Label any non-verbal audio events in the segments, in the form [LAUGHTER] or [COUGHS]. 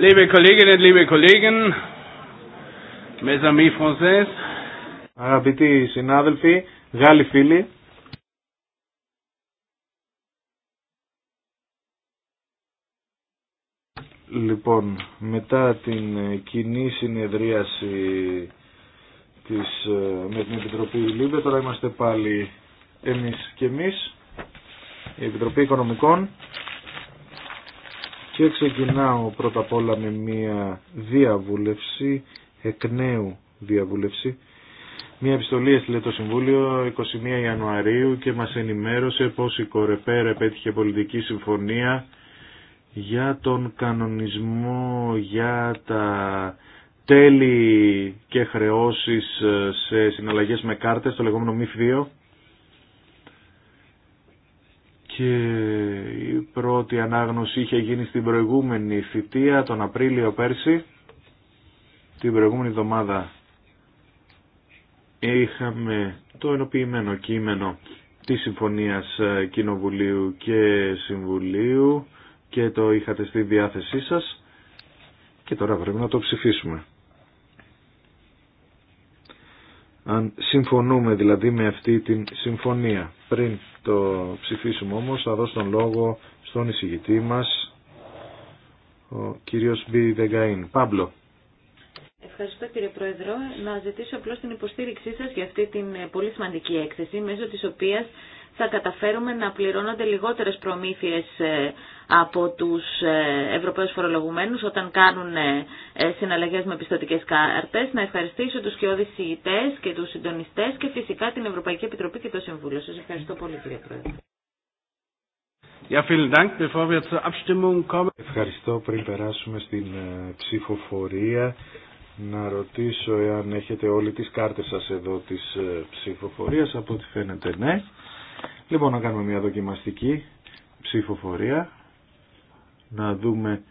Liebe Kolleginnen, liebe Kollegen, mes Αγαπητοί συνάδελφοι, Γάλλοι φίλοι, Λοιπόν, μετά την κοινή συνεδρίαση της, ε, με την Επιτροπή Λίβε, τώρα είμαστε πάλι εμείς και εμείς, η Επιτροπή Οικονομικών, και ξεκινάω πρώτα απ' όλα με μια διαβούλευση, εκ νέου διαβούλευση, μια επιστολή έστειλε το Συμβούλιο 21 Ιανουαρίου και μας ενημέρωσε πως η Κορεπέρα επέτυχε πολιτική συμφωνία για τον κανονισμό για τα τέλη και χρεώσεις σε συναλλαγές με κάρτες, το λεγομενο ΜΥΦΔΙΟ. MIF2, και η πρώτη ανάγνωση είχε γίνει στην προηγούμενη θητεία τον Απρίλιο πέρσι την προηγούμενη εβδομάδα είχαμε το ενοποιημένο κείμενο της Συμφωνίας ε, Κοινοβουλίου και Συμβουλίου και το είχατε στη διάθεσή σας και τώρα πρέπει να το ψηφίσουμε. αν συμφωνούμε δηλαδή με αυτή την συμφωνία. Πριν το ψηφίσουμε όμως θα δώσω τον λόγο στον εισηγητή μας, ο κύριος Μπι Δεγκαΐν. Πάμπλο. Ευχαριστώ κύριε Πρόεδρο. Να ζητήσω απλώς την υποστήριξή σας για αυτή την πολύ σημαντική έκθεση μέσω της οποίας θα καταφέρουμε να πληρώνονται λιγότερες προμήθειες ε, από τους ε, Ευρωπαίους φορολογουμένους όταν κάνουν ε, συναλλαγές με πιστοτικές κάρτες. Να ευχαριστήσω τους κοιόδης συγητές και τους συντονιστές και φυσικά την Ευρωπαϊκή Επιτροπή και το Συμβούλιο. Σας ευχαριστώ πολύ κύριε Πρόεδρε. Ευχαριστώ πριν περάσουμε στην ψηφοφορία να ρωτήσω εάν έχετε όλοι τις κάρτες σας εδώ της ψηφοφορίας από ό,τι φαίνεται ναι. Λοιπόν, να κάνουμε μια δοκιμαστική ψηφοφορία, να δούμε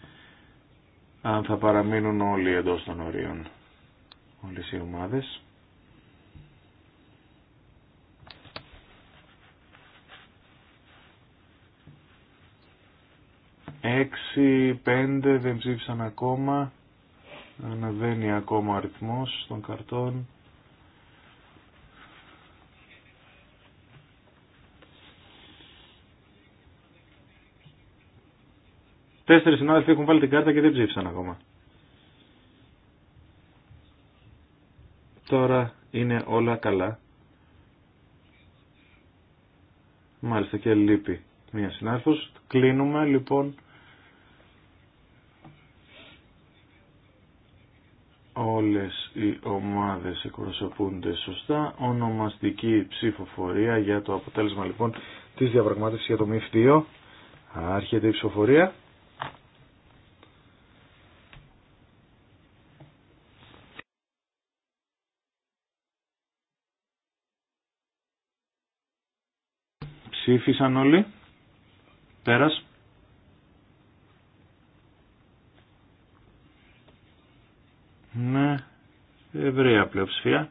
αν θα παραμείνουν όλοι εντός των ορίων, όλες οι ομάδες. Έξι, πέντε δεν ψήφισαν ακόμα, αναβαίνει ακόμα ο αριθμός των καρτών. Τέσσερι συνάδελφοι έχουν βάλει την κάρτα και δεν ψήφισαν ακόμα. Τώρα είναι όλα καλά. Μάλιστα και λείπει μία συνάδελφος. Κλείνουμε λοιπόν. Όλες οι ομάδες εκπροσωπούνται σωστά. Ονομαστική ψηφοφορία για το αποτέλεσμα λοιπόν της διαπραγμάτευσης για το ΜΥΦ2. Άρχεται η ψηφοφορία. Ψήφισαν όλοι. Πέρας. Ναι, ευρεία πλειοψηφία.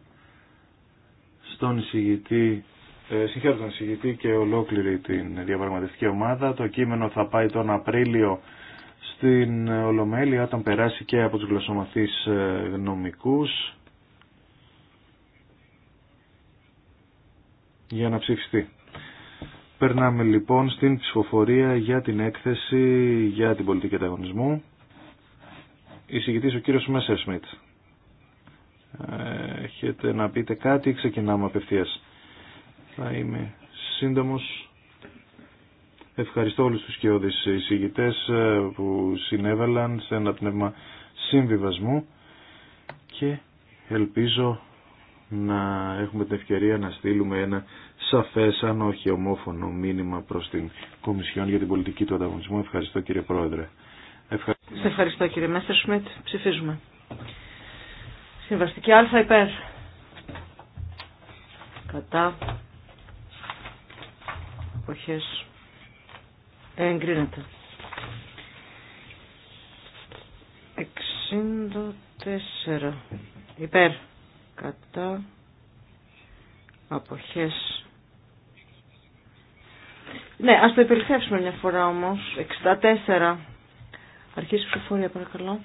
Στον εισηγητή, ε, συγχαίρω τον εισηγητή και ολόκληρη την διαπραγματευτική ομάδα. Το κείμενο θα πάει τον Απρίλιο στην Ολομέλεια όταν περάσει και από τους γλωσσομαθείς γνωμικούς ε, για να ψηφιστεί. Περνάμε λοιπόν στην ψηφοφορία για την έκθεση για την πολιτική ανταγωνισμού. Εισηγητής ο κύριος Μέσσερ Σμιτ. Έχετε να πείτε κάτι ή ξεκινάμε απευθείας. Θα είμαι σύντομος. Ευχαριστώ όλους τους κοιόδης εισηγητές ε, που συνέβαλαν σε ένα πνεύμα συμβιβασμού και ελπίζω να έχουμε την ευκαιρία να στείλουμε ένα σαφές αν όχι ομόφωνο μήνυμα προς την Κομισιόν για την πολιτική του ανταγωνισμού. Ευχαριστώ κύριε Πρόεδρε. Ευχαριστώ. Σε ευχαριστώ κύριε Μέστερ Σμιτ. Ψηφίζουμε. Συμβαστική Α υπέρ. Κατά. Οχές. Εγκρίνεται. 64. Υπέρ. Κατά. Αποχές ναι, ας το μια φορά όμως. 64. Αρχίζει η ψηφοφορία παρακαλώ.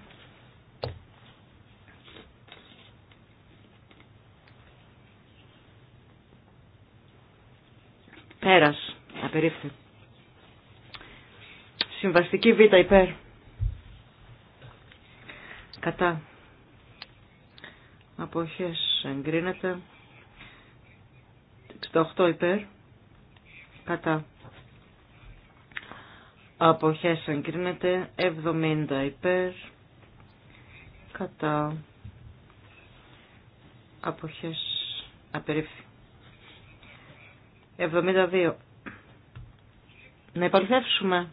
Πέρας. Απερίφθη. Συμβαστική Β υπέρ. Κατά. Αποχές εγκρίνεται. 68 υπέρ. Κατά. Αποχές εγκρίνεται 70 υπέρ κατά αποχές απερίφθη. 72. Να επαληθεύσουμε.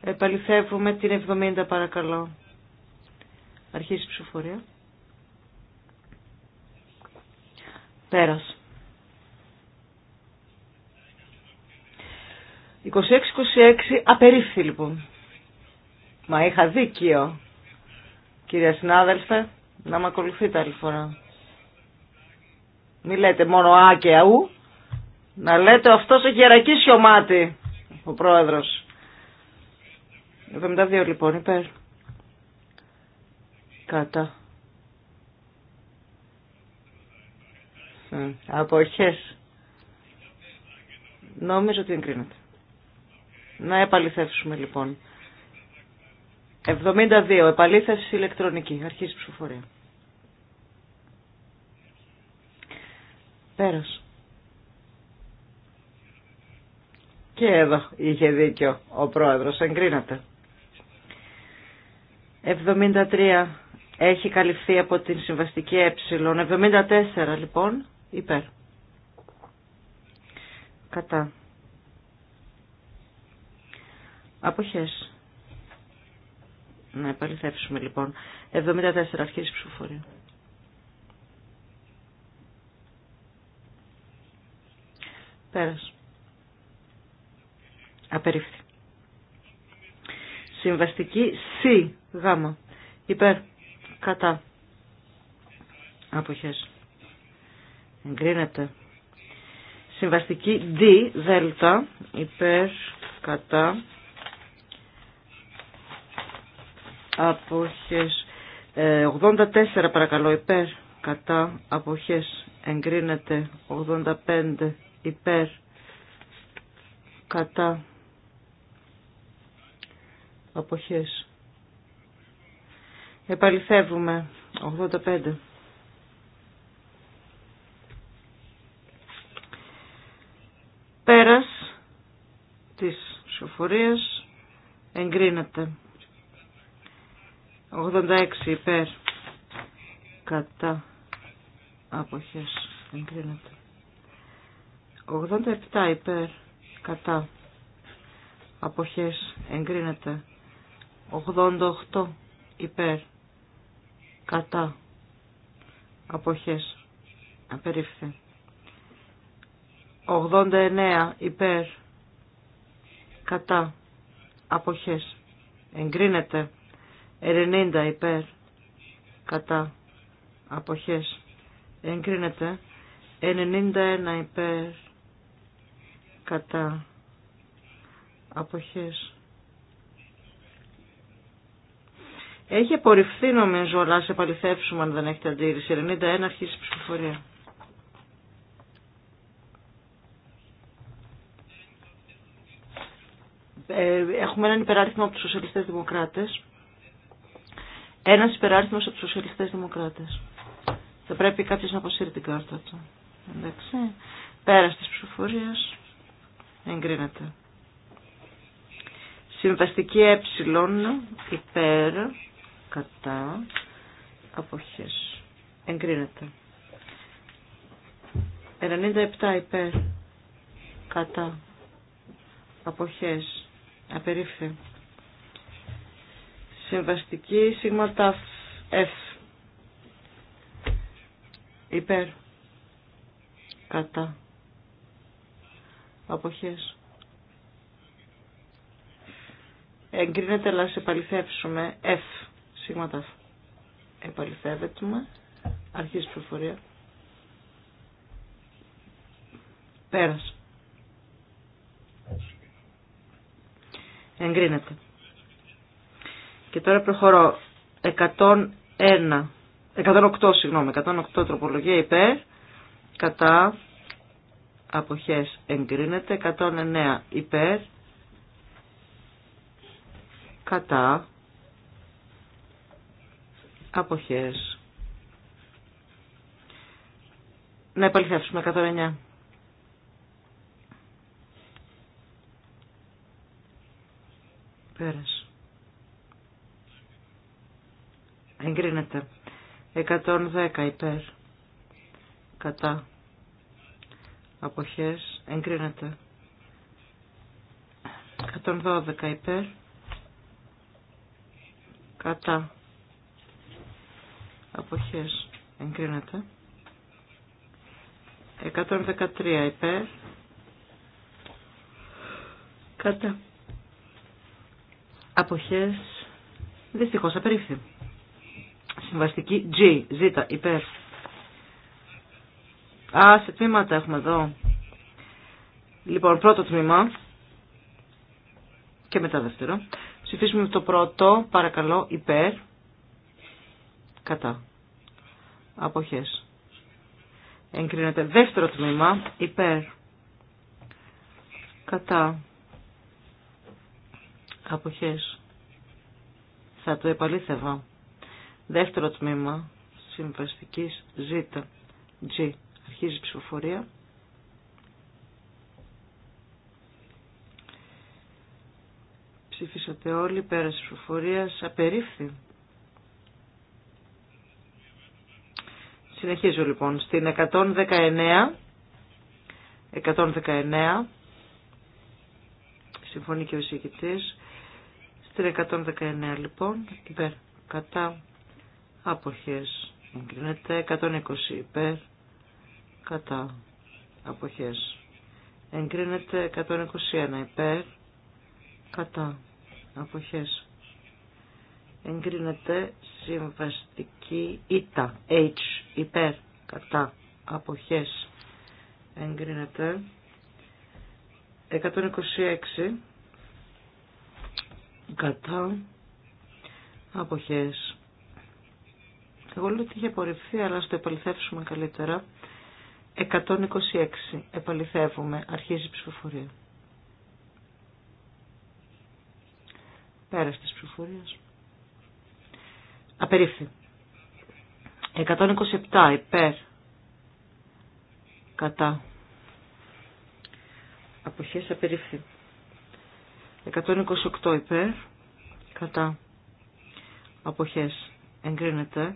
Επαληθεύουμε την 70 παρακαλώ. Αρχίζει η ψηφοφορία. Πέρασε. 26-26 απερίφθη λοιπόν. Μα είχα δίκιο. Κυρία συνάδελφε, να με ακολουθείτε άλλη φορά. Μη λέτε μόνο α και αου. Να λέτε αυτό ο γερακή σιωμάτι, ο πρόεδρος. 72 λοιπόν, υπέρ. Κατά. Αποχές. Νομίζω ότι εγκρίνεται. Να επαληθεύσουμε λοιπόν. 72. Επαλήθευση ηλεκτρονική. Αρχίζει η ψηφοφορία. Πέρας. Και εδώ είχε δίκιο ο πρόεδρος. Εγκρίνατε. 73. Έχει καλυφθεί από την συμβαστική ε. 74 λοιπόν. Υπέρ. Κατά. Αποχές. Να επαληθεύσουμε λοιπόν. 74 αρχής ψηφοφορία. Πέρας. Απερίφθη. Συμβαστική C γάμα. Υπέρ. Κατά. Αποχές. Εγκρίνεται. Συμβαστική D δέλτα. Υπέρ. Κατά. αποχές 84 ε, παρακαλώ υπέρ κατά αποχές εγκρίνεται 85 υπέρ κατά αποχές επαληθεύουμε 85 Πέρας της σοφορίας εγκρίνεται. 86 υπέρ κατά αποχές εγκρίνεται. 87 υπέρ κατά αποχές εγκρίνεται. 88 υπέρ κατά αποχές απερίφθη. 89 υπέρ κατά αποχές εγκρίνεται. 90 υπέρ κατά αποχές εγκρίνεται 91 υπέρ κατά αποχές Έχει απορριφθεί νομίζω, αλλά σε παληθεύσουμε αν δεν έχετε αντίρρηση. 91 αρχίζει η ψηφοφορία. Ε, έχουμε έναν υπεράριθμο από τους σοσιαλιστές δημοκράτες ένας υπεράριθμος από τους σοσιαλιστέ δημοκράτες. Θα πρέπει κάποιο να αποσύρει την κάρτα του. Εντάξει. Πέρα της ψηφοφορία. εγκρίνεται. Συμβαστική ε υπέρ κατά αποχές. Εγκρίνεται. 97 υπέρ κατά Αποχέ. απερίφθη Συμβαστική σίγμα F. Υπέρ. Κατά. Αποχές. Εγκρίνεται, αλλά σε επαληθεύσουμε. F. Σίγμα F. Επαληθεύεται. Αρχής προφορία. πέρας Εγκρίνεται. Και τώρα προχωρώ. 101, 108, συγγνώμη, 108 τροπολογία υπέρ, κατά, αποχές εγκρίνεται, 109 υπέρ, κατά, αποχές. Να επαληθεύσουμε 109. Πέρασε. Εγκρίνεται. 110 υπέρ. Κατά. Αποχές. Εγκρίνεται. 112 υπέρ. Κατά. Αποχές. Εγκρίνεται. 113 υπέρ. Κατά. Αποχές. Δυστυχώς απερίφθη. Συμβαστική G, Z, υπέρ. Α, σε τμήματα έχουμε εδώ. Λοιπόν, πρώτο τμήμα και μετά δεύτερο. Ψηφίσουμε το πρώτο, παρακαλώ, υπέρ, κατά, αποχές. Εγκρίνεται δεύτερο τμήμα, υπέρ, κατά, αποχές. Θα το επαλήθευα. Δεύτερο τμήμα συμβαστικής Z. G. Αρχίζει η ψηφοφορία. Ψηφίσατε όλοι, πέρασε ψηφοφορίας, απερίφθη. Συνεχίζω λοιπόν στην 119. 119. Συμφωνεί και ο εισηγητής. Στην 119 λοιπόν, υπέρ, κατά, αποχές εγκρίνεται 120 υπέρ κατά αποχές εγκρίνεται 121 υπέρ κατά αποχές εγκρίνεται συμβαστική ηττα. H υπέρ κατά αποχές εγκρίνεται 126 κατά αποχές εγώ λέω ότι είχε απορριφθεί, αλλά στο επαληθεύσουμε καλύτερα. 126. Επαληθεύουμε. Αρχίζει η ψηφοφορία. Πέρας της ψηφοφορίας. Απερίφθη. 127. Υπέρ. Κατά. Αποχές απερίφθη. 128 υπέρ. Κατά. Αποχές εγκρίνεται.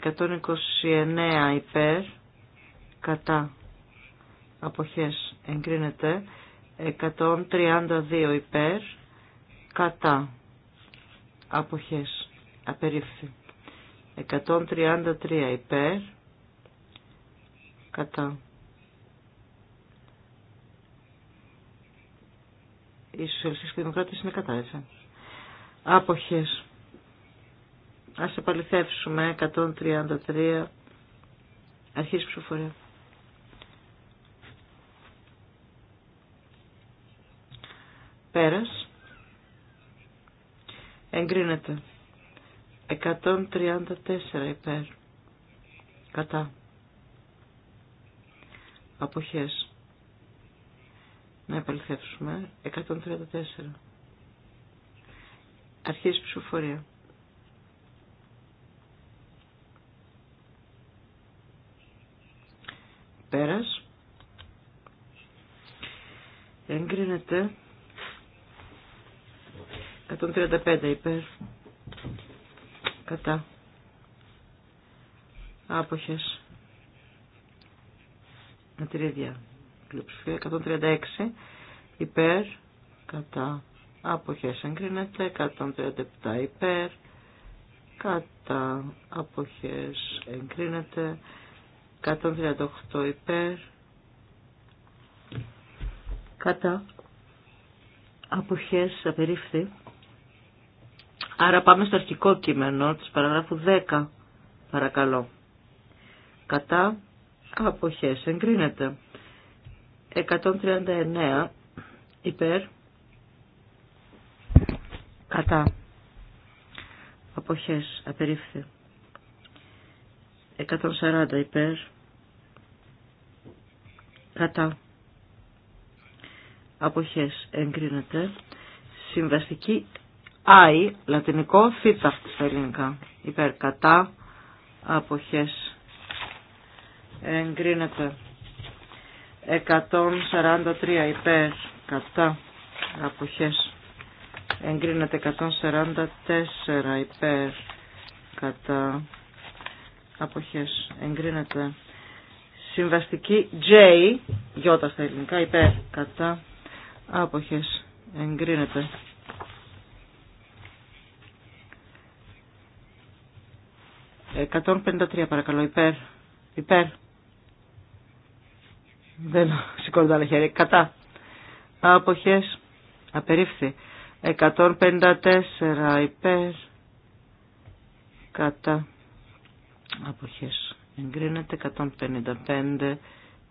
129 υπέρ κατά αποχές εγκρίνεται 132 υπέρ κατά αποχές απερίφθη 133 υπέρ κατά οι σοσιαλιστές και είναι κατά έτσι άποχες Ας επαληθεύσουμε 133 αρχής ψηφοφορία. Πέρας. Εγκρίνεται. 134 υπέρ. Κατά. Αποχές. Να επαληθεύσουμε. 134. Αρχής ψηφοφορία. Πέρας. Εγκρίνεται. 135 υπέρ. Κατά. Άποχες. Με την ίδια πλειοψηφία. 136 υπέρ. Κατά. Άποχες εγκρίνεται. 137 υπέρ. Κατά. Άποχες εγκρίνεται. 138 υπέρ κατά αποχές απερίφθη. Άρα πάμε στο αρχικό κείμενο της παραγράφου 10 παρακαλώ. Κατά αποχές εγκρίνεται. 139 υπέρ κατά αποχές απερίφθη. 140 υπέρ κατά αποχές εγκρίνεται συμβαστική I, λατινικό, θήτα στα ελληνικά, υπέρ κατά αποχές εγκρίνεται 143 υπέρ κατά αποχές εγκρίνεται 144 υπέρ κατά αποχές εγκρίνεται Συμβαστική J, J στα ελληνικά, υπέρ, κατά, άποχες, εγκρίνεται. 153 παρακαλώ, υπέρ, υπέρ. Δεν [LAUGHS] σηκώνω τα άλλα χέρια, κατά. Άποχες, απερίφθη. 154 υπέρ, κατά, άποχες Εγκρίνεται 155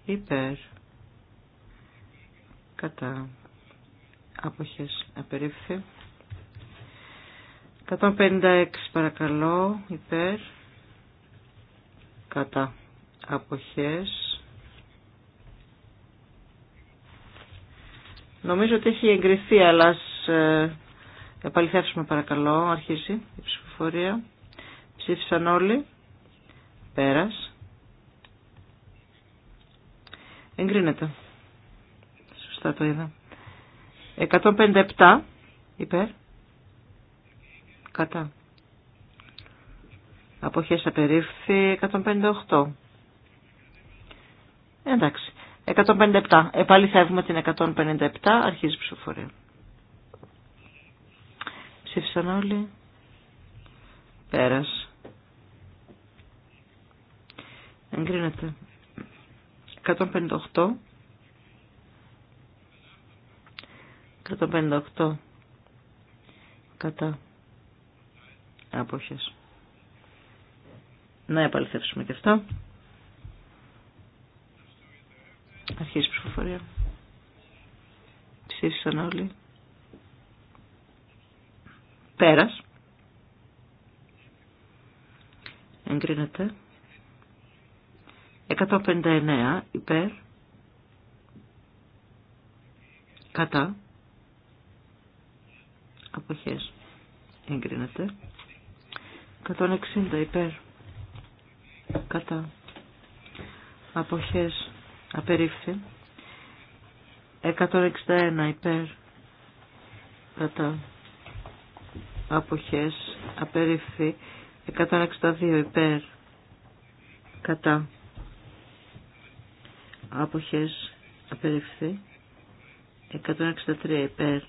υπέρ κατά άποχες απερίφθη. 156 παρακαλώ υπέρ κατά αποχές. Νομίζω ότι έχει εγκριθεί, αλλά ας ε, επαληθεύσουμε παρακαλώ. Αρχίζει η ψηφοφορία. Ψήφισαν όλοι. Πέρας. Εγκρίνεται. Σωστά το είδα. 157 υπέρ. Κατά. Αποχές απερίφθη 158. Εντάξει. 157. έχουμε την 157. Αρχίζει η ψηφοφορία. Ψήφισαν όλοι. Πέρας. Εγκρίνεται. 158. 158. Κατά. Απόχες. Να επαληθεύσουμε και αυτό. Αρχίζει η ψηφοφορία. Ψήφισαν όλοι. Πέρας. Εγκρίνεται. 159 υπέρ κατά αποχές εγκρίνεται 160 υπέρ κατά αποχές απερίφθη 161 υπέρ κατά αποχές απερίφθη 162 υπέρ κατά άποχες απεριφθεί 163 υπέρ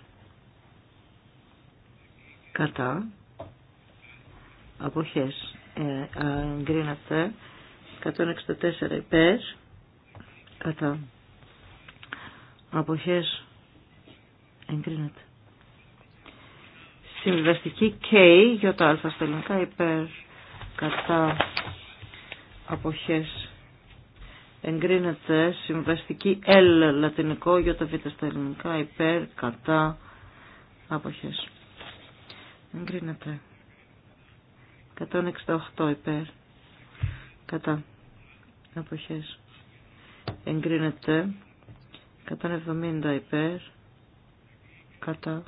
κατά αποχές ε, εγκρίνατε 164 υπέρ κατά αποχές εγκρίνεται συμβιβαστική K για τα α υπέρ κατά αποχές εγκρίνεται συμβαστική L λατινικό για τα β στα ελληνικά υπέρ κατά αποχές. Εγκρίνεται. 168 υπέρ κατά αποχές. Εγκρίνεται. 170 υπέρ κατά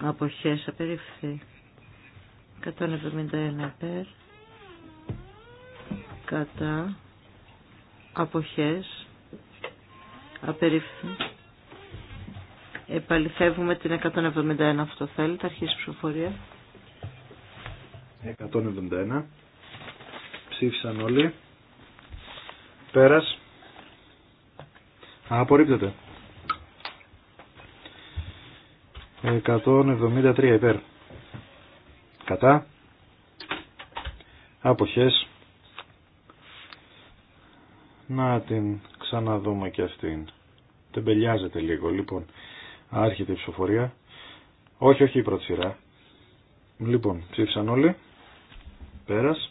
αποχές απερίφθη. 171 υπέρ κατά αποχές απερίφθη επαληθεύουμε την 171 αυτό θέλετε αρχίζει ψηφοφορία 171 ψήφισαν όλοι πέρας απορρίπτεται 173 υπέρ κατά αποχές να την ξαναδούμε και αυτήν. Τεμπελιάζεται λίγο. Λοιπόν, άρχεται η ψηφοφορία. Όχι, όχι η πρώτη σειρά. Λοιπόν, ψήφισαν όλοι. Πέρας.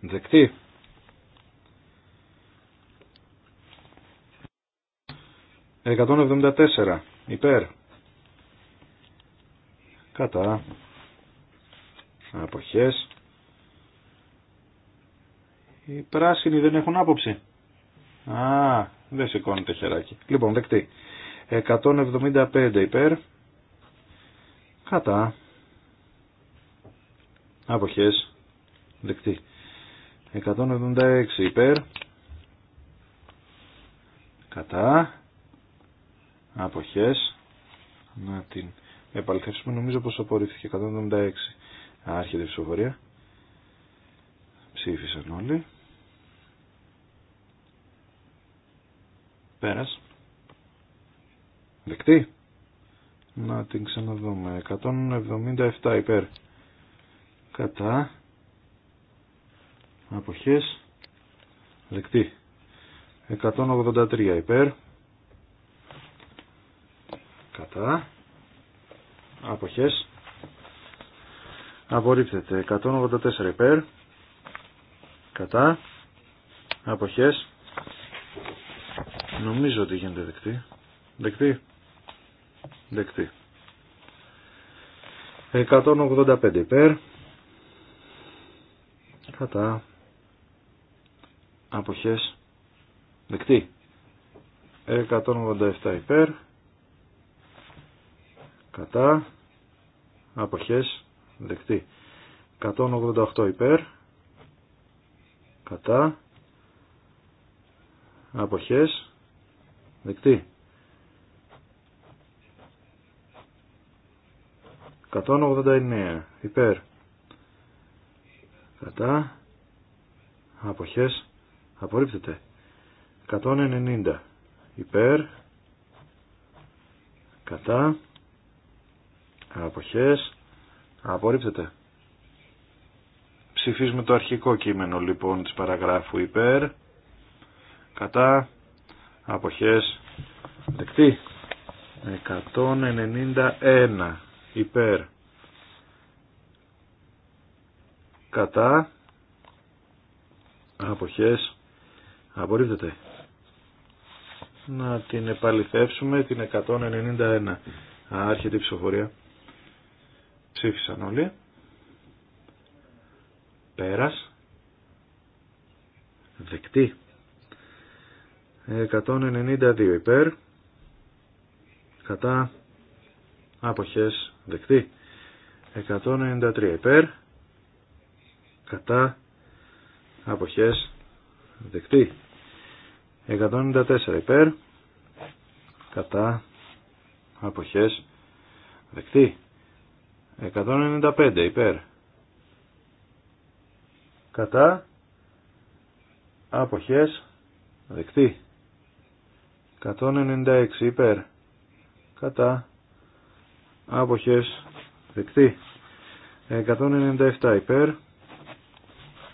Δεκτή. «174. Υπέρ». «Κατά». «Αποχές». Οι πράσινοι δεν έχουν άποψη. Α, δεν σηκώνεται χεράκι. Λοιπόν, δεκτή. 175 υπέρ. Κατά. Αποχές. Δεκτή. 176 υπέρ. Κατά. Αποχές. Να την επαληθεύσουμε. Νομίζω πως απορρίφθηκε. 176. Άρχεται η ψηφοφορία. Ψήφισαν όλοι. Πέρας. Δεκτή. Να την ξαναδούμε. 177 υπέρ. Κατά. Αποχές. Δεκτή. 183 υπέρ. Κατά. Αποχές. Απορρίπτεται. 184 υπέρ. Κατά. Αποχές. Νομίζω ότι γίνεται δεκτή. Δεκτή. Δεκτή. 185 υπέρ. Κατά. Αποχές. Δεκτή. 187 υπέρ. Κατά. Αποχές. Δεκτή. 188 υπέρ. Κατά. Αποχές Δεκτή. 189 υπέρ. Κατά. Αποχές. Απορρίπτεται. 190 υπέρ. Κατά. Αποχές. Απορρίπτεται. Ψηφίζουμε το αρχικό κείμενο λοιπόν της παραγράφου υπέρ. Κατά αποχές δεκτή 191 υπέρ κατά αποχές απορρίπτεται να την επαληθεύσουμε την 191 άρχεται η ψηφοφορία ψήφισαν όλοι πέρας δεκτή 192 υπέρ κατά αποχές δεκτή 193 υπέρ κατά αποχές δεκτή 194 υπέρ κατά αποχές δεκτή 195 υπέρ κατά αποχές δεκτή 196 υπέρ κατά άποχες δεκτή 197 υπέρ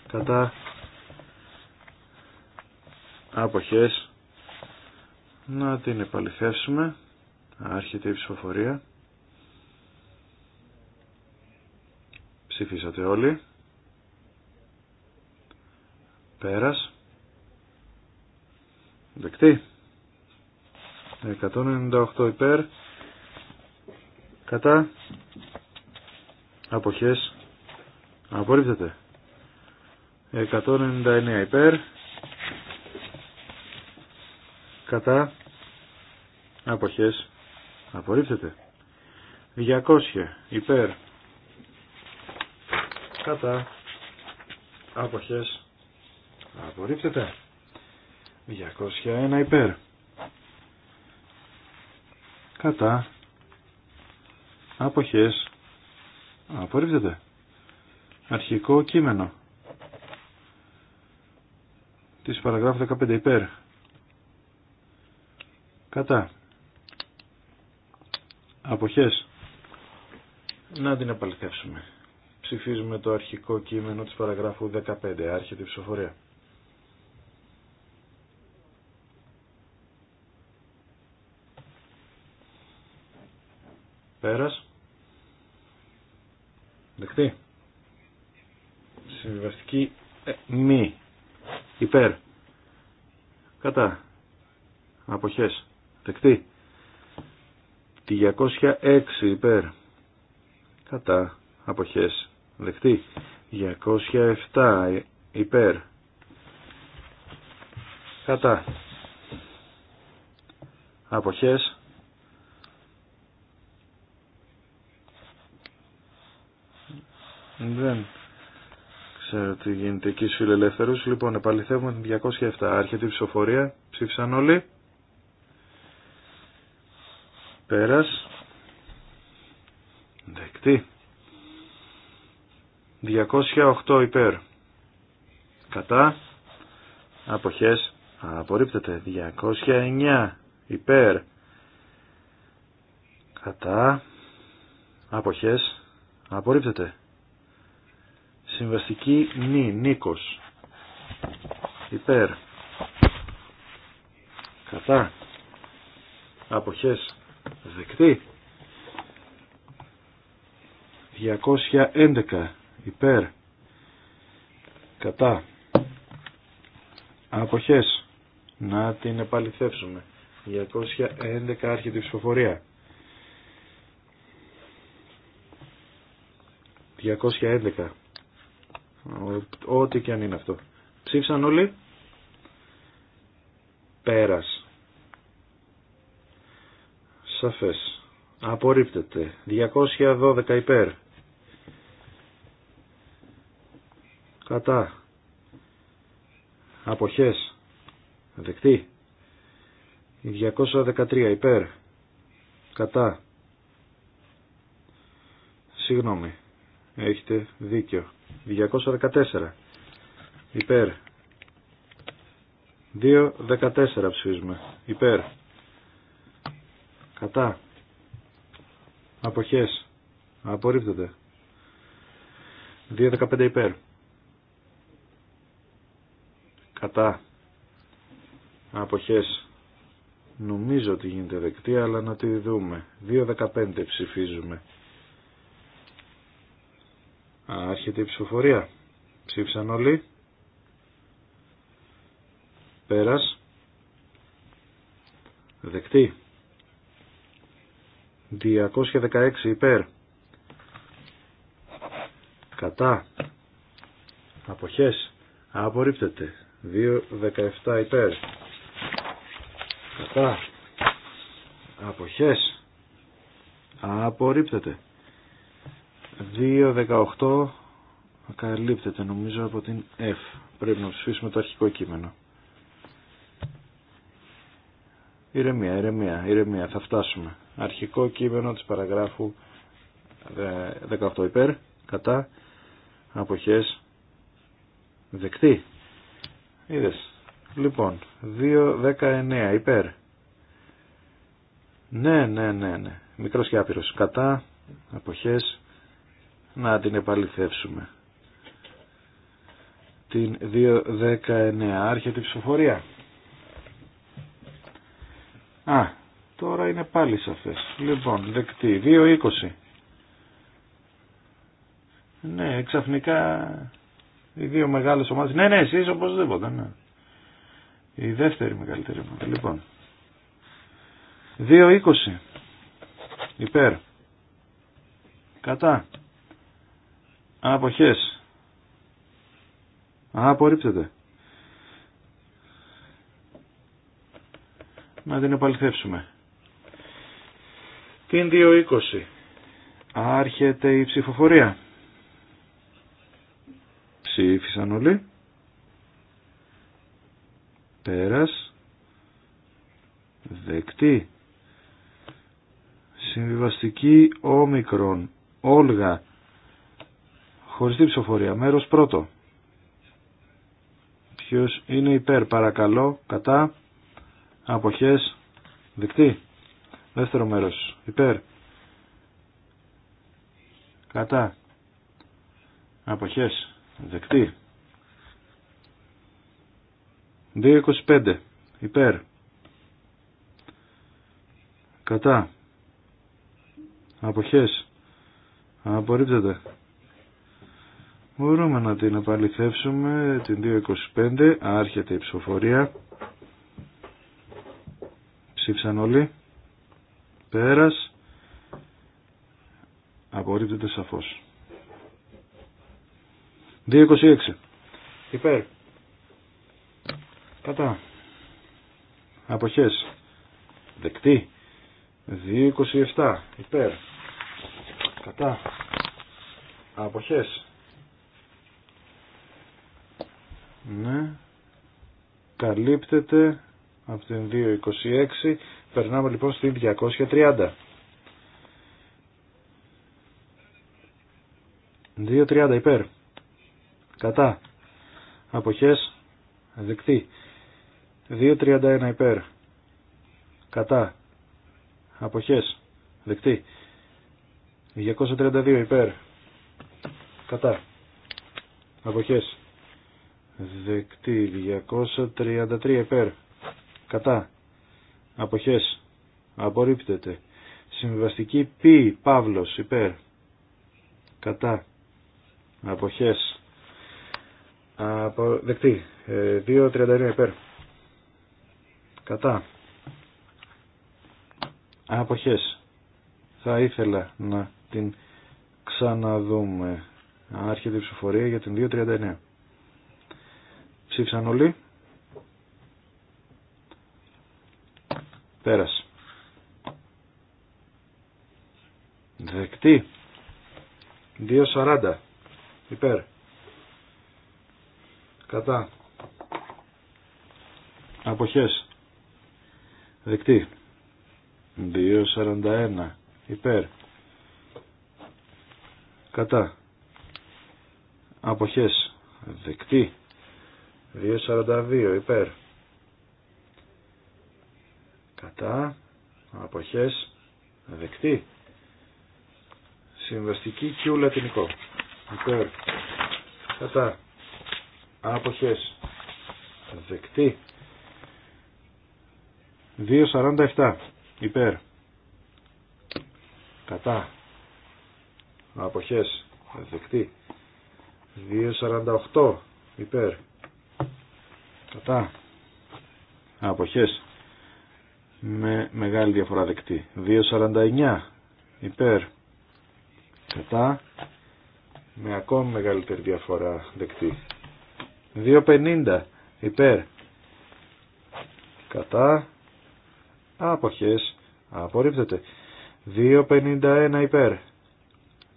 κατά άποχες να την επαληθέσουμε άρχεται η ψηφοφορία ψηφίσατε όλοι πέρας δεκτή 198 υπέρ κατά αποχές απορρίπτεται 199 υπέρ κατά αποχές απορρίπτεται 200 υπέρ κατά αποχές απορρίπτεται 201 υπέρ κατά αποχές απορρίπτεται αρχικό κείμενο της παραγράφου 15 υπέρ κατά αποχές να την επαληθεύσουμε ψηφίζουμε το αρχικό κείμενο της παραγράφου 15 άρχεται η ψηφοφορία Πέρας. Δεκτή. Συμβιβαστική ε, μη. Υπέρ. Κατά. Αποχές. Δεκτή. 206 υπέρ. Κατά. Αποχές. Δεκτή. 207 υπέρ. Κατά. Αποχές. Δεν ξέρω τι γίνεται εκεί στους φιλελεύθερους. Λοιπόν, επαληθεύουμε την 207. Άρχεται η ψηφοφορία. Ψήφισαν όλοι. Πέρας. Δεκτή. 208 υπέρ. Κατά. Αποχές. Απορρίπτεται. 209 υπέρ. Κατά. Αποχές. Απορρίπτεται. Συμβαστική νη, νίκος. Υπέρ. Κατά. Αποχές. Δεκτή. 211. Υπέρ. Κατά. Αποχές. Να την επαληθεύσουμε. 211 άρχεται η ψηφοφορία. 211. Ό,τι και αν είναι αυτό. Ψήφισαν όλοι. Πέρας. Σαφές. Απορρίπτεται. 212 υπέρ. Κατά. Αποχές. Δεκτή. 213 υπέρ. Κατά. Συγγνώμη. Έχετε δίκιο. 214 υπέρ 2.14 ψηφίζουμε υπέρ κατά αποχές απορρίπτεται 2.15 υπέρ κατά αποχές νομίζω ότι γίνεται δεκτή αλλά να τη δούμε 2.15 ψηφίζουμε Άρχεται η ψηφοφορία. Ψήφισαν όλοι. Πέρας. Δεκτή. 216 υπέρ. Κατά. Αποχές. Απορρίπτεται. 217 υπέρ. Κατά. Αποχές. Απορρίπτεται. 2.18 καλύπτεται νομίζω από την F. Πρέπει να ψηφίσουμε το αρχικό κείμενο. Ηρεμία, ηρεμία, ηρεμία. Θα φτάσουμε. Αρχικό κείμενο της παραγράφου 18 υπέρ, κατά, αποχές, δεκτή. Είδες. Λοιπόν, 2.19 υπέρ. Ναι, ναι, ναι, ναι. Μικρός και άπειρος. Κατά, αποχές, να την επαληθεύσουμε. Την 2.19 άρχεται η ψηφοφορία. Α, τώρα είναι πάλι σαφές. Λοιπόν, δεκτή. 2.20. Ναι, ξαφνικά οι δύο μεγάλες ομάδες. Ναι, ναι, εσείς οπωσδήποτε, ναι. Η δεύτερη μεγαλύτερη ομάδα. Λοιπόν. 2.20. Υπέρ. Κατά. Αποχές. Απορρίπτεται. Να την επαληθεύσουμε. Την 2.20. Άρχεται η ψηφοφορία. Ψήφισαν όλοι. Πέρας. Δεκτή. Συμβιβαστική όμικρον. Όλγα. Χωριστή ψηφοφορία. Μέρος πρώτο. Ποιο είναι υπέρ παρακαλώ. Κατά. Αποχές. Δεκτή. Δεύτερο μέρος. Υπέρ. Κατά. Αποχές. Δεκτή. 2.25. Υπέρ. Κατά. Αποχές. Απορρίπτεται. Μπορούμε να την επαληθεύσουμε την 2.25, άρχεται η ψηφοφορία. Ψήφισαν όλοι. Πέρας. Απορρίπτεται σαφώς. 2.26. Υπέρ. Κατά. Αποχές. Δεκτή. 2.27. Υπέρ. Κατά. Αποχές Ναι. Καλύπτεται από την 226. Περνάμε λοιπόν στην 230. 2.30 υπέρ. Κατά. Αποχές. Δεκτή. 2.31 υπέρ. Κατά. Αποχές. Δεκτή. 232 υπέρ. Κατά. Αποχές δεκτή 233 υπέρ κατά αποχές απορρίπτεται συμβαστική π Παύλος υπέρ κατά αποχές Απο... δεκτή 2.39 ε, υπέρ κατά αποχές θα ήθελα να την ξαναδούμε άρχεται η ψηφορία για την 2.39 Ψήφισαν όλοι. Πέρασε. Δεκτή. 2.40. Υπέρ. Κατά. Αποχές. Δεκτή. 2.41. Υπέρ. Κατά. Αποχές. Δεκτή. 2.42 υπέρ. Κατά. Αποχές. Δεκτή. Συμβαστική Q λατινικό. Υπέρ. Κατά. Αποχές. Δεκτή. 2.47 υπέρ. Κατά. Αποχές. Δεκτή. 2.48 υπέρ κατά αποχές με μεγάλη διαφορά δεκτή 2.49 υπέρ κατά με ακόμη μεγαλύτερη διαφορά δεκτή 2.50 υπέρ κατά αποχές απορρίπτεται 2.51 υπέρ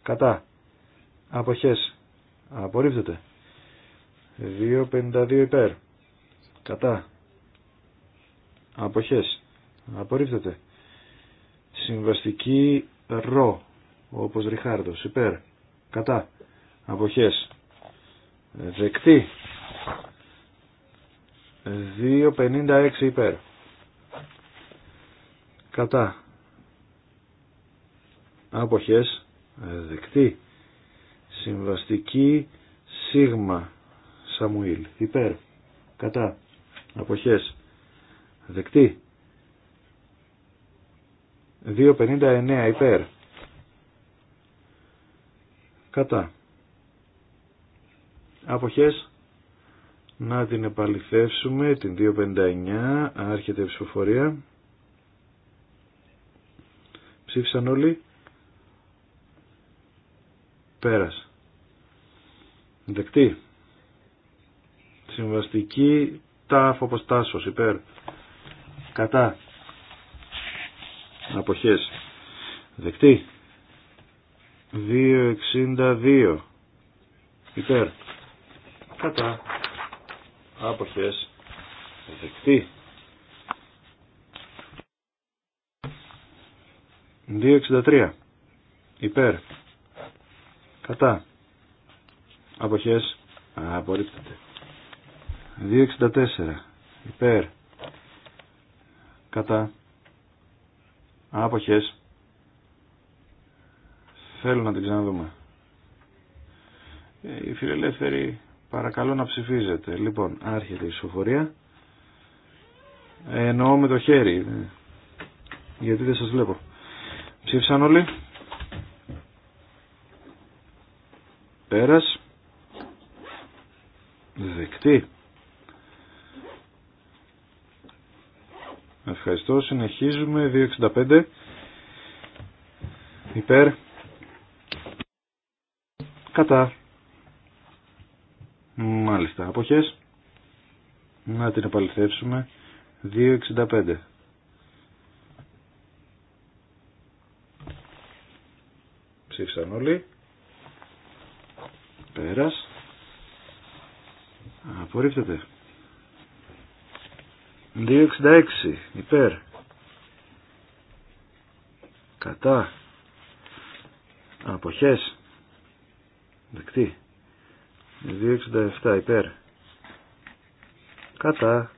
κατά αποχές απορρίπτεται 2.52 υπέρ κατά αποχές Απορρίφτεται. συμβαστική ρο όπως Ριχάρδος υπέρ κατά αποχές δεκτή 2.56 υπέρ κατά αποχές δεκτή συμβαστική σίγμα Σαμουήλ υπέρ κατά αποχές δεκτή 2.59 υπέρ κατά αποχές να την επαληθεύσουμε την 2.59 άρχεται η ψηφοφορία ψήφισαν όλοι πέρας δεκτή συμβαστική όπως τάσος υπέρ κατά αποχές δεκτή 2.62 υπέρ κατά αποχές δεκτή 2.63 υπέρ κατά αποχές απορρίπτεται 264 υπέρ κατά άποχες θέλω να την ξαναδούμε ε, οι φιλελεύθεροι παρακαλώ να ψηφίζετε λοιπόν άρχεται η σωφορία. εννοώ με το χέρι ε, γιατί δεν σας βλέπω ψήφισαν όλοι πέρας δεκτή Ευχαριστώ. Συνεχίζουμε. 2.65. Υπέρ. Κατά. Μάλιστα. Αποχές. Να την επαληθεύσουμε. 2.65. Ψήφισαν όλοι. Πέρας. Απορρίφτεται. 266 υπέρ κατά αποχές δεκτή 267 υπέρ κατά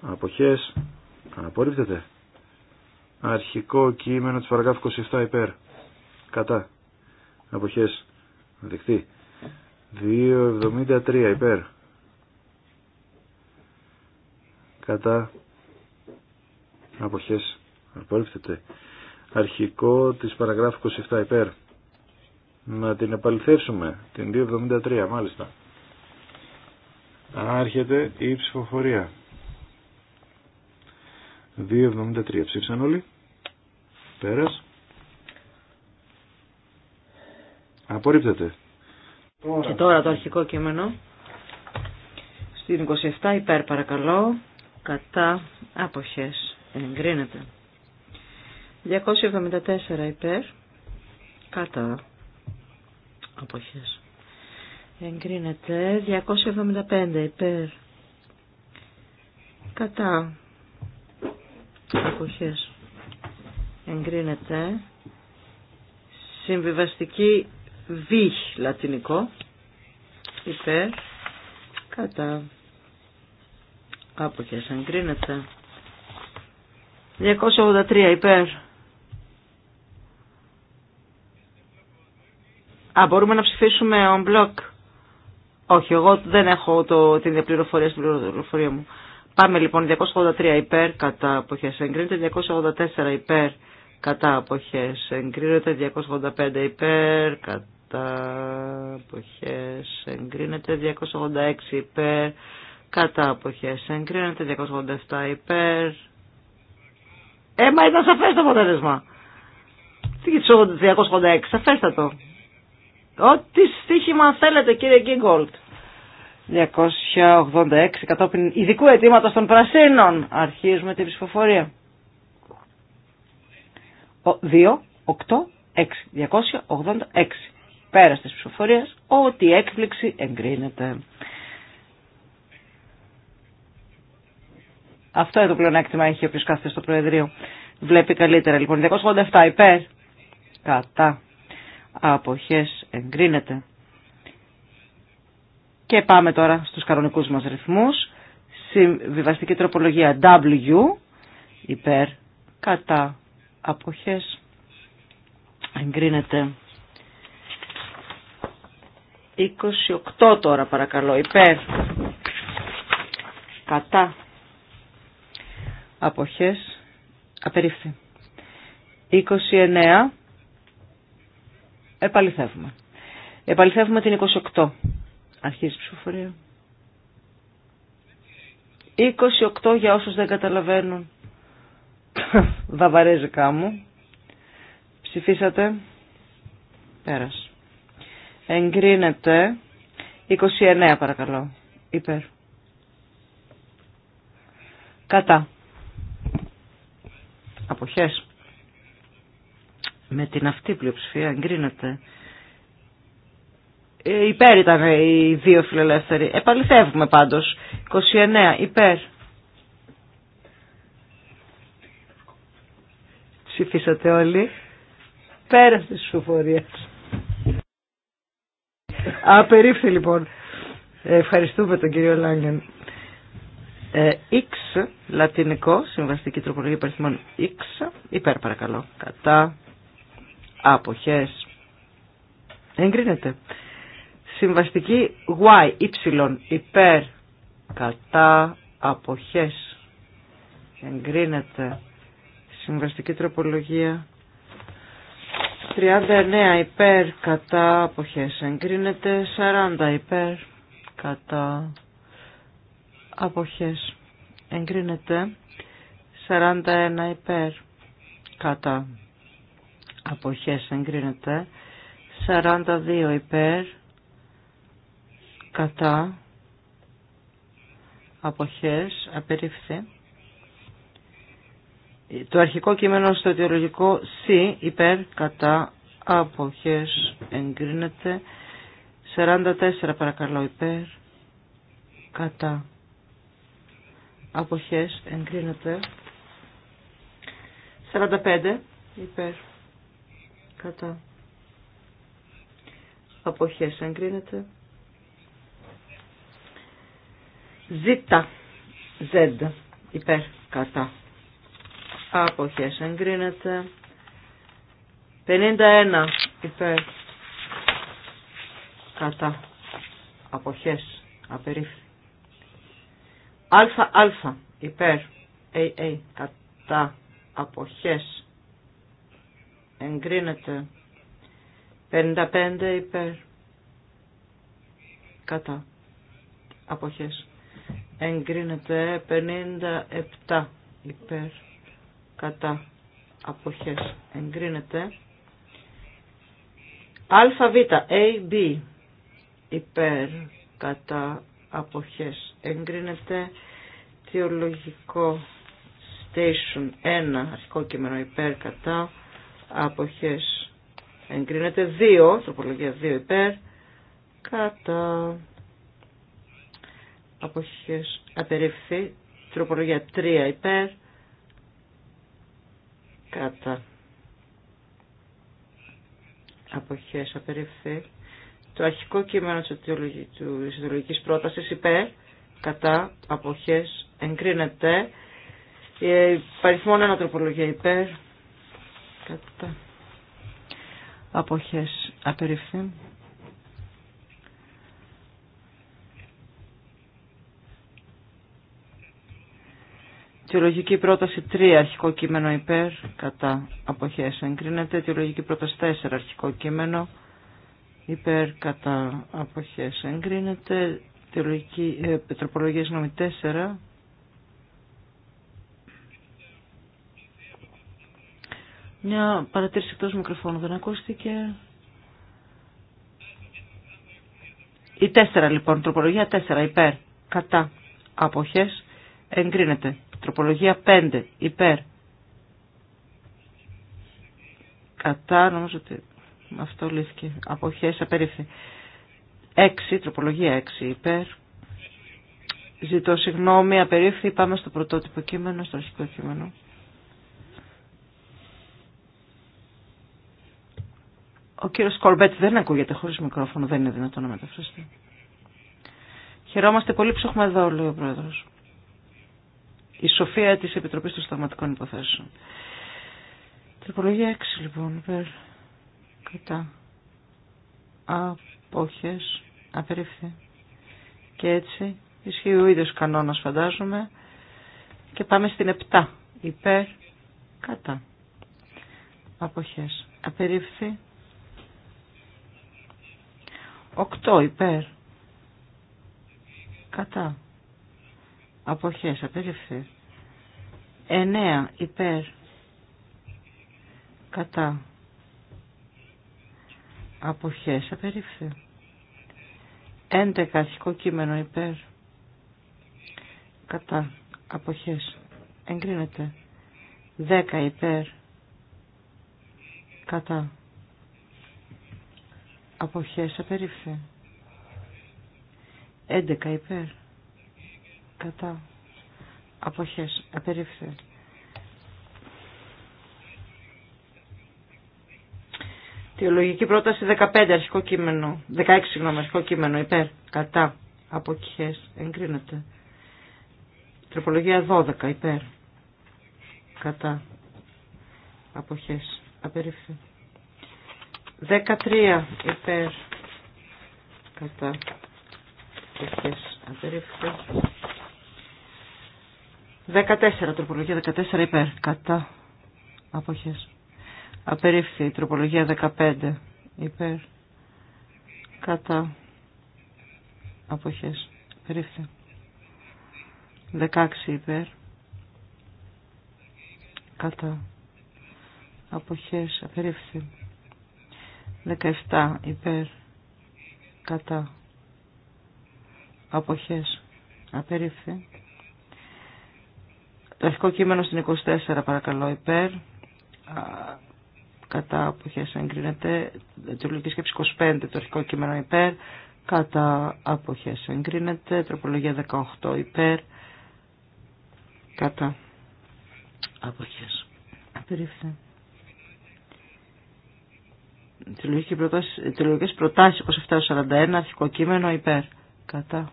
αποχές απορρίπτεται αρχικό κείμενο της παραγράφου 27 υπέρ κατά αποχές δεκτή 273 υπέρ κατά αποχές απορρίπτεται αρχικό της παραγράφου 27 υπέρ να την επαληθεύσουμε την 273 μάλιστα άρχεται η ψηφοφορία 273 ψήφισαν όλοι πέρας απορρίπτεται και τώρα το αρχικό κείμενο στην 27 υπέρ παρακαλώ κατά αποχές εγκρίνεται. 274 υπέρ κατά αποχές εγκρίνεται. 275 υπέρ κατά αποχές εγκρίνεται. Συμβιβαστική ΒΙΧ λατινικό υπέρ κατά Άποχες, εγκρίνεται. 283 υπέρ. Α, μπορούμε να ψηφίσουμε on block. Όχι, εγώ δεν έχω το, την διαπληροφορία στην πληροφορία μου. Πάμε λοιπόν 283 υπέρ κατά αποχές εγκρίνεται, 284 υπέρ κατά αποχές εγκρίνεται, 285 υπέρ κατά αποχές εγκρίνεται, 286 υπέρ κατά αποχές εγκρίνεται 287 υπέρ ε μα ήταν σαφές το αποτέλεσμα τι 286 σαφέστατο ό,τι στοίχημα θέλετε κύριε Γκίγκολτ 286 κατόπιν ειδικού αιτήματος των πρασίνων αρχίζουμε την ψηφοφορία 2, 8, 6 286 πέρας τη ψηφοφορίας ότι έκπληξη εγκρίνεται Αυτό είναι το πλεονέκτημα έχει όποιος κάθεται στο Προεδρείο. Βλέπει καλύτερα. Λοιπόν, 287 υπέρ. Κατά. Αποχές εγκρίνεται. Και πάμε τώρα στους κανονικούς μας ρυθμούς. Συμβιβαστική τροπολογία W υπέρ κατά αποχές εγκρίνεται 28 τώρα παρακαλώ υπέρ κατά αποχές απερίφθη. 29 επαληθεύουμε. Επαληθεύουμε την 28. Αρχίζει η ψηφοφορία. 28 για όσους δεν καταλαβαίνουν. [COUGHS] Βαβαρέζικα μου. Ψηφίσατε. Πέρας. Εγκρίνεται. 29 παρακαλώ. Υπέρ. Κατά αποχές με την αυτή πλειοψηφία εγκρίνεται ε, υπέρ ήταν οι δύο φιλελεύθεροι επαληθεύουμε πάντως 29 υπέρ ψηφίσατε όλοι πέρα της απερίφθη λοιπόν ευχαριστούμε τον κύριο Λάγκεν ε, X, λατινικό, συμβαστική τροπολογία περιθμών. X, υπέρ παρακαλώ, κατά, άποχες, εγκρίνεται. Συμβαστική Y, Y, υπέρ, κατά, αποχές, εγκρίνεται. Συμβαστική τροπολογία 39 υπέρ κατά αποχές εγκρίνεται, 40 υπέρ κατά αποχές εγκρίνεται 41 υπέρ κατά αποχές εγκρίνεται 42 υπέρ κατά αποχές απερίφθη το αρχικό κείμενο στο αιτιολογικό C υπέρ κατά αποχές εγκρίνεται 44 παρακαλώ υπέρ κατά αποχές εγκρίνεται 45 υπέρ κατά αποχές εγκρίνεται ζήτα Z υπέρ κατά αποχές εγκρίνεται 51 υπέρ κατά αποχές απερίφθη Αλφα, υπέρ Α, ε, ε, κατά αποχές εγκρίνεται 55 υπέρ κατά αποχές εγκρίνεται 57 υπέρ κατά αποχές εγκρίνεται ΑΒ AB υπέρ κατά αποχές εγκρίνεται θεολογικό station 1 αρχικό κείμενο υπέρ κατά αποχές εγκρίνεται 2 τροπολογία 2 υπέρ κατά αποχές απερίφθη τροπολογία 3 υπέρ κατά αποχές απερίφθη το αρχικό κείμενο της ιδεολογικής πρότασης ε, υπέρ, κατά αποχές εγκρίνεται. Παριθμόν ένα υπέρ κατά απόχέ. απεριφθεί Τιολογική πρόταση 3, αρχικό κείμενο υπέρ, κατά αποχές εγκρίνεται. Τιολογική πρόταση 4, αρχικό κείμενο υπέρ κατά αποχές εγκρίνεται θεολογική ε, τροπολογία νομή 4 μια παρατήρηση εκτός μικροφώνου δεν ακούστηκε η 4 λοιπόν τροπολογία 4 υπέρ κατά αποχές εγκρίνεται τροπολογία 5 υπέρ κατά νομίζω ότι αυτό λύθηκε. Αποχές απερίφθη. Έξι, τροπολογία έξι, υπέρ. Ζητώ συγγνώμη, απερίφθη. Πάμε στο πρωτότυπο κείμενο, στο αρχικό κείμενο. Ο κύριο Κολμπέτ δεν ακούγεται χωρί μικρόφωνο, δεν είναι δυνατόν να μεταφραστεί. Χαιρόμαστε πολύ που εδώ, λέει ο πρόεδρο. Η σοφία τη Επιτροπή των Σταματικών Υποθέσεων. Τροπολογία 6, λοιπόν, υπέρ κατά αποχές απερίφθη. Και έτσι ισχύει ο ίδιος κανόνας φαντάζομαι. Και πάμε στην 7. Υπέρ κατά αποχές απερίφθη. 8. Υπέρ κατά αποχές απερίφθη. 9. Υπέρ κατά αποχές απερίφθη 11 αρχικό κείμενο υπέρ κατά αποχές εγκρίνεται 10 υπέρ κατά αποχές απερίφθη 11 υπέρ κατά αποχές απερίφθη Τεολογική πρόταση 15 αρχικό κείμενο. 16 συγγνώμη αρχικό κείμενο. Υπέρ. Κατά. Αποχές. Εγκρίνεται. Τροπολογία 12. Υπέρ. Κατά. Αποχές. Απερίφθη. 13. Υπέρ. Κατά. Αποχές. Απερίφθη. 14. Τροπολογία 14. Υπέρ. Κατά. Αποχές. Απερίφθη. η Τροπολογία 15. Υπέρ. Κατά. Αποχές. Απερίφθη. 16 υπέρ. Κατά. Αποχές. Απερίφθη. 17 υπέρ. Κατά. Αποχές. Απερίφθη. Το αρχικό κείμενο στην 24 παρακαλώ υπέρ κατά αποχές εγκρίνεται, τροπολογική σκέψη 25 το αρχικό κείμενο υπέρ, κατά αποχές εγκρίνεται, τροπολογία 18 υπέρ, κατά αποχές. Απερίφθη. Τελογικές προτάσεις 27-41 αρχικό κείμενο υπέρ, κατά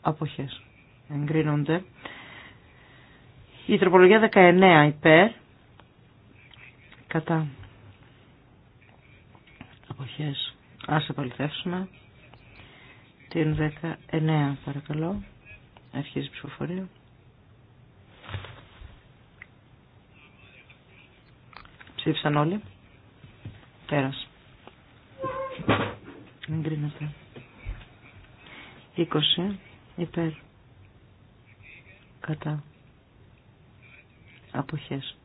αποχές. Εγκρίνονται. Η τροπολογία 19 υπέρ, κατά εποχές. Ας επαληθεύσουμε. Την 19 παρακαλώ. Αρχίζει η ψηφοφορία. Ψήφισαν όλοι. Πέρασε. κρίνεται. 20 υπέρ. Κατά. Αποχές.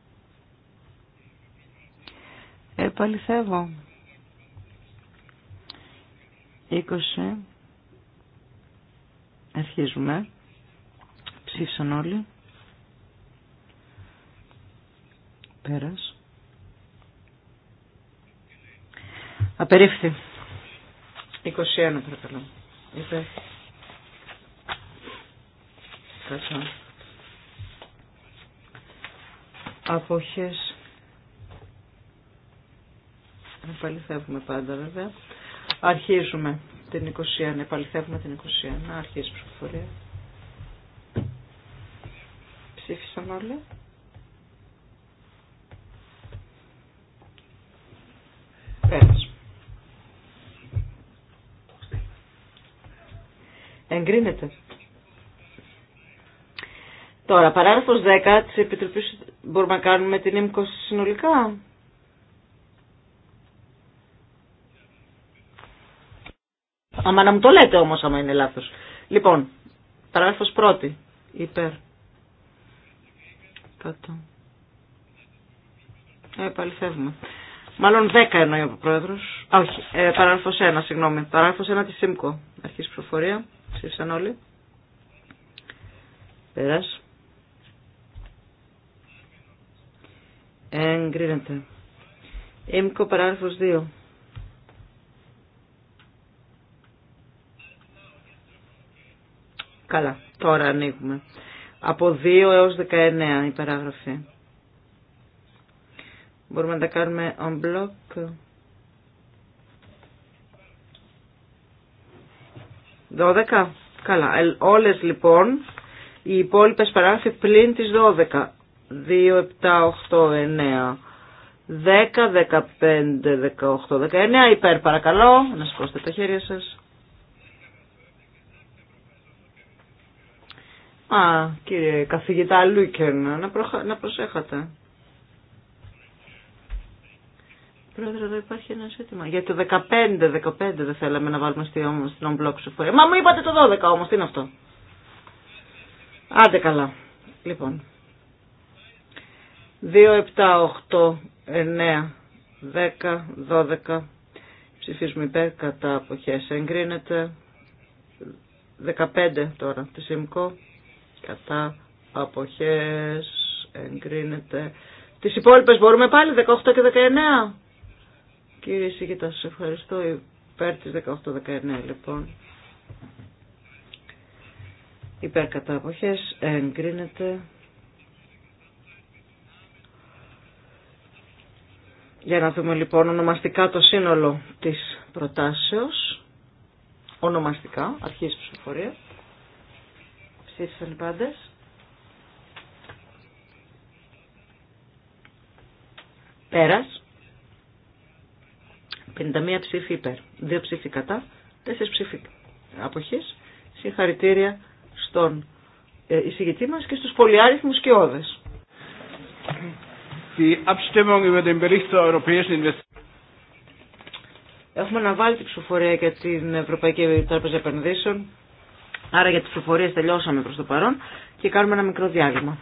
Επαληθεύω. 20. Αρχίζουμε. Ψήφισαν όλοι. Πέρας. Απερίφθη. 21 παρακαλώ. είπε Κάτσα. Αποχές. έχουμε πάντα βέβαια. Αρχίζουμε την 21, επαληθεύουμε την 21, αρχίζει η ψηφοφορία. Ψήφισαν όλοι. Πέρας. Εγκρίνεται. Τώρα, παράγραφος 10 της Επιτροπής μπορούμε να κάνουμε την ΕΜΚΟ συνολικά. Αμα να μου το λέτε όμως άμα είναι λάθος. Λοιπόν, παράγραφος 1. Υπέρ. Κάτω. Ε, παληθεύουμε. Μάλλον 10 εννοεί ο πρόεδρος. Α, όχι, ε, 1, συγγνώμη. Παράγραφος 1 τη ΣΥΜΚΟ. Αρχής προφορία. Ψήφισαν όλοι. Πέρας. Εγκρίνεται. ΕΜΚΟ παράγραφος 2. Καλά, τώρα ανοίγουμε. Από 2 έως 19 η παράγραφη. Μπορούμε να τα κάνουμε on block. 12. Καλά. Ε, όλες λοιπόν οι υπόλοιπες παράγραφοι πλην τις 12. 2, 7, 8, 9, 10, 15, 18, 19 υπέρ παρακαλώ. Να σηκώσετε τα χέρια σας. Α, κύριε καθηγητά Λούκερν, να, προχα... να προσέχατε. Πρόεδρε, εδώ υπάρχει ένα ζήτημα. Για το 15, 15 δεν θέλαμε να βάλουμε στην ομπλόξη σου ε, Μα μου είπατε το 12 όμως, τι είναι αυτό. Άντε καλά. Λοιπόν. 2, 7, 8, 9, 10, 12. Ψηφίζουμε υπέρ, κατά αποχές εγκρίνεται. 15 τώρα, τη ΣΥΜΚΟ κατά αποχές εγκρίνεται. Τις υπόλοιπες μπορούμε πάλι 18 και 19. Κύριε Σίγητα, σας ευχαριστώ υπέρ της 18-19 λοιπόν. Υπέρ κατά αποχές εγκρίνεται. Για να δούμε λοιπόν ονομαστικά το σύνολο της προτάσεως. Ονομαστικά, αρχής ψηφοφορίας. Ψήφισαν οι πάντες. Πέρας. 51 ψήφοι υπέρ, 2 ψήφοι κατά, 4 ψήφοι αποχής. Συγχαρητήρια στον ε, εισηγητή μας και στους πολυάριθμους και όδες. Έχουμε να βάλει την ψηφοφορία για την Ευρωπαϊκή Τράπεζα Επενδύσεων. Άρα για τις προφορίες τελειώσαμε προς το παρόν και κάνουμε ένα μικρό διάλειμμα.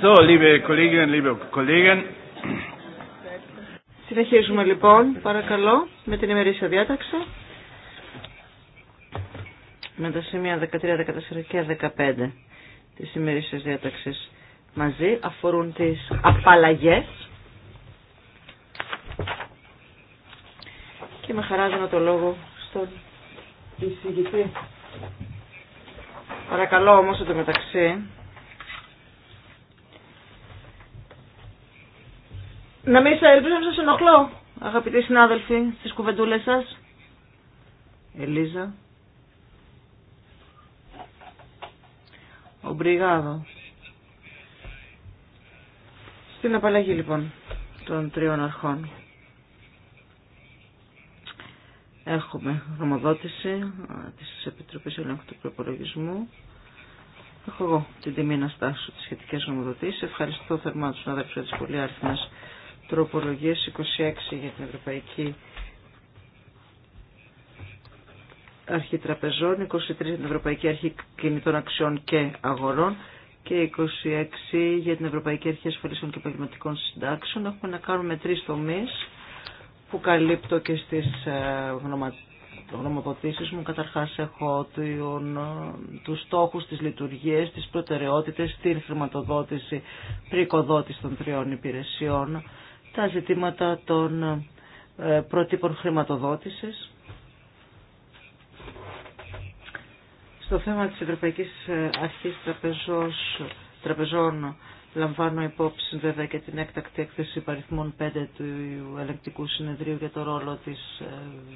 So, liebe Kolleginnen, liebe Kollegen. Συνεχίζουμε λοιπόν, παρακαλώ, με την ημερήσια διάταξη. Με τα σημεία 13, 14 και 15 της ημερήσιας διάταξης μαζί αφορούν τις απαλλαγές. Και με χαρά δίνω το λόγο στον εισηγητή. Παρακαλώ όμως ότι μεταξύ Να μην σα ελπίζω να σας ενοχλώ, αγαπητοί συνάδελφοι, στις κουβεντούλες σας. Ελίζα. Μπριγάδο. Στην απαλλαγή λοιπόν των τριών αρχών. Έχουμε γνωμοδότηση της Επιτροπής Ελέγχου του Προπολογισμού. Έχω εγώ την τιμή να στάσω τις σχετικές γνωμοδοτήσεις. Ευχαριστώ θερμά τους συναδέλφους για τις πολύ άριθμες τροπολογίες 26 για την Ευρωπαϊκή Αρχή Τραπεζών, 23 για την Ευρωπαϊκή Αρχή Κινητών Αξιών και Αγορών και 26 για την Ευρωπαϊκή Αρχή Ασφαλίσεων και Επαγγελματικών Συντάξεων. Έχουμε να κάνουμε τρεις τομείς που καλύπτω και στις ε, γνωμοδοτήσεις μου. Καταρχάς έχω τον, ε, τους στόχους, τις λειτουργίες, τις προτεραιότητες, την χρηματοδότηση, πρικοδότηση των τριών υπηρεσιών τα ζητήματα των ε, προτύπων χρηματοδότησης. Στο θέμα της Ευρωπαϊκής ε, Αρχής Τραπεζών λαμβάνω υπόψη βέβαια και την έκτακτη έκθεση παριθμών 5 του Ελεκτικού Συνεδρίου για το ρόλο της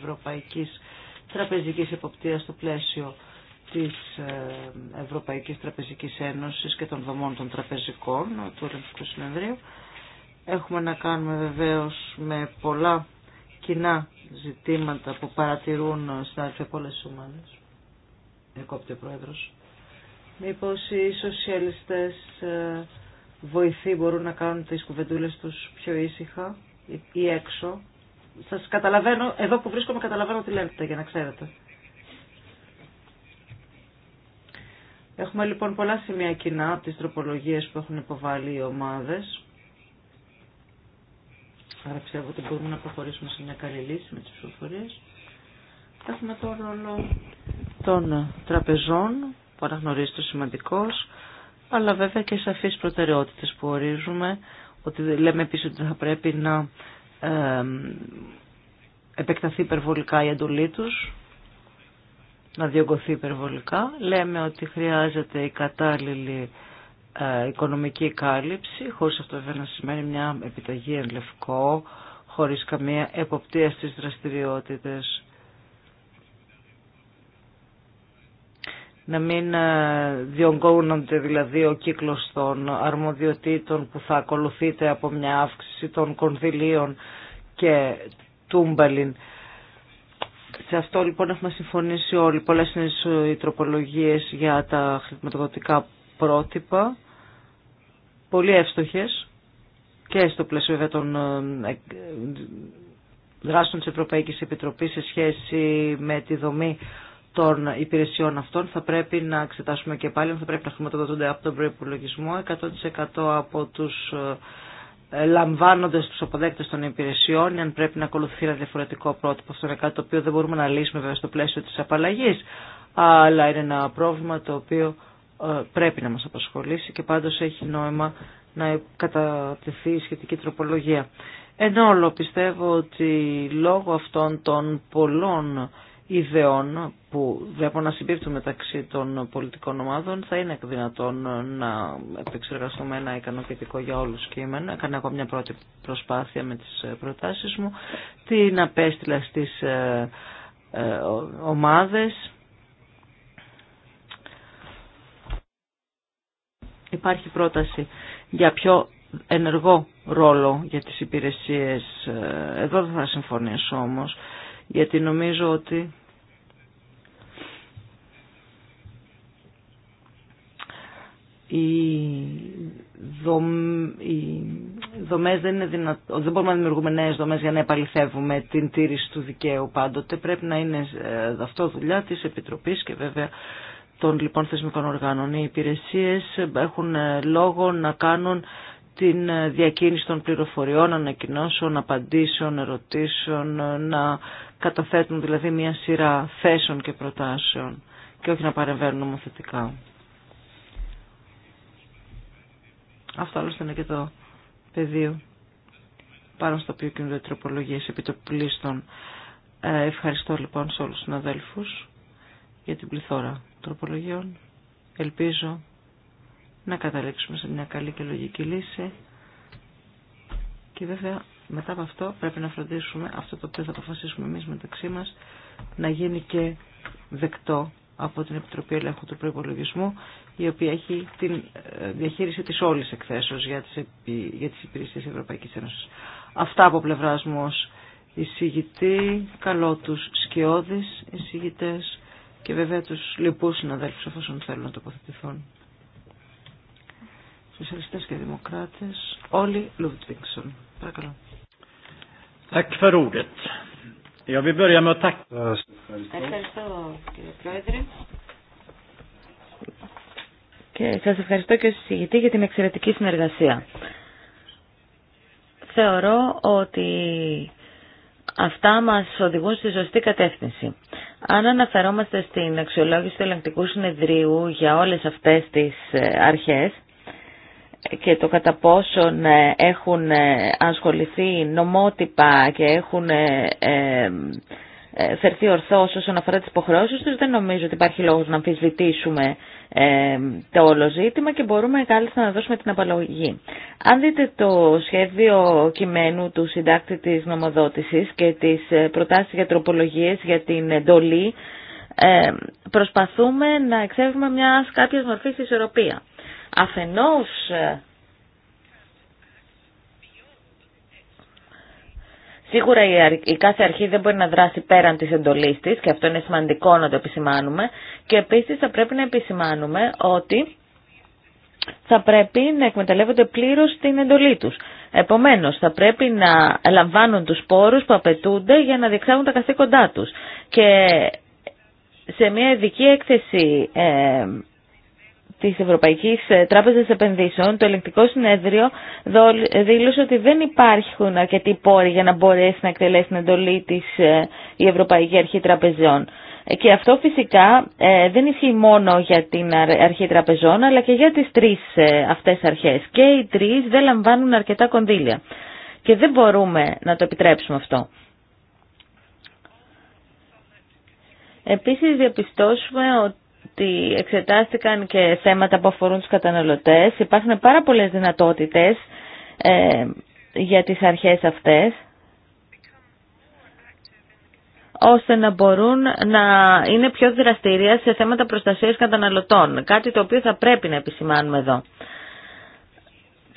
Ευρωπαϊκής Τραπεζικής Εποπτείας στο πλαίσιο της ε, Ευρωπαϊκής Τραπεζικής Ένωσης και των δομών των τραπεζικών του Ελεκτικού Συνεδρίου. Έχουμε να κάνουμε βεβαίως με πολλά κοινά ζητήματα που παρατηρούν στα αρχαία πολλές ομάδες. Εκόπτει ο πρόεδρος. Μήπως οι σοσιαλιστές ε, βοηθοί μπορούν να κάνουν τις κουβεντούλες τους πιο ήσυχα ή έξω. Σας καταλαβαίνω, εδώ που βρίσκομαι καταλαβαίνω τι λέτε για να ξέρετε. Έχουμε λοιπόν πολλά σημεία κοινά από τις τροπολογίες που έχουν υποβάλει οι ομάδες. Άρα πιστεύω ότι μπορούμε να προχωρήσουμε σε μια καλή λύση με τις ψηφοφορίες. έχουμε τον ρόλο των τραπεζών που αναγνωρίζει το σημαντικός, αλλά βέβαια και σαφείς προτεραιότητες που ορίζουμε, ότι λέμε επίσης ότι θα πρέπει να επεκταθεί υπερβολικά η εντολή τους, να διωγγωθεί υπερβολικά. Λέμε ότι χρειάζεται η κατάλληλη ε, οικονομική κάλυψη, χωρίς αυτό βέβαια να σημαίνει μια επιταγή εν λευκό, χωρίς καμία εποπτεία στις δραστηριότητες. Να μην ε, διονγκώνονται δηλαδή ο κύκλος των αρμοδιοτήτων που θα ακολουθείται από μια αύξηση των κονδυλίων και τούμπαλιν. Σε αυτό λοιπόν έχουμε συμφωνήσει όλοι. Πολλές είναι οι τροπολογίες για τα χρηματοδοτικά πρότυπα, πολύ εύστοχες και στο πλαίσιο βέβαια των ε, δράσεων της Ευρωπαϊκής Επιτροπής σε σχέση με τη δομή των υπηρεσιών αυτών θα πρέπει να εξετάσουμε και πάλι, θα πρέπει να χρηματοδοτούνται από τον προϋπολογισμό 100% από τους ε, λαμβάνοντας τους αποδέκτες των υπηρεσιών, αν πρέπει να ακολουθεί ένα διαφορετικό πρότυπο. Αυτό είναι κάτι το οποίο δεν μπορούμε να λύσουμε βέβαια στο πλαίσιο της απαλλαγής, αλλά είναι ένα πρόβλημα το οποίο ε, πρέπει να μας απασχολήσει και πάντως έχει νόημα να κατατεθεί η σχετική τροπολογία. Εν όλο πιστεύω ότι λόγω αυτών των πολλών ιδεών που βλέπω να συμπίπτουν μεταξύ των πολιτικών ομάδων θα είναι δυνατόν να επεξεργαστούμε ένα ικανοποιητικό για όλους κείμενο. Έκανα εγώ μια πρώτη προσπάθεια με τις προτάσεις μου. Την απέστειλα στις ε, ε, ομάδες Υπάρχει πρόταση για πιο ενεργό ρόλο για τις υπηρεσίες. Ε, εδώ δεν θα συμφωνήσω όμως, γιατί νομίζω ότι οι, δομ, δεν είναι δεν μπορούμε να δημιουργούμε νέες δομές για να επαληθεύουμε την τήρηση του δικαίου πάντοτε. Πρέπει να είναι ε, αυτό δουλειά της Επιτροπής και βέβαια των λοιπόν θεσμικών οργάνων. Οι υπηρεσίες έχουν ε, λόγο να κάνουν την ε, διακίνηση των πληροφοριών, ανακοινώσεων, απαντήσεων, ερωτήσεων, ε, να καταθέτουν δηλαδή μια σειρά θέσεων και προτάσεων και όχι να παρεμβαίνουν νομοθετικά. Αυτό άλλωστε είναι και το πεδίο πάνω στο οποίο κινούνται τροπολογίες επί το πλήστον. Ευχαριστώ λοιπόν σε όλους τους για την πληθώρα τροπολογιών. Ελπίζω να καταλήξουμε σε μια καλή και λογική λύση. Και βέβαια μετά από αυτό πρέπει να φροντίσουμε αυτό το οποίο θα αποφασίσουμε εμείς μεταξύ μας να γίνει και δεκτό από την Επιτροπή Ελέγχου του Προϋπολογισμού η οποία έχει την ε, διαχείριση της όλης εκθέσεως για τις, για τις υπηρεσίες Ευρωπαϊκής Ένωσης. Αυτά από πλευράς μου ως εισηγητή, καλό τους σκιώδεις εισηγητές και βέβαια τους λοιπούς συναδέλφους εφόσον θέλουν να τοποθετηθούν. Σοσιαλιστές και Δημοκράτες, όλοι Λουβτβίξον. Παρακαλώ. Ευχαριστώ κύριε Πρόεδρε. Και σας ευχαριστώ και ως συζητητή για την εξαιρετική συνεργασία. Θεωρώ ότι Αυτά μας οδηγούν στη σωστή κατεύθυνση. Αν αναφερόμαστε στην αξιολόγηση του ελεγκτικού συνεδρίου για όλες αυτές τις ε, αρχές και το κατά πόσον ε, έχουν ε, ασχοληθεί νομότυπα και έχουν ε, φερθεί ορθώς όσον αφορά τι υποχρεώσει τους, δεν νομίζω ότι υπάρχει λόγος να αμφισβητήσουμε ε, το όλο ζήτημα και μπορούμε κάλλιστα να δώσουμε την απαλλαγή. Αν δείτε το σχέδιο κειμένου του συντάκτη της νομοδότησης και τι ε, προτάσεις για τροπολογίες για την εντολή, προσπαθούμε να εξεύουμε μια κάποια μορφή ισορροπία. Αφενός Σίγουρα η κάθε αρχή δεν μπορεί να δράσει πέραν της εντολής της και αυτό είναι σημαντικό να το επισημάνουμε και επίσης θα πρέπει να επισημάνουμε ότι θα πρέπει να εκμεταλλεύονται πλήρως την εντολή τους. Επομένως, θα πρέπει να λαμβάνουν τους πόρους που απαιτούνται για να διεξάγουν τα καθήκοντά τους. Και σε μια ειδική έκθεση ε, της Ευρωπαϊκής ε, Τράπεζας Επενδύσεων, το ελεγκτικό συνέδριο δήλωσε ότι δεν υπάρχουν αρκετοί πόροι για να μπορέσει να εκτελέσει την εντολή της ε, η Ευρωπαϊκή Αρχή Τραπεζών. Ε, και αυτό φυσικά δεν ισχύει μόνο για την Αρχή Τραπεζών, αλλά και για τις τρεις αυτές αρχές. Και οι τρεις δεν λαμβάνουν αρκετά κονδύλια. Και δεν μπορούμε να το επιτρέψουμε αυτό. Επίσης διαπιστώσουμε ότι ότι εξετάστηκαν και θέματα που αφορούν τους καταναλωτές. Υπάρχουν πάρα πολλές δυνατότητες ε, για τις αρχές αυτές ώστε να μπορούν να είναι πιο δραστηρία σε θέματα προστασίας καταναλωτών. Κάτι το οποίο θα πρέπει να επισημάνουμε εδώ.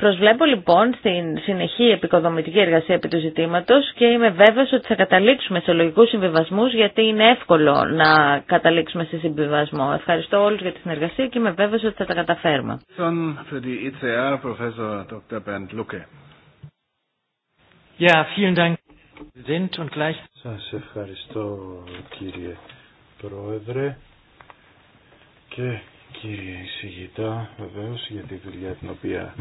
Προσβλέπω λοιπόν στην συνεχή επικοδομητική εργασία επί του ζητήματος και είμαι βέβαιος ότι θα καταλήξουμε σε λογικούς συμβιβασμούς γιατί είναι εύκολο να καταλήξουμε σε συμβιβασμό. Ευχαριστώ όλους για τη συνεργασία και είμαι βέβαιος ότι θα τα καταφέρουμε. Σας ευχαριστώ κύριε Πρόεδρε και και Σιγητά, βεβαίως, για τη δουλειά την οποία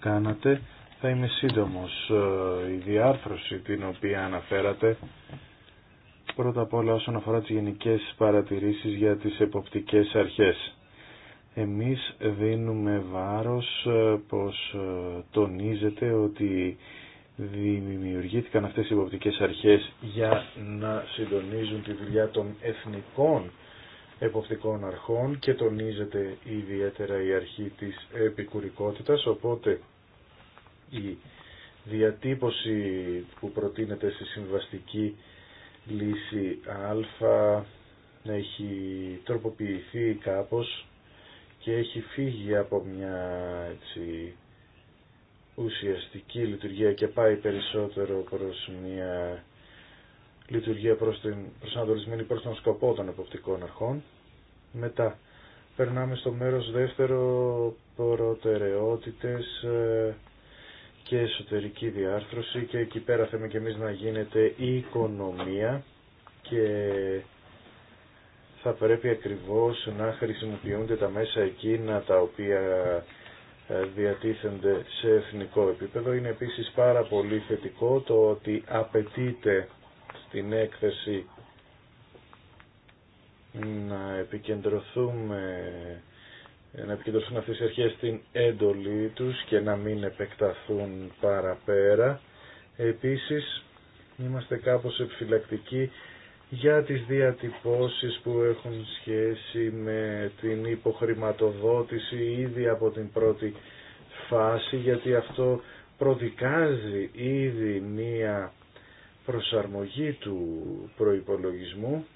κάνατε. Θα είμαι σύντομος. Ε, η διάρθρωση την οποία αναφέρατε, πρώτα απ' όλα όσον αφορά τις γενικές παρατηρήσεις για τις εποπτικές αρχές. Εμείς δίνουμε βάρος ε, πως ε, τονίζεται ότι δημιουργήθηκαν αυτές οι εποπτικές αρχές για να συντονίζουν τη δουλειά των εθνικών εποπτικών αρχών και τονίζεται ιδιαίτερα η αρχή της επικουρικότητας, οπότε η διατύπωση που προτείνεται στη συμβαστική λύση α έχει τροποποιηθεί κάπως και έχει φύγει από μια έτσι, ουσιαστική λειτουργία και πάει περισσότερο προς μια λειτουργία προς την προσανατολισμένη προς τον σκοπό των εποπτικών αρχών. Μετά περνάμε στο μέρος δεύτερο προτεραιότητες ε, και εσωτερική διάρθρωση και εκεί πέρα θέλουμε και εμείς να γίνεται η οικονομία και θα πρέπει ακριβώς να χρησιμοποιούνται τα μέσα εκείνα τα οποία ε, διατίθενται σε εθνικό επίπεδο. Είναι επίσης πάρα πολύ θετικό το ότι απαιτείται την έκθεση να επικεντρωθούμε να επικεντρωθούν αυτές οι αρχές στην έντολή τους και να μην επεκταθούν παραπέρα. Επίσης, είμαστε κάπως επιφυλακτικοί για τις διατυπώσεις που έχουν σχέση με την υποχρηματοδότηση ήδη από την πρώτη φάση, γιατί αυτό προδικάζει ήδη μία προσαρμογή του προϋπολογισμού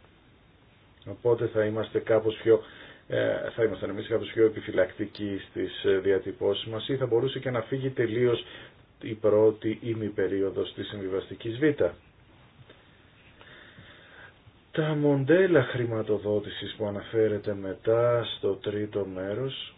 οπότε θα είμαστε κάπως πιο ε, θα ήμασταν εμείς κάπως πιο επιφυλακτικοί στις ε, διατυπώσεις μας ή θα μπορούσε και να φύγει τελείως η πρώτη περίοδος της συμβιβαστικής Β. Τα μοντέλα χρηματοδότησης που αναφέρεται μετά στο τρίτο μέρος,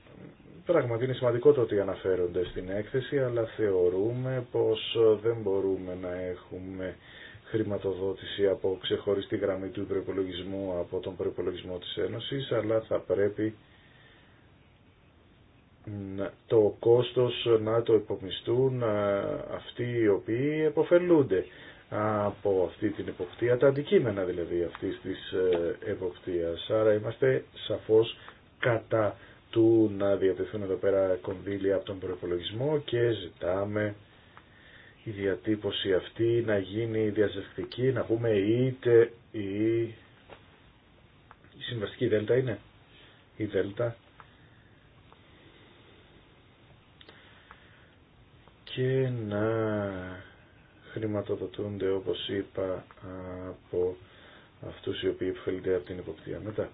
πράγματι είναι σημαντικό το ότι αναφέρονται στην έκθεση, αλλά θεωρούμε πως δεν μπορούμε να έχουμε χρηματοδότηση από ξεχωριστή γραμμή του προπολογισμού από τον προπολογισμό της Ένωσης, αλλά θα πρέπει το κόστος να το υπομιστούν ε, αυτοί οι οποίοι εποφελούνται από αυτή την εποπτεία, τα αντικείμενα δηλαδή αυτής της ε, εποπτείας. Άρα είμαστε σαφώς κατά του να διατεθούν εδώ πέρα κονδύλια από τον προπολογισμό και ζητάμε η διατύπωση αυτή να γίνει διαζευκτική, να πούμε είτε η, η συμβαστική δέλτα είναι η δέλτα και να χρηματοδοτούνται όπως είπα από αυτούς οι οποίοι υποφελούνται από την υποπτία μετά.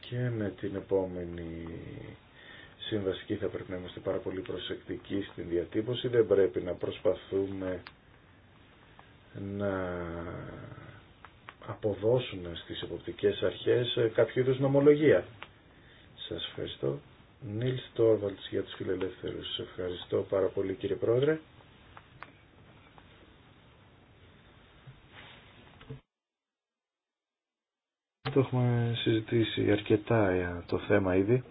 Και με την επόμενη συμβασική θα πρέπει να είμαστε πάρα πολύ προσεκτικοί στην διατύπωση. Δεν πρέπει να προσπαθούμε να αποδώσουμε στις εποπτικές αρχές κάποιο είδους νομολογία. Σας ευχαριστώ. Νίλ Στόρβαλτς για τους φιλελεύθερους. Ευχαριστώ πάρα πολύ κύριε Πρόεδρε. Το έχουμε συζητήσει αρκετά το θέμα ήδη.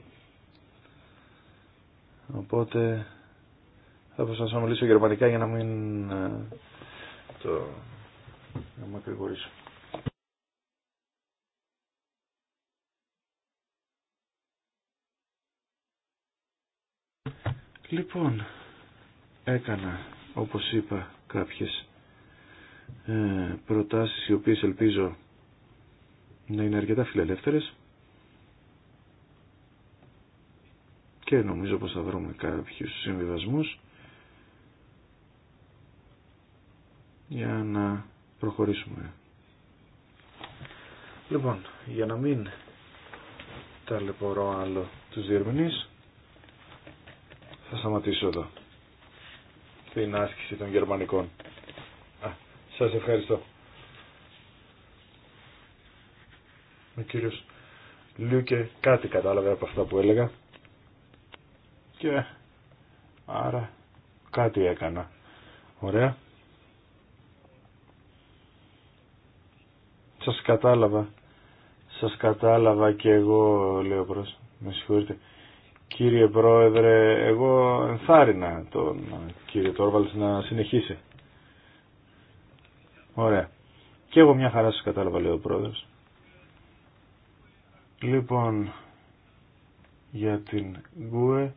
Οπότε θα προσπαθήσω να μιλήσω γερμανικά για να μην ε, το να μακρηγορήσω. Λοιπόν, έκανα, όπως είπα, κάποιες ε, προτάσεις οι οποίες ελπίζω να είναι αρκετά φιλελεύθερες. και νομίζω πως θα βρούμε κάποιους συμβιβασμούς για να προχωρήσουμε. Λοιπόν, για να μην ταλαιπωρώ άλλο τους διερμηνείς, θα σταματήσω εδώ την άσκηση των γερμανικών. Α, σας ευχαριστώ. Ο κύριος Λιούκε κάτι κατάλαβε από αυτά που έλεγα και άρα κάτι έκανα. Ωραία. Σας κατάλαβα. Σας κατάλαβα και εγώ, λέω προς. Με συγχωρείτε. Κύριε Πρόεδρε, εγώ ενθάρρυνα τον κύριο Τόρβαλς να συνεχίσει. Ωραία. Και εγώ μια χαρά σας κατάλαβα, λέει ο Πρόεδρος. Λοιπόν, για την Γκουε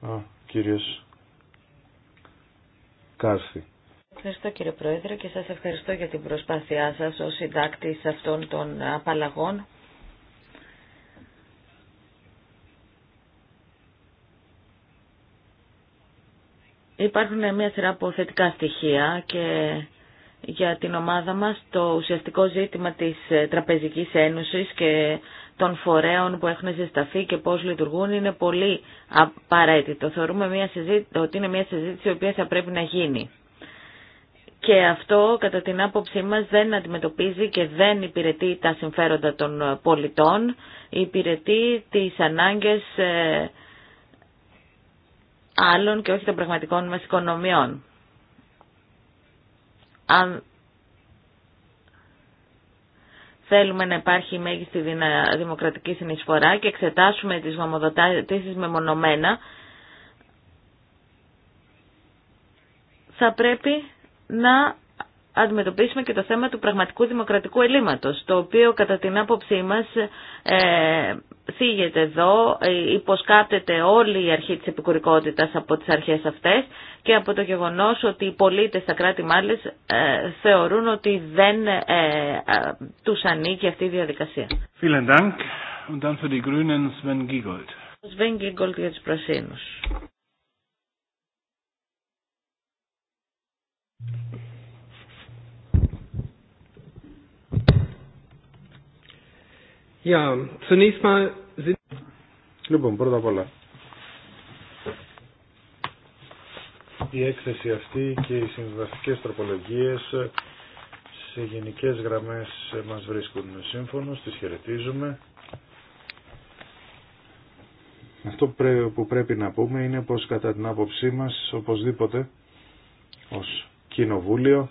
Κύριε κύριος Κάρθη. Ευχαριστώ κύριε Πρόεδρε και σας ευχαριστώ για την προσπάθειά σας ως συντάκτης αυτών των απαλλαγών. Υπάρχουν μια σειρά από θετικά στοιχεία και για την ομάδα μας το ουσιαστικό ζήτημα της Τραπεζικής Ένωσης και των φορέων που έχουν συσταθεί και πώς λειτουργούν είναι πολύ απαραίτητο. Θεωρούμε μια συζήτη, ότι είναι μια συζήτηση η οποία θα πρέπει να γίνει. Και αυτό κατά την άποψή μας δεν αντιμετωπίζει και δεν υπηρετεί τα συμφέροντα των πολιτών, υπηρετεί τις ανάγκες ε, άλλων και όχι των πραγματικών μας οικονομιών θέλουμε να υπάρχει η μέγιστη δημοκρατική συνεισφορά και εξετάσουμε τις γνωμοδοτήσεις μεμονωμένα, θα πρέπει να αντιμετωπίσουμε και το θέμα του πραγματικού δημοκρατικού ελλείμματος, το οποίο κατά την άποψή μας ε, θίγεται εδώ, ε, υποσκάπτεται όλη η αρχή της επικουρικότητας από τις αρχές αυτές και από το γεγονός ότι οι πολίτες στα κράτη μάλες ε, θεωρούν ότι δεν ε, ε, τους ανήκει αυτή η διαδικασία. Λοιπόν, πρώτα απ' όλα. Η έκθεση αυτή και οι συμβαστικές τροπολογίες σε γενικές γραμμές μας βρίσκουν σύμφωνος, τις χαιρετίζουμε. Αυτό που πρέπει να πούμε είναι πως κατά την άποψή μας οπωσδήποτε ως κοινοβούλιο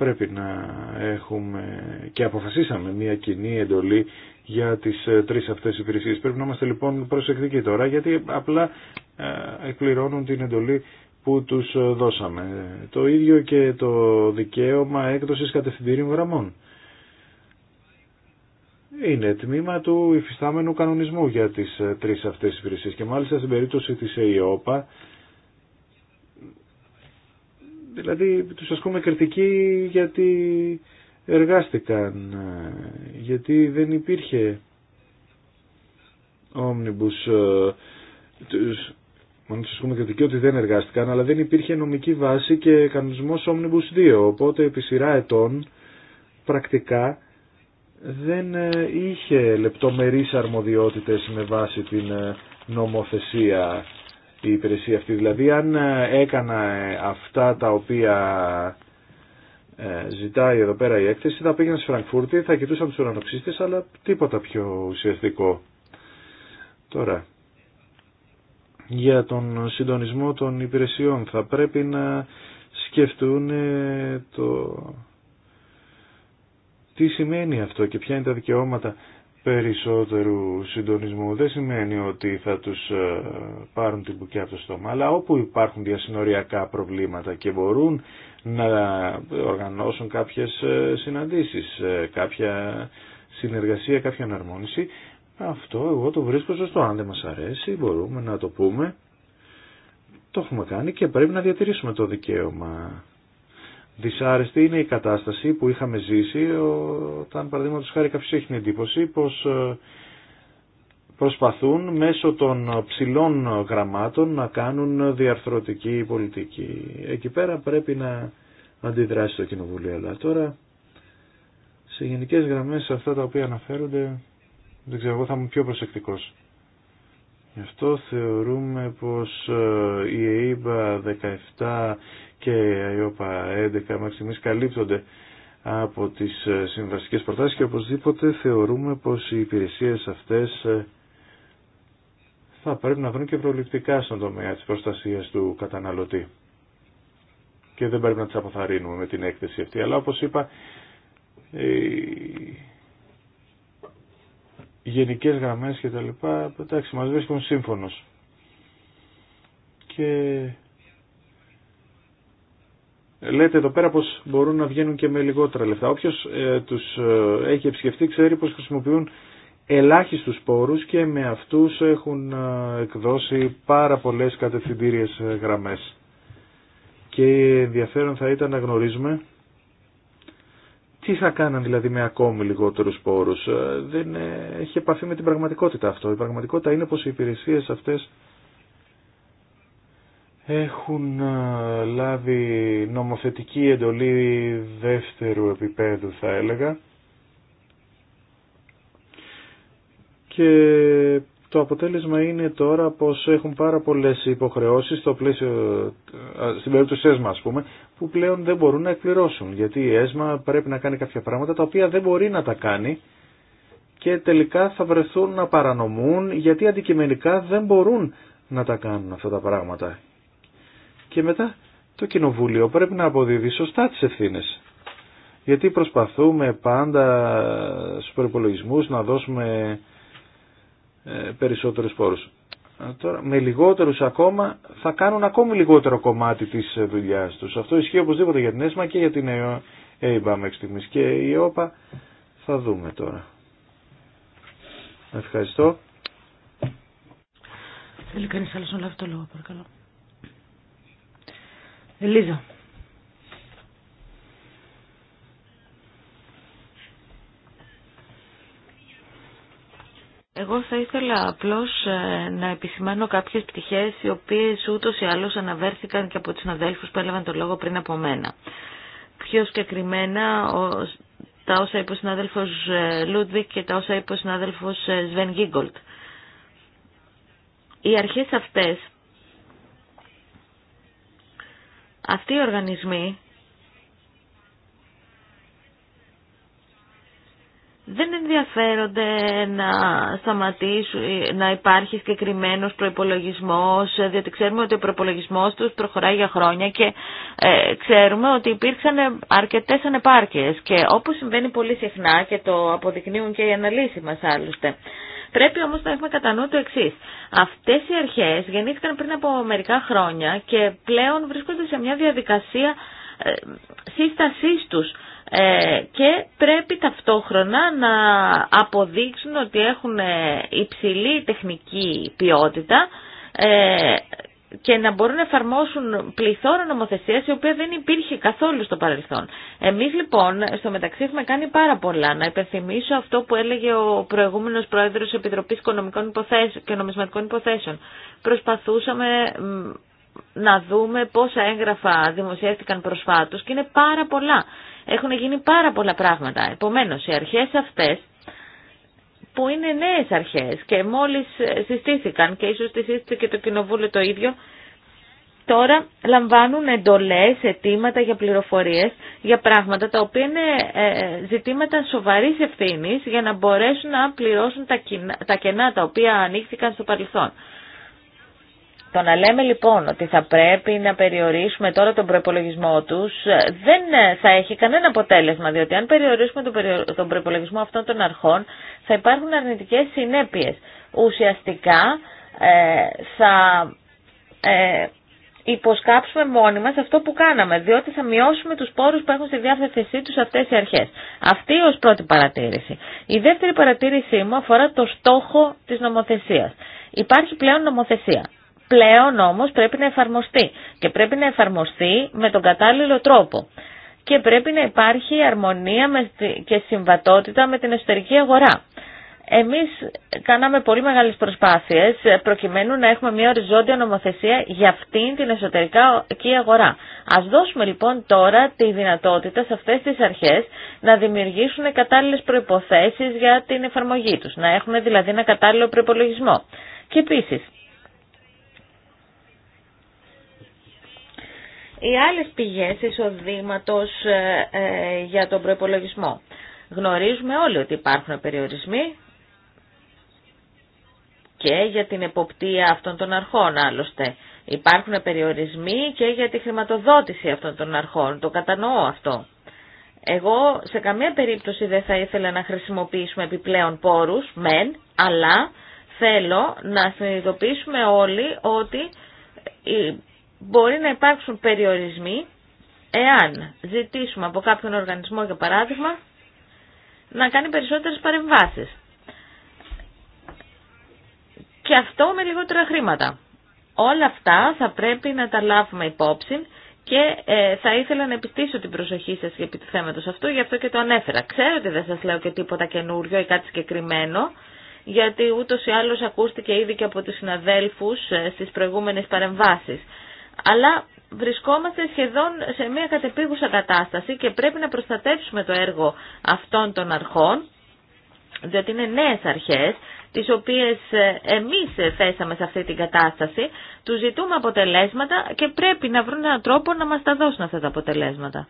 πρέπει να έχουμε και αποφασίσαμε μια κοινή εντολή για τις ε, τρεις αυτές υπηρεσίες. Πρέπει να είμαστε λοιπόν προσεκτικοί τώρα γιατί απλά ε, εκπληρώνουν την εντολή που τους ε, δώσαμε. Το ίδιο και το δικαίωμα έκδοσης κατευθυντήριων γραμμών. Είναι τμήμα του υφιστάμενου κανονισμού για τις τρεις αυτές υπηρεσίες και μάλιστα στην περίπτωση της ΕΙΟΠΑ δηλαδή τους ασκούμε κριτική γιατί εργάστηκαν, ε, γιατί δεν υπήρχε όμνιμπους, μόνο ε, τους ότι δεν εργάστηκαν, αλλά δεν υπήρχε νομική βάση και κανονισμός όμνιμπους 2, οπότε επί σειρά ετών πρακτικά δεν ε, είχε λεπτομερείς αρμοδιότητες με βάση την νομοθεσία η υπηρεσία αυτή. Δηλαδή αν ε, έκανα ε, αυτά τα οποία ε, ζητάει εδώ πέρα η έκθεση θα πήγαινα στη Φραγκφούρτη, θα κοιτούσα τους ουρανοξύστες αλλά τίποτα πιο ουσιαστικό. Τώρα, για τον συντονισμό των υπηρεσιών θα πρέπει να σκεφτούν το τι σημαίνει αυτό και ποια είναι τα δικαιώματα περισσότερου συντονισμού δεν σημαίνει ότι θα τους ε, πάρουν την μπουκιά από το στόμα, αλλά όπου υπάρχουν διασυνοριακά προβλήματα και μπορούν να οργανώσουν κάποιες ε, συναντήσεις, ε, κάποια συνεργασία, κάποια αναρμόνιση, αυτό εγώ το βρίσκω σωστό. Αν δεν μας αρέσει μπορούμε να το πούμε. Το έχουμε κάνει και πρέπει να διατηρήσουμε το δικαίωμα Δυσάρεστη είναι η κατάσταση που είχαμε ζήσει όταν παραδείγματο χάρη κάποιο έχει την εντύπωση πως ε, προσπαθούν μέσω των ψηλών γραμμάτων να κάνουν διαρθρωτική πολιτική. Εκεί πέρα πρέπει να αντιδράσει το Κοινοβούλιο. Αλλά τώρα σε γενικές γραμμές αυτά τα οποία αναφέρονται δεν ξέρω θα είμαι πιο προσεκτικός. Γι' αυτό θεωρούμε πως ε, η ΕΕΠΑ 17 και η ΑΙΟΠΑ 11 μέχρι στιγμής καλύπτονται από τις ε, συμβασικές προτάσεις και οπωσδήποτε θεωρούμε πως οι υπηρεσίες αυτές ε, θα πρέπει να βρουν και προληπτικά στον τομέα της προστασίας του καταναλωτή. Και δεν πρέπει να τις αποθαρρύνουμε με την έκθεση αυτή. Αλλά όπως είπα, γενικές γραμμές και τα λοιπά, εντάξει, μας βρίσκουν σύμφωνος. Και λέτε εδώ πέρα πως μπορούν να βγαίνουν και με λιγότερα λεφτά. Όποιος ε, τους ε, έχει επισκεφτεί ξέρει πως χρησιμοποιούν ελάχιστους πόρους και με αυτούς έχουν ε, εκδώσει πάρα πολλές κατευθυντήριες γραμμές. Και ενδιαφέρον θα ήταν να γνωρίζουμε τι θα κάναν δηλαδή με ακόμη λιγότερους πόρους. Ε, δεν ε, έχει επαφή με την πραγματικότητα αυτό. Η πραγματικότητα είναι πως οι υπηρεσίες αυτές έχουν ε, λάβει νομοθετική εντολή δεύτερου επίπεδου θα έλεγα και το αποτέλεσμα είναι τώρα πως έχουν πάρα πολλές υποχρεώσεις στο πλαίσιο, στην περίπτωση ΕΣΜΑ ας πούμε, που πλέον δεν μπορούν να εκπληρώσουν. Γιατί η ΕΣΜΑ πρέπει να κάνει κάποια πράγματα τα οποία δεν μπορεί να τα κάνει και τελικά θα βρεθούν να παρανομούν γιατί αντικειμενικά δεν μπορούν να τα κάνουν αυτά τα πράγματα. Και μετά το Κοινοβούλιο πρέπει να αποδίδει σωστά τις ευθύνε, Γιατί προσπαθούμε πάντα στους προπολογισμού να δώσουμε ε, περισσότερους πόρους. Τώρα, με λιγότερους ακόμα θα κάνουν ακόμη λιγότερο κομμάτι της ε, δουλειάς τους. Αυτό ισχύει οπωσδήποτε για την ΕΣΜΑ και για την ΕΙΜΑ μέχρι στιγμής. Και η ΕΟΠΑ θα δούμε τώρα. Ευχαριστώ. Θέλει κανείς άλλος να λάβει το λόγο, παρακαλώ. Ελίζα. Εγώ θα ήθελα απλώς ε, να επισημάνω κάποιες πτυχές οι οποίες ούτως ή άλλως αναβέρθηκαν και από τους αδέλφους που έλαβαν το λόγο πριν από μένα. Πιο συγκεκριμένα τα όσα είπε ο συνάδελφος ε, Λούντβικ και τα όσα είπε ο συνάδελφος ε, Σβεν Γίγκολτ. Οι αρχές αυτές, αυτοί οι οργανισμοί δεν ενδιαφέρονται να σταματήσουν, να υπάρχει συγκεκριμένο προπολογισμό, διότι ξέρουμε ότι ο προπολογισμό του προχωράει για χρόνια και ε, ξέρουμε ότι υπήρξαν αρκετέ ανεπάρκειε. Και όπω συμβαίνει πολύ συχνά και το αποδεικνύουν και οι αναλύσει μα άλλωστε. Πρέπει όμω να έχουμε κατά νου το εξή. Αυτέ οι αρχέ γεννήθηκαν πριν από μερικά χρόνια και πλέον βρίσκονται σε μια διαδικασία ε, σύστασή τους ε, και πρέπει ταυτόχρονα να αποδείξουν ότι έχουν υψηλή τεχνική ποιότητα ε, και να μπορούν να εφαρμόσουν πληθώρα νομοθεσίες η οποία δεν υπήρχε καθόλου στο παρελθόν. Εμείς λοιπόν στο μεταξύ έχουμε κάνει πάρα πολλά. Να υπενθυμίσω αυτό που έλεγε ο προηγούμενος πρόεδρος Επιτροπής Οικονομικών Υποθέσεων και Νομισματικών Υποθέσεων. Προσπαθούσαμε να δούμε πόσα έγγραφα δημοσιεύτηκαν προσφάτως και είναι πάρα πολλά. Έχουν γίνει πάρα πολλά πράγματα. Επομένως, οι αρχές αυτές που είναι νέες αρχές και μόλις ε, συστήθηκαν και ίσως τη σύστησε και το κοινοβούλιο το ίδιο, τώρα λαμβάνουν εντολές, αιτήματα για πληροφορίες, για πράγματα τα οποία είναι ε, ζητήματα σοβαρής ευθύνης για να μπορέσουν να πληρώσουν τα κενά τα οποία ανοίχθηκαν στο παρελθόν. Το να λέμε λοιπόν ότι θα πρέπει να περιορίσουμε τώρα τον προπολογισμό του ε, δεν ε, θα έχει κανένα αποτέλεσμα, διότι αν περιορίσουμε τον προπολογισμό αυτών των αρχών θα υπάρχουν αρνητικές συνέπειες. Ουσιαστικά ε, θα υποσκάψουμε μόνοι μας αυτό που κάναμε, διότι θα μειώσουμε τους πόρους που έχουν στη διάθεσή τους αυτές οι αρχές. Αυτή ως πρώτη παρατήρηση. Η δεύτερη παρατήρησή μου αφορά το στόχο της νομοθεσίας. Υπάρχει πλέον νομοθεσία. Πλέον όμως πρέπει να εφαρμοστεί και πρέπει να εφαρμοστεί με τον κατάλληλο τρόπο και πρέπει να υπάρχει αρμονία και συμβατότητα με την εσωτερική αγορά. Εμείς κάναμε πολύ μεγάλες προσπάθειες ε, προκειμένου να έχουμε μια οριζόντια νομοθεσία για αυτήν την εσωτερική αγορά. Ας δώσουμε λοιπόν τώρα τη δυνατότητα σε αυτές τις αρχές να δημιουργήσουν κατάλληλες προϋποθέσεις για την εφαρμογή τους, να έχουν δηλαδή ένα κατάλληλο προπολογισμό. Και επίσης, οι άλλες πηγές εισοδήματος ε, ε, για τον προϋπολογισμό. Γνωρίζουμε όλοι ότι υπάρχουν περιορισμοί και για την εποπτεία αυτών των αρχών άλλωστε. Υπάρχουν περιορισμοί και για τη χρηματοδότηση αυτών των αρχών. Το κατανοώ αυτό. Εγώ σε καμία περίπτωση δεν θα ήθελα να χρησιμοποιήσουμε επιπλέον πόρους, μεν, αλλά θέλω να συνειδητοποιήσουμε όλοι ότι μπορεί να υπάρξουν περιορισμοί εάν ζητήσουμε από κάποιον οργανισμό, για παράδειγμα, να κάνει περισσότερες παρεμβάσεις. Και αυτό με λιγότερα χρήματα. Όλα αυτά θα πρέπει να τα λάβουμε υπόψη και ε, θα ήθελα να επιστήσω την προσοχή σας επί του θέματος αυτού, γι' αυτό και το ανέφερα. Ξέρω ότι δεν σας λέω και τίποτα καινούριο ή κάτι συγκεκριμένο, γιατί ούτως ή άλλως ακούστηκε ήδη και από τους συναδέλφους ε, στις προηγούμενες παρεμβάσεις αλλά βρισκόμαστε σχεδόν σε μια κατεπίγουσα κατάσταση και πρέπει να προστατεύσουμε το έργο αυτών των αρχών, διότι είναι νέες αρχές, τις οποίες ε, εμείς ε, θέσαμε σε αυτή την κατάσταση, Τους ζητούμε αποτελέσματα και πρέπει να βρουν έναν τρόπο να μας τα δώσουν αυτά τα αποτελέσματα.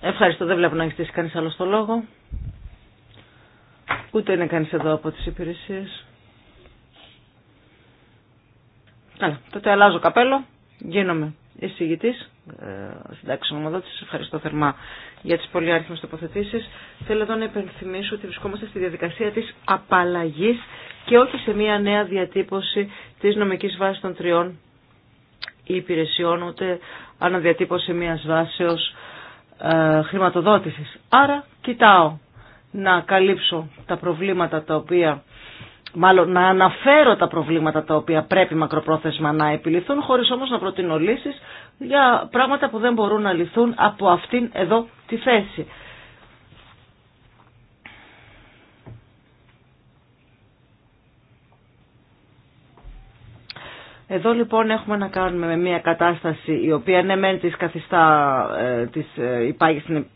Ευχαριστώ, δεν βλέπω να έχει στήσει κανείς άλλο στο λόγο. Ούτε είναι κανείς εδώ από τις υπηρεσίες. Καλά, τότε αλλάζω καπέλο γίνομαι εισηγητή, ε, συντάξει Σα ευχαριστώ θερμά για τι πολυάριθμε τοποθετήσει. Θέλω εδώ να υπενθυμίσω ότι βρισκόμαστε στη διαδικασία τη απαλλαγή και όχι σε μια νέα διατύπωση τη νομική βάση των τριών υπηρεσιών, ούτε αναδιατύπωση μια βάσεω ε, χρηματοδότηση. Άρα, κοιτάω να καλύψω τα προβλήματα τα οποία μάλλον να αναφέρω τα προβλήματα τα οποία πρέπει μακροπρόθεσμα να επιληθούν, χωρίς όμως να προτείνω λύσεις για πράγματα που δεν μπορούν να λυθούν από αυτήν εδώ τη θέση. Εδώ λοιπόν έχουμε να κάνουμε με μια κατάσταση η οποία ναι μεν της καθιστά, ε, της ε, υπάγει στην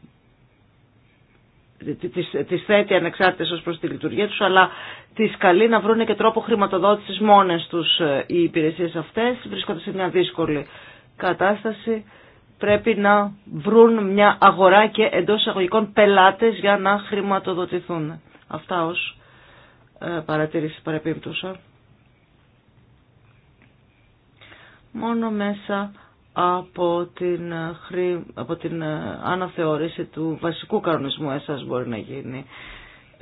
τις, τις θέτει ανεξάρτητες ως προς τη λειτουργία τους, αλλά τις καλεί να βρουν και τρόπο χρηματοδότησης μόνες τους ε, οι υπηρεσίες αυτές. Βρίσκονται σε μια δύσκολη κατάσταση. Πρέπει να βρουν μια αγορά και εντός εισαγωγικών πελάτες για να χρηματοδοτηθούν. Αυτά ως ε, παρατήρηση παρεπίπτουσα. Μόνο μέσα από την, από την ε, αναθεώρηση του βασικού κανονισμού εσάς μπορεί να γίνει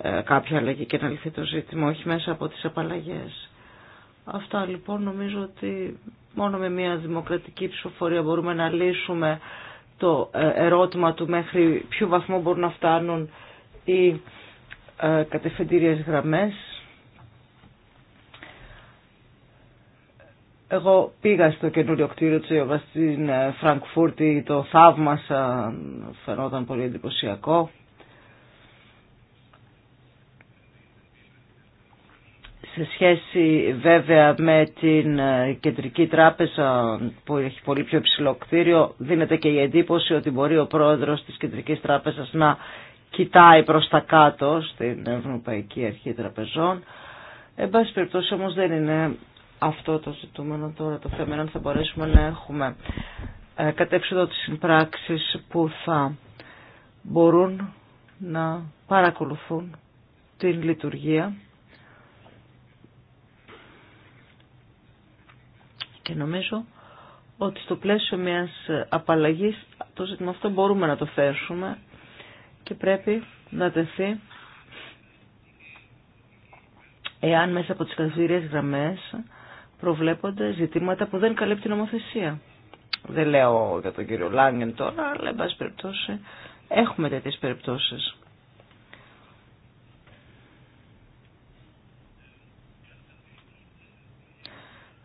ε, κάποια αλλαγή και να λυθεί το ζήτημα, όχι μέσα από τις απαλλαγές. Αυτά λοιπόν νομίζω ότι μόνο με μια δημοκρατική ψηφοφορία μπορούμε να λύσουμε το ε, ερώτημα του μέχρι ποιο βαθμό μπορούν να φτάνουν οι κατευθυντήριες γραμμές Εγώ πήγα στο καινούριο κτίριο του Ιωβα στην ε, Φραγκφούρτη, το θαύμασα, φαινόταν πολύ εντυπωσιακό. Σε σχέση βέβαια με την ε, κεντρική τράπεζα που έχει πολύ πιο υψηλό κτίριο, δίνεται και η εντύπωση ότι μπορεί ο πρόεδρος της κεντρικής τράπεζας να κοιτάει προς τα κάτω στην Ευρωπαϊκή Αρχή Τραπεζών. Εν πάση περιπτώσει όμως δεν είναι αυτό το ζητούμενο τώρα το θέμα αν θα μπορέσουμε να έχουμε ε, τις συμπράξεις που θα μπορούν να παρακολουθούν την λειτουργία και νομίζω ότι στο πλαίσιο μιας απαλλαγής το ζήτημα αυτό μπορούμε να το θέσουμε και πρέπει να τεθεί εάν μέσα από τις καθημερινές γραμμές προβλέπονται ζητήματα που δεν καλύπτει η νομοθεσία. Δεν λέω για τον κύριο Λάγκεν τώρα, αλλά εν πάση περιπτώσει έχουμε τέτοιε περιπτώσεις.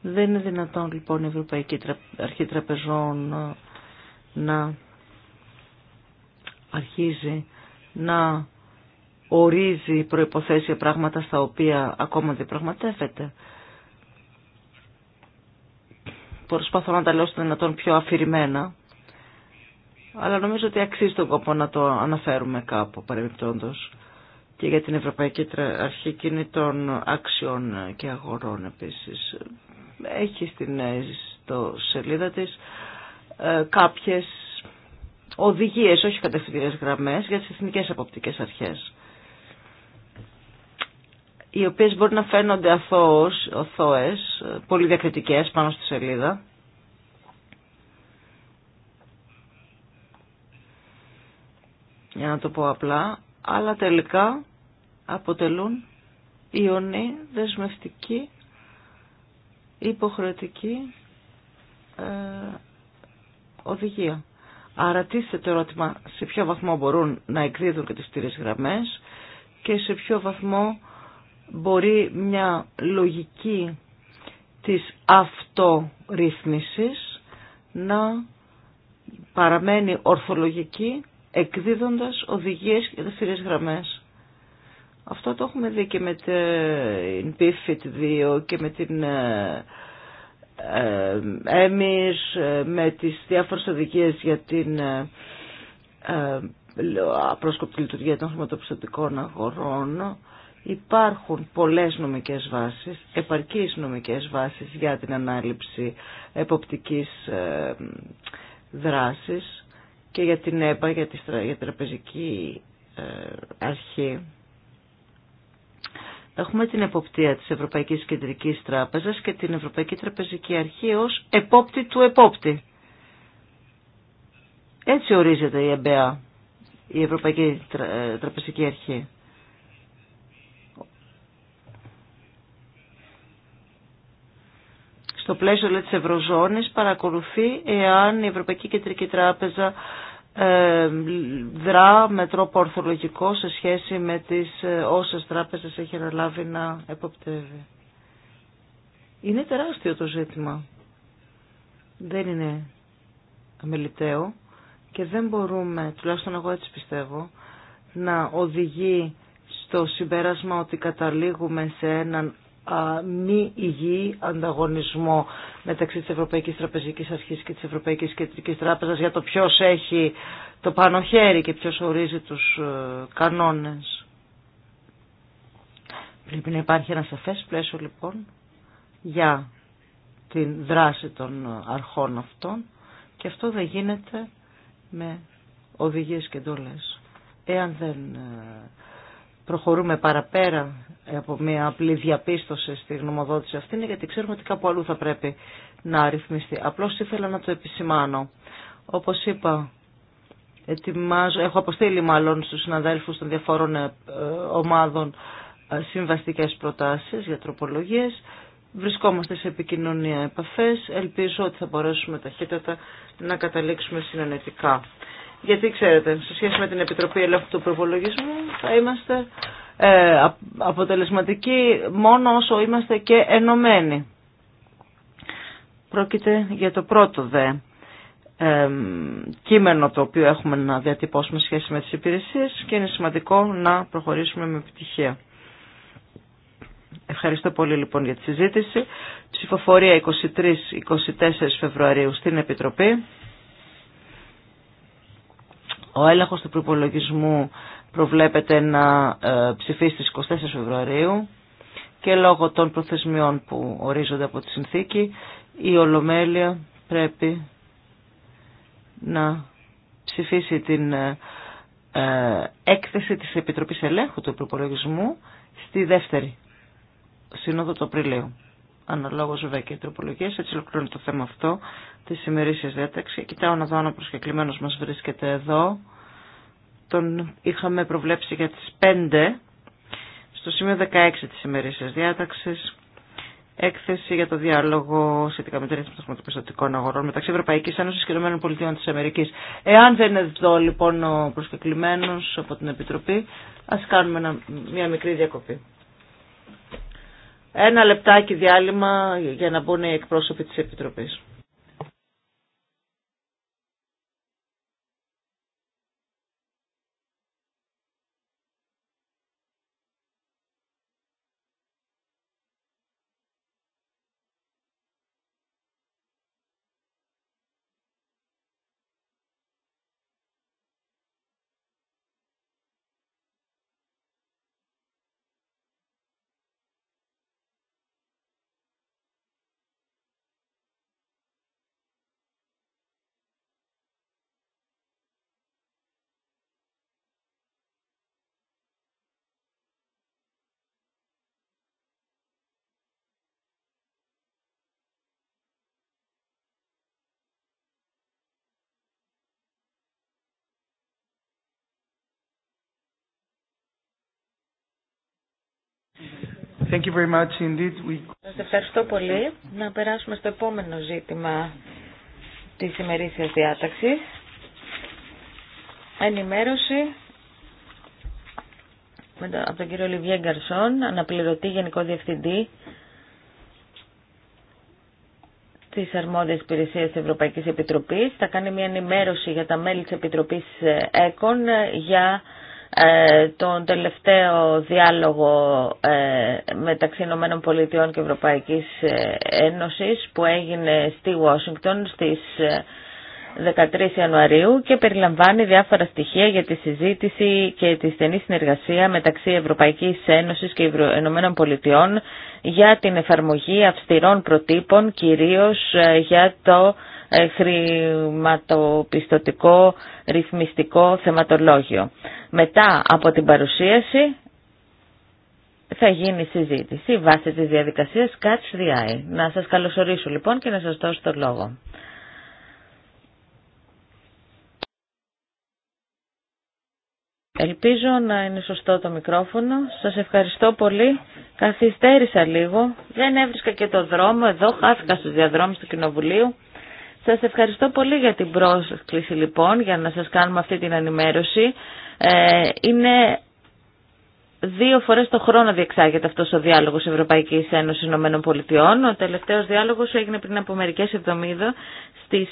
Δεν είναι δυνατόν λοιπόν η Ευρωπαϊκή Αρχή Τραπεζών ε, να αρχίζει να ορίζει προϋποθέσεις πράγματα στα οποία ακόμα δεν πραγματεύεται προσπαθώ να τα λέω στο δυνατόν πιο αφηρημένα. Αλλά νομίζω ότι αξίζει τον κόπο να το αναφέρουμε κάπου παρεμπιπτόντως και για την Ευρωπαϊκή Αρχή Κινητών Αξιών και Αγορών επίσης. Έχει στην ε, στο σελίδα της ε, κάποιες οδηγίες, όχι κατευθυντήρες γραμμές, για τις εθνικές αποπτικές αρχές οι οποίες μπορεί να φαίνονται αθώες, οθόες, πολύ διακριτικές πάνω στη σελίδα. Για να το πω απλά, αλλά τελικά αποτελούν ιονή δεσμευτική, υποχρεωτική ε, οδηγία. Άρα τίθεται το ερώτημα σε ποιο βαθμό μπορούν να εκδίδουν και τις γραμμές και σε ποιο βαθμό μπορεί μια λογική της αυτορύθμισης να παραμένει ορθολογική εκδίδοντας οδηγίες και δευτερές γραμμές. Αυτό το έχουμε δει και με την PFIT 2 και με την ε, ε, EMIS, ε, με τις διάφορες οδηγίες για την πρόσκοπτη λειτουργία των χρηματοπιστωτικών αγορών Υπάρχουν πολλές νομικές βάσεις, επαρκείς νομικές βάσεις για την ανάληψη εποπτικής ε, δράσης και για την ΕΠΑ, για τη τραπεζική ε, αρχή. Έχουμε την εποπτεία της Ευρωπαϊκής Κεντρικής Τράπεζας και την Ευρωπαϊκή Τραπεζική Αρχή ως επόπτη του επόπτη. Έτσι ορίζεται η ΕΜΠΑ, η Ευρωπαϊκή ε, Τραπεζική Αρχή. στο πλαίσιο τη της Ευρωζώνης παρακολουθεί εάν η Ευρωπαϊκή Κεντρική Τράπεζα ε, δρά με τρόπο ορθολογικό σε σχέση με τις ε, όσες τράπεζες έχει αναλάβει να εποπτεύει. Είναι τεράστιο το ζήτημα. Δεν είναι αμεληταίο και δεν μπορούμε, τουλάχιστον εγώ έτσι πιστεύω, να οδηγεί στο συμπέρασμα ότι καταλήγουμε σε έναν μη υγιή ανταγωνισμό μεταξύ της Ευρωπαϊκής Τραπεζικής Αρχής και της Ευρωπαϊκής Κεντρικής Τράπεζας για το ποιος έχει το πάνω χέρι και ποιος ορίζει τους ε, κανόνες. Πρέπει να υπάρχει ένα σαφές πλαίσιο λοιπόν για την δράση των ε, αρχών αυτών και αυτό δεν γίνεται με οδηγίες και εντολές. Εάν δεν ε, προχωρούμε παραπέρα από μια απλή διαπίστωση στη γνωμοδότηση αυτή είναι γιατί ξέρουμε ότι κάπου αλλού θα πρέπει να ρυθμιστεί. Απλώς ήθελα να το επισημάνω. Όπως είπα, ετοιμάζω, έχω αποστείλει μάλλον στους συναδέλφους των διαφόρων ε, ομάδων ε, συμβαστικές προτάσεις για τροπολογίες. Βρισκόμαστε σε επικοινωνία επαφές. Ελπίζω ότι θα μπορέσουμε ταχύτατα να καταλήξουμε συνενετικά γιατί ξέρετε, σε σχέση με την Επιτροπή Ελέγχου του Προπολογισμού θα είμαστε ε, αποτελεσματικοί μόνο όσο είμαστε και ενωμένοι. Πρόκειται για το πρώτο δε κείμενο το οποίο έχουμε να διατυπώσουμε σε σχέση με τις υπηρεσίες και είναι σημαντικό να προχωρήσουμε με επιτυχία. Ευχαριστώ πολύ λοιπόν για τη συζήτηση. Ψηφοφορία 23-24 Φεβρουαρίου στην Επιτροπή. Ο έλεγχος του προπολογισμού προβλέπεται να ε, ψηφίσει στις 24 Φεβρουαρίου και λόγω των προθεσμιών που ορίζονται από τη συνθήκη η Ολομέλεια πρέπει να ψηφίσει την ε, ε, έκθεση της Επιτροπής Ελέγχου του Προπολογισμού στη δεύτερη Σύνοδο του Απριλίου. Αναλόγως βέβαια και οι τροπολογίες, έτσι ολοκληρώνει το θέμα αυτό. Τη ημερήσιας διάταξη. Κοιτάω να δω αν ο προσκεκλημένος μας βρίσκεται εδώ. Τον είχαμε προβλέψει για τις 5 στο σημείο 16 της ημερήσιας διάταξης. Έκθεση για το διάλογο σχετικά με την ρύθμιση των χρηματοπιστωτικών αγορών μεταξύ Ευρωπαϊκή Ένωση και ΗΠΑ Εάν δεν είναι εδώ λοιπόν ο προσκεκλημένο από την Επιτροπή, α κάνουμε μια μικρή διακοπή. Ένα λεπτάκι διάλειμμα για να μπουν οι εκπρόσωποι της Επιτροπής. Thank you very much indeed. We... Σας ευχαριστώ πολύ. Να περάσουμε στο επόμενο ζήτημα της ημερήσιας διάταξης. Ενημέρωση από τον κύριο Λιβιέ Γκαρσόν, αναπληρωτή Γενικό Διευθυντή της Αρμόδιας Υπηρεσίας της Ευρωπαϊκής Επιτροπής. Θα κάνει μια ενημέρωση για τα μέλη της Επιτροπής ε, ΕΚΟΝ για ε, τον τελευταίο διάλογο ε, μεταξύ Ηνωμένων Πολιτειών και Ευρωπαϊκής ε, Ένωσης που έγινε στη Ουάσιγκτον στις 13 Ιανουαρίου και περιλαμβάνει διάφορα στοιχεία για τη συζήτηση και τη στενή συνεργασία μεταξύ Ευρωπαϊκής Ένωσης και Ηνωμένων Πολιτειών για την εφαρμογή αυστηρών προτύπων κυρίως για το ε, χρηματοπιστωτικό ρυθμιστικό θεματολόγιο. Μετά από την παρουσίαση θα γίνει συζήτηση βάσει της διαδικασίας Catch the Eye. Να σας καλωσορίσω λοιπόν και να σας δώσω το λόγο. Ελπίζω να είναι σωστό το μικρόφωνο. Σας ευχαριστώ πολύ. Καθυστέρησα λίγο. Δεν έβρισκα και το δρόμο. Εδώ χάθηκα στους διαδρόμους του Κοινοβουλίου. Σας ευχαριστώ πολύ για την πρόσκληση λοιπόν, για να σας κάνουμε αυτή την ενημέρωση. Ε, είναι δύο φορές το χρόνο διεξάγεται αυτός ο διάλογος Ευρωπαϊκής Ένωσης Ηνωμένων Πολιτειών. Ο τελευταίος διάλογος έγινε πριν από μερικές εβδομίδες στις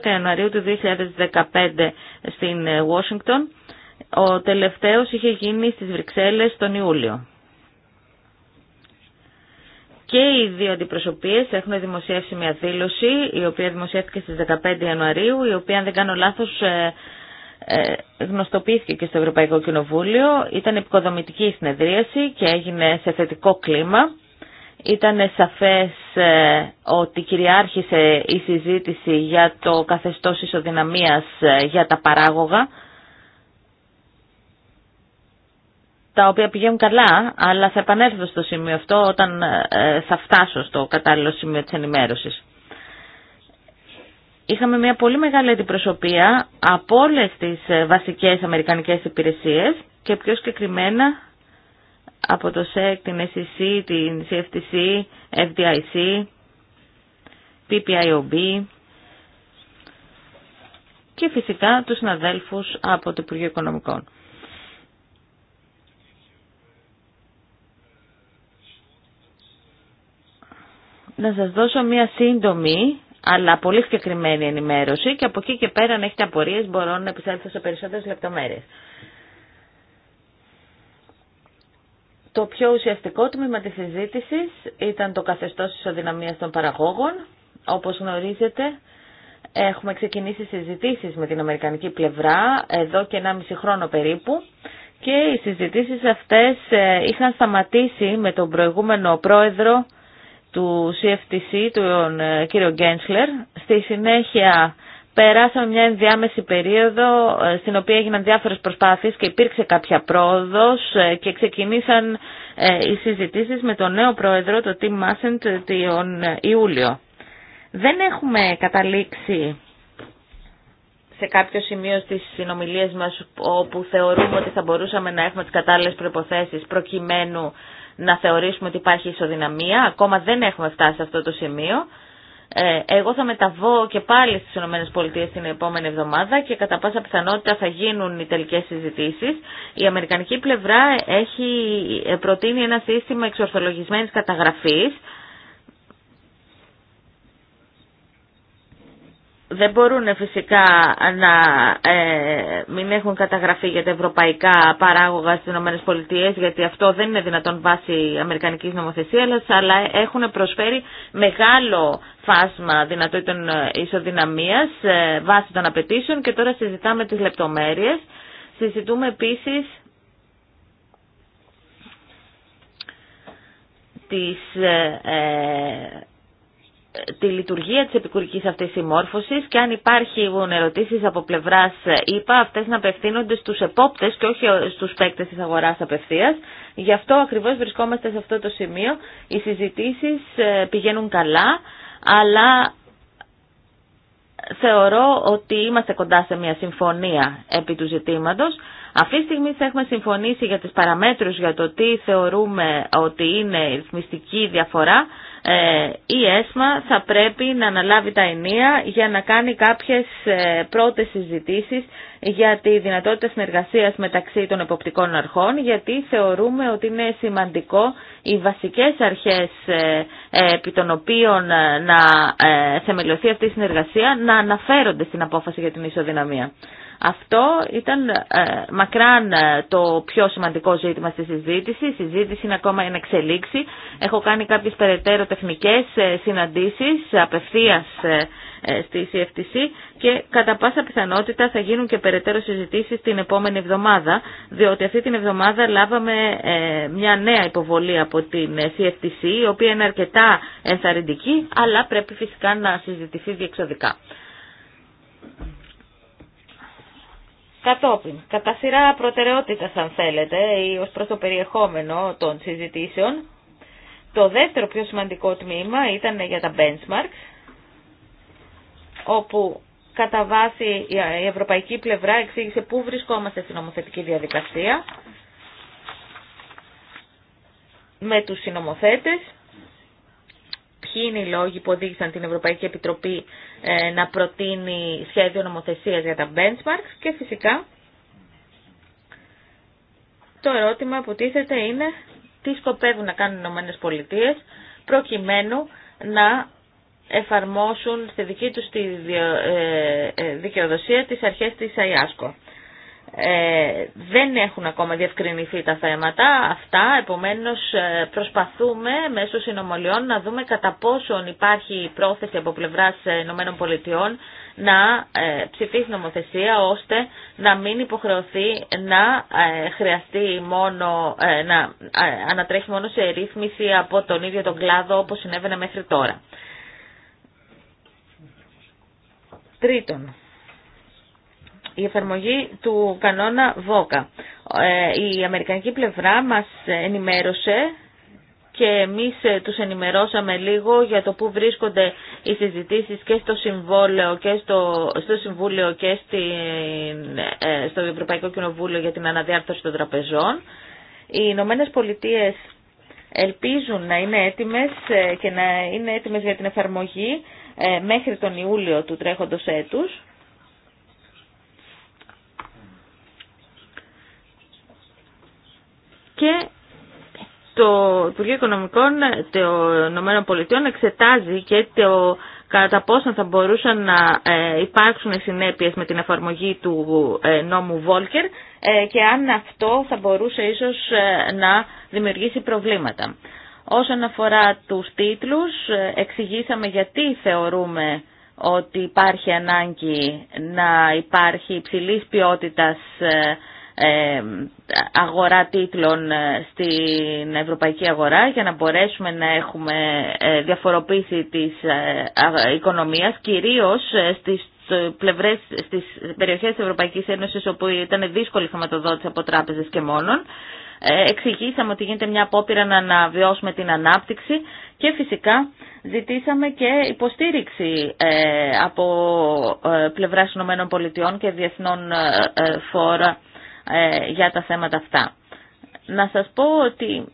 12 Ιανουαρίου του 2015 στην Ουάσιγκτον. Ο τελευταίος είχε γίνει στις Βρυξέλλες τον Ιούλιο. Και οι δύο αντιπροσωπείες έχουν δημοσιεύσει μια δήλωση, η οποία δημοσιεύτηκε στις 15 Ιανουαρίου, η οποία, αν δεν κάνω λάθος, ε, ε, γνωστοποιήθηκε και στο Ευρωπαϊκό Κοινοβούλιο. Ήταν επικοδομητική η συνεδρίαση και έγινε σε θετικό κλίμα. Ήταν σαφές ε, ότι κυριάρχησε η συζήτηση για το καθεστώς ισοδυναμίας για τα παράγωγα τα οποία πηγαίνουν καλά, αλλά θα επανέλθω στο σημείο αυτό όταν ε, θα φτάσω στο κατάλληλο σημείο της ενημέρωσης. Είχαμε μια πολύ μεγάλη αντιπροσωπεία από όλες τις ε, βασικές αμερικανικές υπηρεσίες και πιο συγκεκριμένα από το ΣΕΚ, την SEC, την CFTC, FDIC, PPIOB και φυσικά τους συναδέλφους από το Υπουργείο Οικονομικών. να σας δώσω μία σύντομη αλλά πολύ συγκεκριμένη ενημέρωση και από εκεί και πέρα αν έχετε απορίες μπορώ να επισέλθω σε περισσότερες λεπτομέρειες. Το πιο ουσιαστικό τμήμα της συζήτησης ήταν το καθεστώς ισοδυναμίας των παραγόγων. Όπως γνωρίζετε, έχουμε ξεκινήσει συζητήσεις με την Αμερικανική πλευρά εδώ και 1,5 χρόνο περίπου και οι συζητήσεις αυτές ε, είχαν σταματήσει με τον προηγούμενο πρόεδρο του CFTC, του ε, κύριο Γκένσλερ. Στη συνέχεια περάσαμε μια ενδιάμεση περίοδο ε, στην οποία έγιναν διάφορες προσπάθειες και υπήρξε κάποια πρόοδος ε, και ξεκινήσαν οι συζητήσεις με τον νέο πρόεδρο, το Tim Massent, τον Ιούλιο. Δεν έχουμε καταλήξει σε κάποιο σημείο στις συνομιλίες μας όπου θεωρούμε ότι θα μπορούσαμε να έχουμε τις κατάλληλες προϋποθέσεις προκειμένου να θεωρήσουμε ότι υπάρχει ισοδυναμία. Ακόμα δεν έχουμε φτάσει σε αυτό το σημείο. Ε, εγώ θα μεταβώ και πάλι στις ΗΠΑ την επόμενη εβδομάδα και κατά πάσα πιθανότητα θα γίνουν οι τελικές συζητήσεις. Η Αμερικανική πλευρά έχει προτείνει ένα σύστημα εξορθολογισμένης καταγραφής δεν μπορούν φυσικά να ε, μην έχουν καταγραφεί για τα ευρωπαϊκά παράγωγα στις ΗΠΑ γιατί αυτό δεν είναι δυνατόν βάσει αμερικανικής νομοθεσίας αλλά έχουν προσφέρει μεγάλο φάσμα δυνατότητων ισοδυναμίας ε, βάσει των απαιτήσεων και τώρα συζητάμε τις λεπτομέρειες. Συζητούμε επίσης τις ε, ε, τη λειτουργία της επικουρικής αυτής συμμόρφωσης και αν υπάρχουν ερωτήσεις από πλευράς ΥΠΑ ε, αυτές να απευθύνονται στους επόπτες και όχι στους παίκτες της αγοράς απευθείας. Γι' αυτό ακριβώς βρισκόμαστε σε αυτό το σημείο. Οι συζητήσεις ε, πηγαίνουν καλά, αλλά θεωρώ ότι είμαστε κοντά σε μια συμφωνία επί του ζητήματος. Αυτή τη στιγμή έχουμε συμφωνήσει για τις παραμέτρους για το τι θεωρούμε ότι είναι ρυθμιστική διαφορά ε, η ΕΣΜΑ θα πρέπει να αναλάβει τα ενία για να κάνει κάποιες ε, πρώτες συζητήσεις για τη δυνατότητα συνεργασίας μεταξύ των εποπτικών αρχών γιατί θεωρούμε ότι είναι σημαντικό οι βασικές αρχές ε, επί των οποίων να θεμελιωθεί αυτή η συνεργασία να αναφέρονται στην απόφαση για την ισοδυναμία. Αυτό ήταν ε, μακράν ε, το πιο σημαντικό ζήτημα στη συζήτηση. Η συζήτηση είναι ακόμα εν εξελίξη. Έχω κάνει κάποιες περαιτέρω τεχνικές ε, συναντήσεις απευθείας στη CFTC και κατά πάσα πιθανότητα θα γίνουν και περαιτέρω συζητήσεις την επόμενη εβδομάδα, διότι αυτή την εβδομάδα λάβαμε μια νέα υποβολή από την CFTC, η οποία είναι αρκετά ενθαρρυντική, αλλά πρέπει φυσικά να συζητηθεί διεξοδικά. Κατόπιν, κατά σειρά προτεραιότητας αν θέλετε ή ως προς το περιεχόμενο των συζητήσεων, το δεύτερο πιο σημαντικό τμήμα ήταν για τα benchmarks, όπου κατά βάση η ευρωπαϊκή πλευρά εξήγησε πού βρισκόμαστε στην νομοθετική διαδικασία με τους συνομοθέτες ποιοι είναι οι λόγοι που οδήγησαν την Ευρωπαϊκή Επιτροπή ε, να προτείνει σχέδιο νομοθεσίας για τα benchmarks και φυσικά το ερώτημα που τίθεται είναι τι σκοπεύουν να κάνουν οι Ηνωμένες Πολιτείες προκειμένου να εφαρμόσουν στη δική τους τη ε, ε, δικαιοδοσία τις αρχές της ΑΙΑΣΚΟ ε, δεν έχουν ακόμα διευκρινηθεί τα θέματα αυτά, επομένως ε, προσπαθούμε μέσω συνομολιών να δούμε κατά πόσον υπάρχει πρόθεση από πλευράς ε, Ηνωμένων Πολιτειών να ε, ψηφίσει νομοθεσία ώστε να μην υποχρεωθεί να χρειαστεί μόνο, να ανατρέχει μόνο σε ρύθμιση από τον ίδιο τον κλάδο όπως συνέβαινε μέχρι τώρα. Τρίτον, η εφαρμογή του κανόνα ΒΟΚΑ. Ε, η αμερικανική πλευρά μας ενημέρωσε και εμείς ε, τους ενημερώσαμε λίγο για το πού βρίσκονται οι συζητήσεις και στο Συμβούλιο και, στο, στο Συμβούλιο και στην, ε, στο Ευρωπαϊκό Κοινοβούλιο για την αναδιάρθρωση των τραπεζών. Οι Ηνωμένε Πολιτείε ελπίζουν να είναι έτοιμες και να είναι έτοιμες για την εφαρμογή μέχρι τον Ιούλιο του τρέχοντος έτους και το Υπουργείο Οικονομικών των ΗΠΑ εξετάζει και το κατά πόσον θα μπορούσαν να ε, υπάρξουν συνέπειες με την εφαρμογή του ε, νόμου Βόλκερ ε, και αν αυτό θα μπορούσε ίσως να δημιουργήσει προβλήματα. Όσον αφορά τους τίτλους, εξηγήσαμε γιατί θεωρούμε ότι υπάρχει ανάγκη να υπάρχει υψηλής ποιότητας ε, αγορά τίτλων ε, στην ευρωπαϊκή αγορά για να μπορέσουμε να έχουμε ε, διαφοροποίηση της οικονομίας κυρίως στις πλευρές, στις περιοχές της Ευρωπαϊκής Ένωσης όπου ήταν δύσκολη χρηματοδότηση από τράπεζες και μόνον. Εξηγήσαμε ότι γίνεται μια απόπειρα να αναβιώσουμε την ανάπτυξη και φυσικά ζητήσαμε και υποστήριξη από πλευράς ΗΠΑ και διεθνών φόρα ε, για τα θέματα αυτά. Να σας πω ότι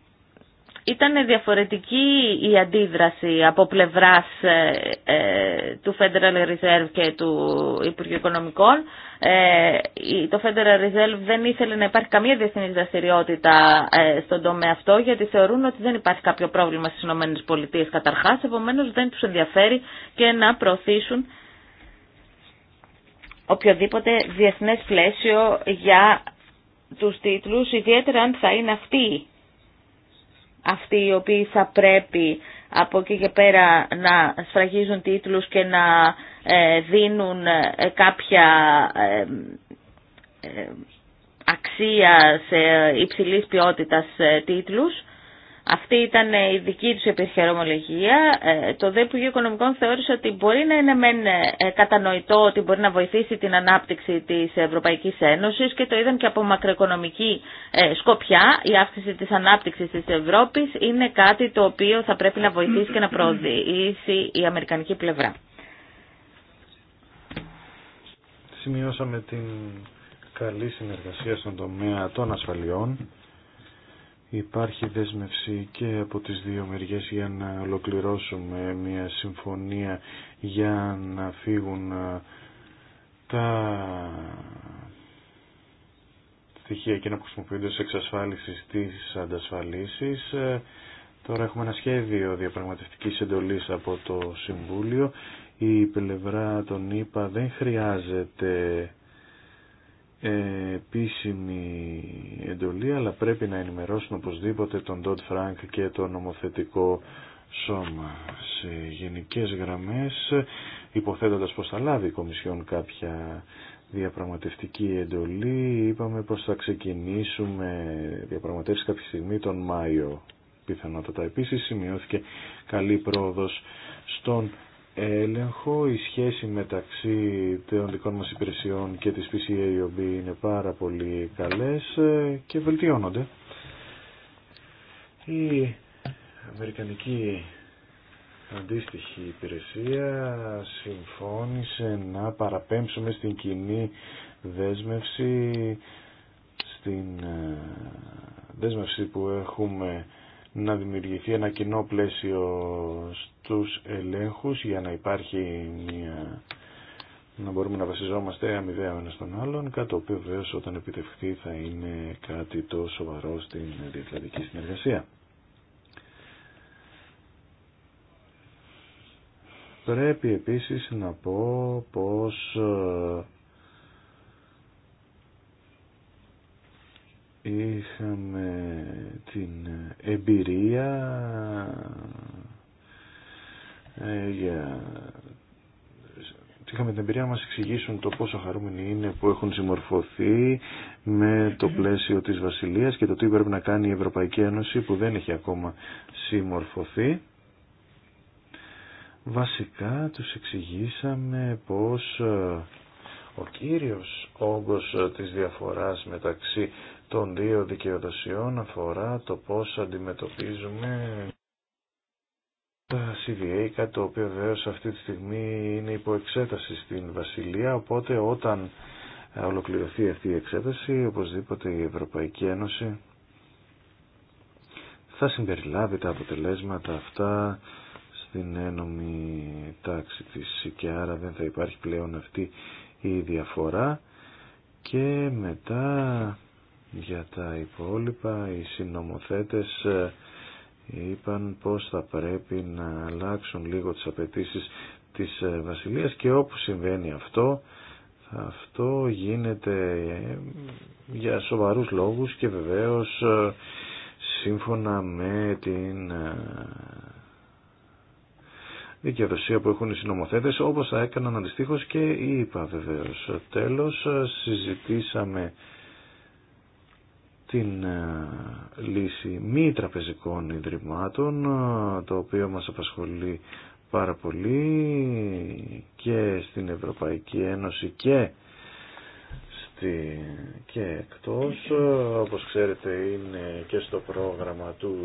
ήταν διαφορετική η αντίδραση από πλευράς ε, ε, του Federal Reserve και του Υπουργείου Οικονομικών. το Federal Reserve δεν ήθελε να υπάρχει καμία διεθνή δραστηριότητα στον τομέα αυτό γιατί θεωρούν ότι δεν υπάρχει κάποιο πρόβλημα στις ΗΠΑ καταρχάς, επομένως δεν τους ενδιαφέρει και να προωθήσουν οποιοδήποτε διεθνές πλαίσιο για τους τίτλους, ιδιαίτερα αν θα είναι αυτοί αυτοί οι οποίοι θα πρέπει από εκεί και πέρα να σφραγίζουν τίτλους και να ε, δίνουν ε, κάποια ε, αξία σε υψηλής ποιότητας τίτλους αυτή ήταν ε, η δική του επιχειρομολογία. Ε, το ΔΕ Οικονομικών θεώρησε ότι μπορεί να είναι μεν ε, κατανοητό ότι μπορεί να βοηθήσει την ανάπτυξη της Ευρωπαϊκής Ένωσης και το είδαν και από μακροοικονομική σκοπιά. Η αύξηση της ανάπτυξη τη Ευρώπης είναι κάτι το οποίο θα πρέπει να βοηθήσει και να προωθήσει η Αμερικανική πλευρά. Σημειώσαμε την καλή συνεργασία στον τομέα των ασφαλιών Υπάρχει δέσμευση και από τις δύο μεριές για να ολοκληρώσουμε μια συμφωνία για να φύγουν ε, τα στοιχεία και να χρησιμοποιούνται σε εξασφάλιση της αντασφάλισεις. Ε, τώρα έχουμε ένα σχέδιο διαπραγματευτικής εντολής από το Συμβούλιο. Η πλευρά των ΗΠΑ δεν χρειάζεται επίσημη εντολή αλλά πρέπει να ενημερώσουν οπωσδήποτε τον Ντότ Φρανκ και το νομοθετικό σώμα σε γενικές γραμμές υποθέτοντας πως θα λάβει η Κομισιόν κάποια διαπραγματευτική εντολή είπαμε πως θα ξεκινήσουμε διαπραγματεύσεις κάποια στιγμή τον Μάιο πιθανότατα επίσης σημειώθηκε καλή πρόοδος στον έλεγχο. Η σχέση μεταξύ των δικών μας υπηρεσιών και της PCAOB είναι πάρα πολύ καλές ε, και βελτιώνονται. Η Αμερικανική αντίστοιχη υπηρεσία συμφώνησε να παραπέμψουμε στην κοινή δέσμευση στην ε, δέσμευση που έχουμε να δημιουργηθεί ένα κοινό πλαίσιο τους ελέγχους για να υπάρχει μια... να μπορούμε να βασιζόμαστε αμοιβαία ο ένας τον άλλον, κάτι το όταν επιτευχθεί θα είναι κάτι τόσο σοβαρό στην διεθνική συνεργασία. Πρέπει επίσης να πω πως ε, είχαμε την εμπειρία ε, για... Είχαμε την εμπειρία να μας εξηγήσουν το πόσο χαρούμενοι είναι που έχουν συμμορφωθεί με το πλαίσιο της Βασιλείας και το τι πρέπει να κάνει η Ευρωπαϊκή Ένωση που δεν έχει ακόμα συμμορφωθεί. Βασικά τους εξηγήσαμε πως ε, ο κύριος όγκος ε, της διαφοράς μεταξύ των δύο δικαιοδοσιών αφορά το πώς αντιμετωπίζουμε τα CVA, κάτι το οποίο βεβαίω αυτή τη στιγμή είναι υπό εξέταση στην Βασιλεία, οπότε όταν ε, ολοκληρωθεί αυτή η εξέταση, οπωσδήποτε η Ευρωπαϊκή Ένωση θα συμπεριλάβει τα αποτελέσματα αυτά στην ένομη τάξη της και άρα δεν θα υπάρχει πλέον αυτή η διαφορά και μετά για τα υπόλοιπα οι συνομοθέτες ε, είπαν πως θα πρέπει να αλλάξουν λίγο τις απαιτήσεις της ε, Βασιλείας και όπου συμβαίνει αυτό, αυτό γίνεται ε, για σοβαρούς λόγους και βεβαίως ε, σύμφωνα με την δικαιοδοσία που έχουν οι συνομοθέτες όπως θα έκαναν αντιστοίχως και είπα βεβαίως. Τέλος συζητήσαμε την ε, λύση μη τραπεζικών ιδρυμάτων, ε, το οποίο μας απασχολεί πάρα πολύ και στην Ευρωπαϊκή Ένωση και στη, και εκτός. Ε, όπως ξέρετε είναι και στο πρόγραμμα του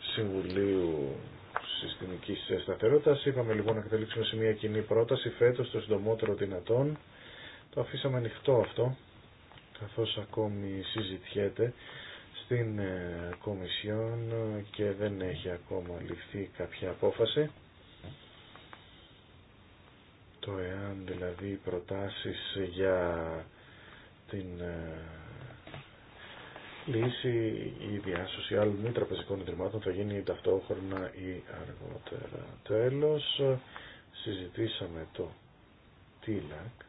Συμβουλίου Συστημικής Σταθερότητας. Είπαμε λοιπόν να καταλήξουμε σε μια κοινή πρόταση φέτος το συντομότερο δυνατόν. Το αφήσαμε ανοιχτό αυτό καθώς ακόμη συζητιέται στην ε, Κομισιόν και δεν έχει ακόμα ληφθεί κάποια απόφαση. Το εάν δηλαδή οι προτάσεις για την ε, λύση ή διάσωση άλλων μη τραπεζικών ιδρυμάτων θα γίνει ταυτόχρονα ή αργότερα. Τέλος, συζητήσαμε το ΤΙΛΑΚ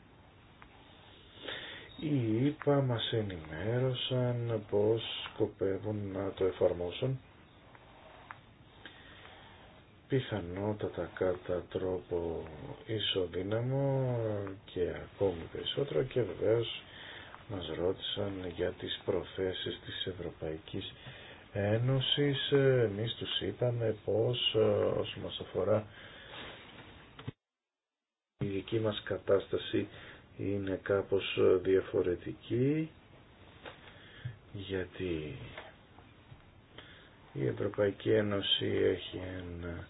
η είπα μας ενημέρωσαν πως σκοπεύουν να το εφαρμόσουν πιθανότατα κατά τρόπο ισοδύναμο και ακόμη περισσότερο και βεβαίως μας ρώτησαν για τις προθέσεις της Ευρωπαϊκής Ένωσης. Εμείς τους είπαμε πως ε, όσο μας αφορά η δική μας κατάσταση είναι κάπως διαφορετική γιατί η Ευρωπαϊκή Ένωση έχει ένα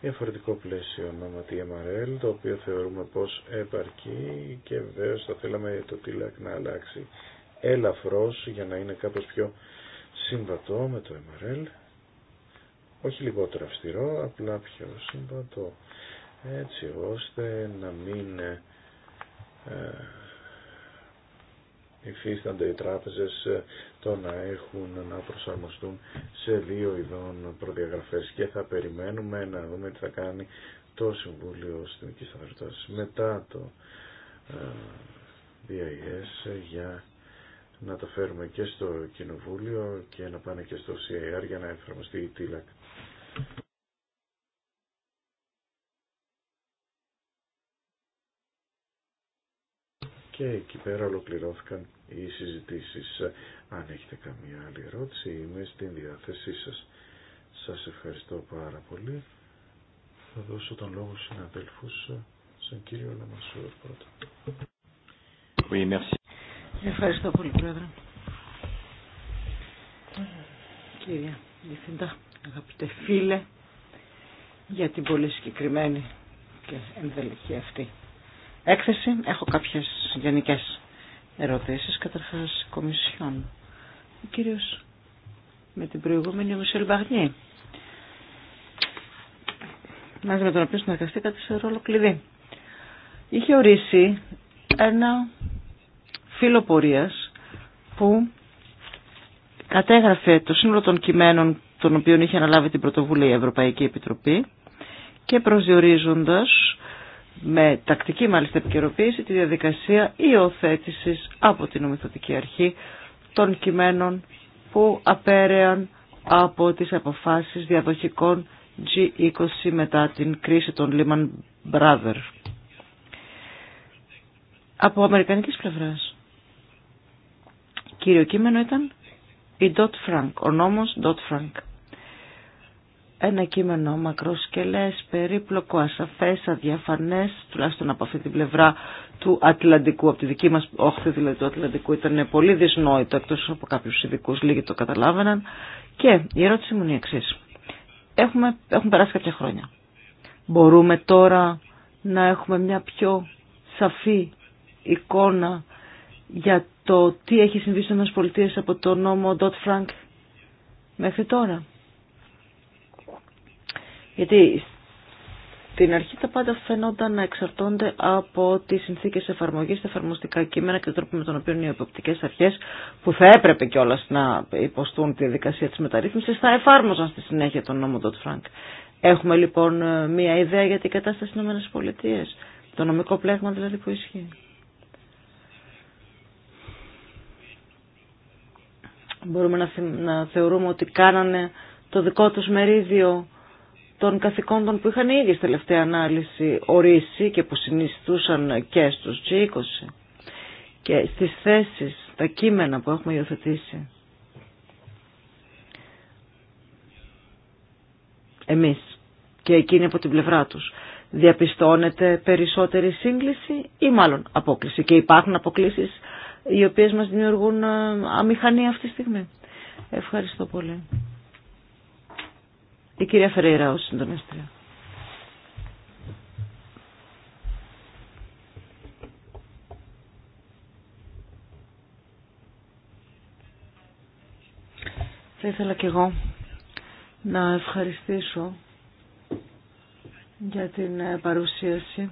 διαφορετικό πλαίσιο ονόματι MRL το οποίο θεωρούμε πως επαρκεί και βεβαίω θα θέλαμε το TILAC να αλλάξει ελαφρώς για να είναι κάπως πιο συμβατό με το MRL όχι λιγότερο αυστηρό, απλά πιο συμβατό έτσι ώστε να μην ε, υφίστανται οι τράπεζες ε, το να έχουν να προσαρμοστούν σε δύο ειδών προδιαγραφές και θα περιμένουμε να δούμε τι θα κάνει το Συμβούλιο Συντημικής Σταθερότητας μετά το ε, DIS για να το φέρουμε και στο Κοινοβούλιο και να πάνε και στο CIR για να εφαρμοστεί η TILAC. και εκεί πέρα ολοκληρώθηκαν οι συζητήσεις. Αν έχετε καμία άλλη ερώτηση είμαι στην διάθεσή σας. Σας ευχαριστώ πάρα πολύ. Θα δώσω τον λόγο στους συναδέλφους, στον κύριο Λαμασούρ πρώτα. Ευχαριστώ πολύ, Πρόεδρε. Κύριε Διευθυντά, αγαπητέ φίλε, για την πολύ συγκεκριμένη και ενδελεχή αυτή έκθεση. Έχω κάποιες γενικές ερωτήσεις, καταρχάς κομισιόν. Ο κύριος με την προηγούμενη ο Μισελ Μπαγνή. μαζί με τον οποίο συνεργαστήκατε σε ρόλο κλειδί. Είχε ορίσει ένα φύλλο πορείας που κατέγραφε το σύνολο των κειμένων των οποίων είχε αναλάβει την πρωτοβουλία η Ευρωπαϊκή Επιτροπή και προσδιορίζοντας με τακτική μάλιστα επικαιροποίηση τη διαδικασία υιοθέτηση από την νομιθωτική αρχή των κειμένων που απέρεαν από τις αποφάσεις διαδοχικών G20 μετά την κρίση των Lehman Brothers. Από αμερικανικής πλευράς, κύριο κείμενο ήταν η Dot Frank, ο νόμος Dot Frank ένα κείμενο μακροσκελές, περίπλοκο, ασαφές, αδιαφανές, τουλάχιστον από αυτή την πλευρά του Ατλαντικού, από τη δική μας όχθη δηλαδή του Ατλαντικού, ήταν πολύ δυσνόητο, εκτός από κάποιους ειδικού λίγοι το καταλάβαιναν. Και η ερώτηση μου είναι η εξής. Έχουμε, έχουν περάσει κάποια χρόνια. Μπορούμε τώρα να έχουμε μια πιο σαφή εικόνα για το τι έχει συμβεί στις ΗΠΑ από το νόμο Dodd Frank μέχρι τώρα. Γιατί στην αρχή τα πάντα φαινόταν να εξαρτώνται από τι συνθήκε εφαρμογή, τα εφαρμοστικά κείμενα και τον τρόπο με τον οποίο οι εποπτικέ αρχέ, που θα έπρεπε κιόλα να υποστούν τη δικασία τη μεταρρύθμιση, θα εφάρμοζαν στη συνέχεια τον νόμο Ντότ Φρανκ. Έχουμε λοιπόν μία ιδέα για την κατάσταση στι ΗΠΑ. Το νομικό πλέγμα δηλαδή που ισχύει. Μπορούμε να, να θεωρούμε ότι κάνανε το δικό τους μερίδιο των καθηκόντων που είχαν ήδη στη τελευταία ανάλυση ορίσει και που συνιστούσαν και στους G20 και στις θέσεις, τα κείμενα που έχουμε υιοθετήσει. Εμείς και εκείνοι από την πλευρά τους. Διαπιστώνεται περισσότερη σύγκληση ή μάλλον απόκληση. Και υπάρχουν αποκλήσεις οι οποίες μας δημιουργούν ε, αμηχανία αυτή τη στιγμή. Ευχαριστώ πολύ. Η κυρία Φερέιρα ως συντονίστρια. Θα ήθελα και εγώ να ευχαριστήσω για την παρουσίαση.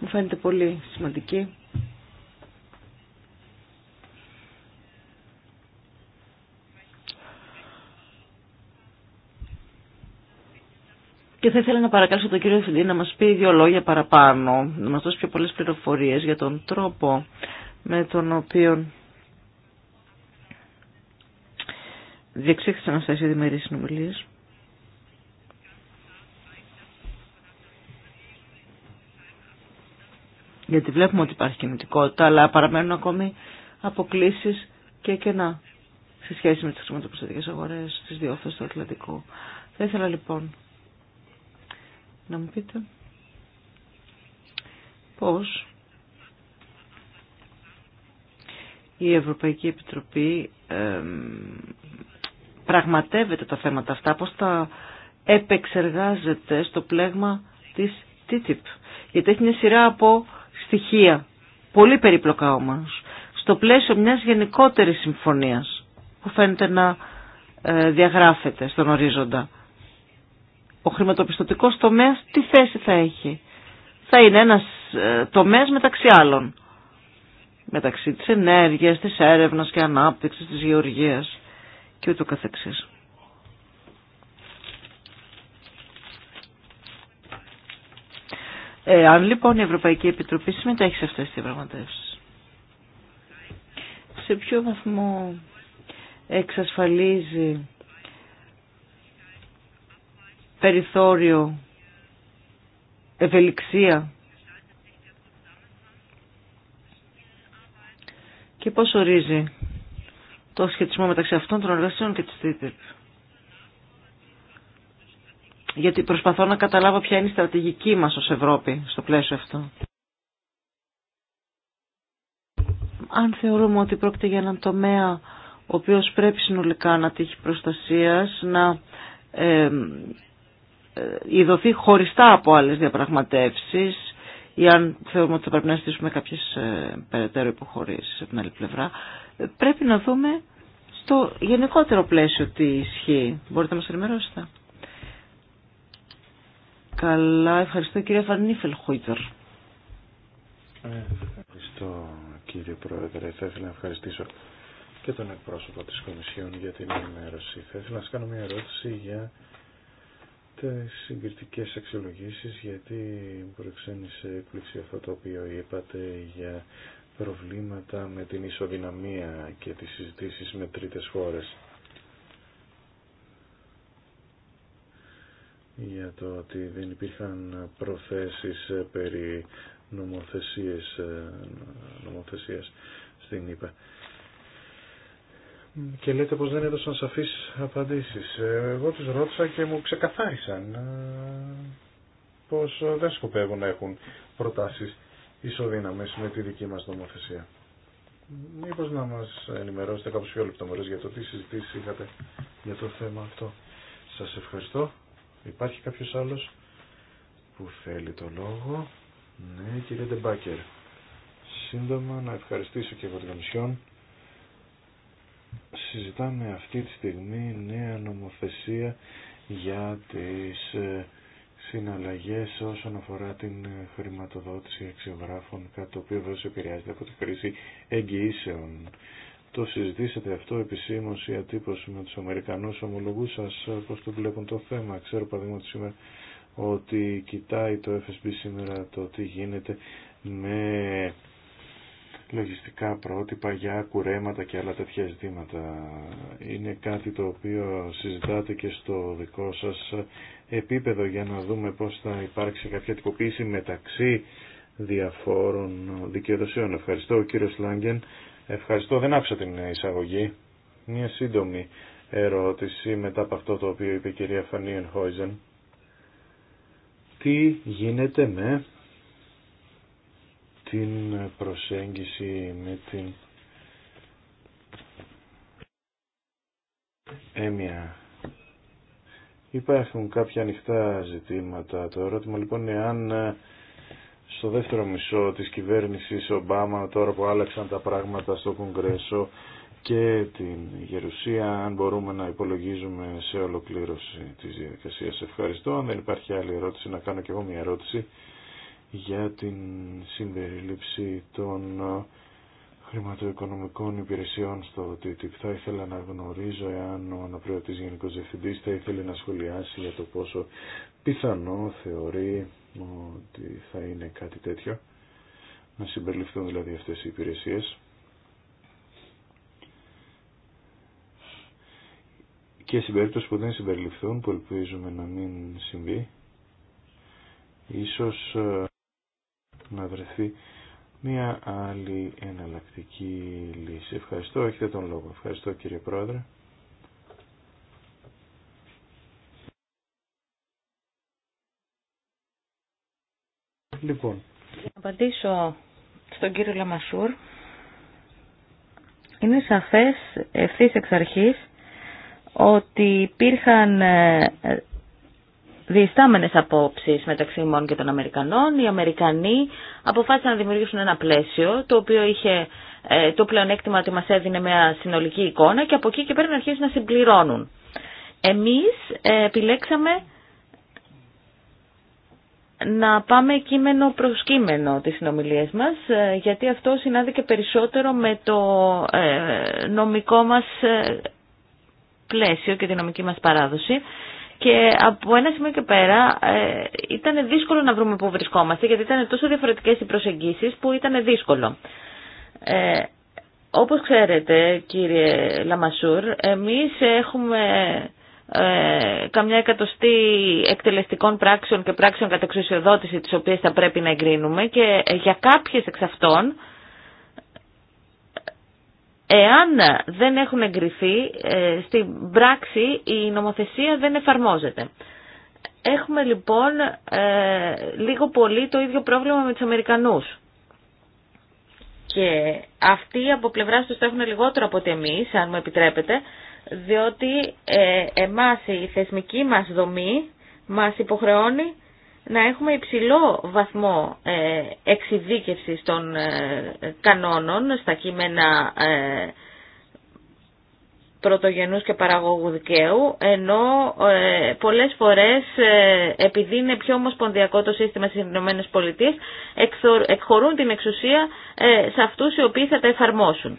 Μου φαίνεται πολύ σημαντική Και θα ήθελα να παρακαλέσω τον κύριο Ευθυντή να μας πει δύο λόγια παραπάνω, να μας δώσει πιο πολλές πληροφορίες για τον τρόπο με τον οποίο διεξήχθησαν αυτές οι διμερείς συνομιλίες. Γιατί βλέπουμε ότι υπάρχει κινητικότητα, αλλά παραμένουν ακόμη αποκλήσεις και κενά σε σχέση με τις χρηματοπιστωτικές αγορές τις δύο του Ατλαντικού. Θα ήθελα λοιπόν να μου πείτε πώς η Ευρωπαϊκή Επιτροπή πραγματεύεται τα θέματα αυτά, πώς τα επεξεργάζεται στο πλέγμα της TTIP. Γιατί έχει μια σειρά από στοιχεία, πολύ περίπλοκα όμως, στο πλαίσιο μιας γενικότερης συμφωνίας που φαίνεται να ε, διαγράφεται στον ορίζοντα ο χρηματοπιστωτικός τομέας τι θέση θα έχει. Θα είναι ένας ε, τομέας μεταξύ άλλων. Μεταξύ της ενέργειας, της έρευνας και ανάπτυξης, της γεωργίας και ούτω καθεξής. Ε, αν λοιπόν η Ευρωπαϊκή Επιτροπή συμμετέχει σε αυτές τις διαπραγματεύσεις. Σε ποιο βαθμό εξασφαλίζει περιθώριο, ευελιξία και πώς ορίζει το σχετισμό μεταξύ αυτών των εργασιών και της TTIP. Γιατί προσπαθώ να καταλάβω ποια είναι η στρατηγική μας ως Ευρώπη στο πλαίσιο αυτό. Αν θεωρούμε ότι πρόκειται για έναν τομέα ο οποίος πρέπει συνολικά να τύχει προστασίας, να ε, ε, ειδωθεί χωριστά από άλλες διαπραγματεύσεις ή αν θεωρούμε ότι θα πρέπει να στήσουμε κάποιες ε, περαιτέρω υποχωρήσεις από την άλλη πλευρά, ε, πρέπει να δούμε στο γενικότερο πλαίσιο τι ισχύει. Μπορείτε να μας ενημερώσετε. Καλά, ευχαριστώ κύριε Φανίφελ Ευχαριστώ κύριε Πρόεδρε. Θα ήθελα να ευχαριστήσω και τον εκπρόσωπο της Κομισιόν για την ενημέρωση. Θα ήθελα να σας κάνω μια ερώτηση για τις συγκριτικές αξιολογήσεις γιατί προεξένησε έκπληξη αυτό το οποίο είπατε για προβλήματα με την ισοδυναμία και τις συζητήσεις με τρίτες χώρες. Για το ότι δεν υπήρχαν προθέσεις περί νομοθεσίες, στην ΕΠΑ και λέτε πως δεν έδωσαν σαφείς απαντήσεις. Ε, εγώ τους ρώτησα και μου ξεκαθάρισαν ε, πως δεν σκοπεύουν να έχουν προτάσεις ισοδύναμες με τη δική μας νομοθεσία. Μήπως να μας ενημερώσετε κάπως πιο λεπτομερώς για το τι συζητήσεις είχατε για το θέμα αυτό. Σας ευχαριστώ. Υπάρχει κάποιος άλλος που θέλει το λόγο. Ναι, κύριε Ντεμπάκερ. Σύντομα να ευχαριστήσω και εγώ την Κομισιόν συζητάμε αυτή τη στιγμή νέα νομοθεσία για τις ε, συναλλαγές όσον αφορά την ε, χρηματοδότηση αξιογράφων, κάτι το οποίο βέβαια επηρεάζεται από τη χρήση εγγυήσεων. Το συζητήσατε αυτό επισήμως η ατύπωση με τους Αμερικανούς ομολογούς σας, ε, πώς το βλέπουν το θέμα. Ξέρω παραδείγματι σήμερα ότι κοιτάει το FSB σήμερα το τι γίνεται με λογιστικά πρότυπα για κουρέματα και άλλα τέτοια ζητήματα. Είναι κάτι το οποίο συζητάτε και στο δικό σας επίπεδο για να δούμε πώς θα υπάρξει κάποια τυποποίηση μεταξύ διαφόρων δικαιοδοσιών. Ευχαριστώ κύριο Σλάγγεν. Ευχαριστώ, δεν άφησα την εισαγωγή. Μια σύντομη ερώτηση μετά από αυτό το οποίο είπε η κυρία Φανίεν Χόιζεν. Τι γίνεται με την προσέγγιση με την έμια. Υπάρχουν κάποια ανοιχτά ζητήματα. Το ερώτημα λοιπόν είναι αν ε, στο δεύτερο μισό της κυβέρνησης Ομπάμα τώρα που άλλαξαν τα πράγματα στο Κογκρέσο και την Γερουσία αν μπορούμε να υπολογίζουμε σε ολοκλήρωση της διαδικασίας. Ευχαριστώ. Αν δεν υπάρχει άλλη ερώτηση να κάνω και εγώ μια ερώτηση για την συμπερίληψη των ε, χρηματοοικονομικών υπηρεσιών στο TTIP. Θα ήθελα να γνωρίζω εάν ο αναπληρωτής Γενικός Διευθυντής θα ήθελε να σχολιάσει για το πόσο πιθανό θεωρεί ότι θα είναι κάτι τέτοιο, να συμπεριληφθούν δηλαδή αυτές οι υπηρεσίες. Και στην περίπτωση που δεν συμπεριληφθούν, που ελπίζουμε να μην συμβεί, ίσως ε, να βρεθεί μια άλλη εναλλακτική λύση. Ευχαριστώ, έχετε τον λόγο. Ευχαριστώ κύριε Πρόεδρε. Λοιπόν. να απαντήσω στον κύριο Λαμασούρ, είναι σαφές ευθύς εξ αρχής ότι υπήρχαν ε, διεστάμενες απόψεις μεταξύ ημών και των Αμερικανών. Οι Αμερικανοί αποφάσισαν να δημιουργήσουν ένα πλαίσιο το οποίο είχε ε, το πλεονέκτημα ότι μας έδινε μια συνολική εικόνα και από εκεί και πέρα να αρχίσουν να συμπληρώνουν. Εμείς ε, επιλέξαμε να πάμε κείμενο προς κείμενο τις συνομιλίες μας, ε, γιατί αυτό συνάδει περισσότερο με το νομικό μας πλαίσιο και τη νομική μας παράδοση και από ένα σημείο και πέρα ε, ήταν δύσκολο να βρούμε πού βρισκόμαστε γιατί ήταν τόσο διαφορετικές οι προσεγγίσεις που ήταν δύσκολο. Ε, όπως ξέρετε κύριε Λαμασούρ, εμείς έχουμε ε, καμιά εκατοστή εκτελεστικών πράξεων και πράξεων κατεξουσιοδότηση τις οποίες θα πρέπει να εγκρίνουμε και για κάποιες εξ αυτών Εάν δεν έχουν εγκριθεί, ε, στην πράξη η νομοθεσία δεν εφαρμόζεται. Έχουμε λοιπόν ε, λίγο πολύ το ίδιο πρόβλημα με τους Αμερικανούς. Και αυτοί από πλευράς τους το έχουν λιγότερο από ότι εμείς, αν μου επιτρέπετε, διότι ε, εμάς η θεσμική μας δομή μας υποχρεώνει να έχουμε υψηλό βαθμό ε, εξειδίκευσης των ε, κανόνων στα κείμενα ε, πρωτογενούς και παραγωγού δικαίου, ενώ ε, πολλές φορές επειδή είναι πιο ομοσπονδιακό το σύστημα στις ΗΠΑ, εκχωρούν την εξουσία σε αυτούς οι οποίοι θα τα εφαρμόσουν.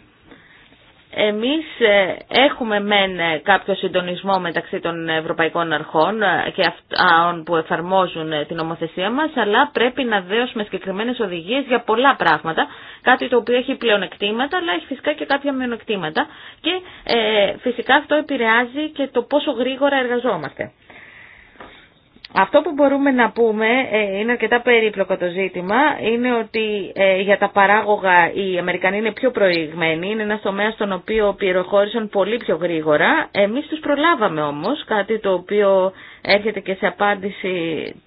Εμείς ε, έχουμε μεν ε, κάποιο συντονισμό μεταξύ των ευρωπαϊκών αρχών ε, και αυτών που εφαρμόζουν την νομοθεσία μας, αλλά πρέπει να δέωσουμε συγκεκριμένε οδηγίες για πολλά πράγματα, κάτι το οποίο έχει πλεονεκτήματα, αλλά έχει φυσικά και κάποια μειονεκτήματα και φυσικά αυτό επηρεάζει και το πόσο γρήγορα εργαζόμαστε. Αυτό που μπορούμε να πούμε, ε, είναι αρκετά περίπλοκο το ζήτημα, είναι ότι ε, για τα παράγωγα οι Αμερικανοί είναι πιο προηγμένοι, είναι ένα τομέα στον οποίο πυροχώρησαν πολύ πιο γρήγορα. Εμείς τους προλάβαμε όμως, κάτι το οποίο έρχεται και σε απάντηση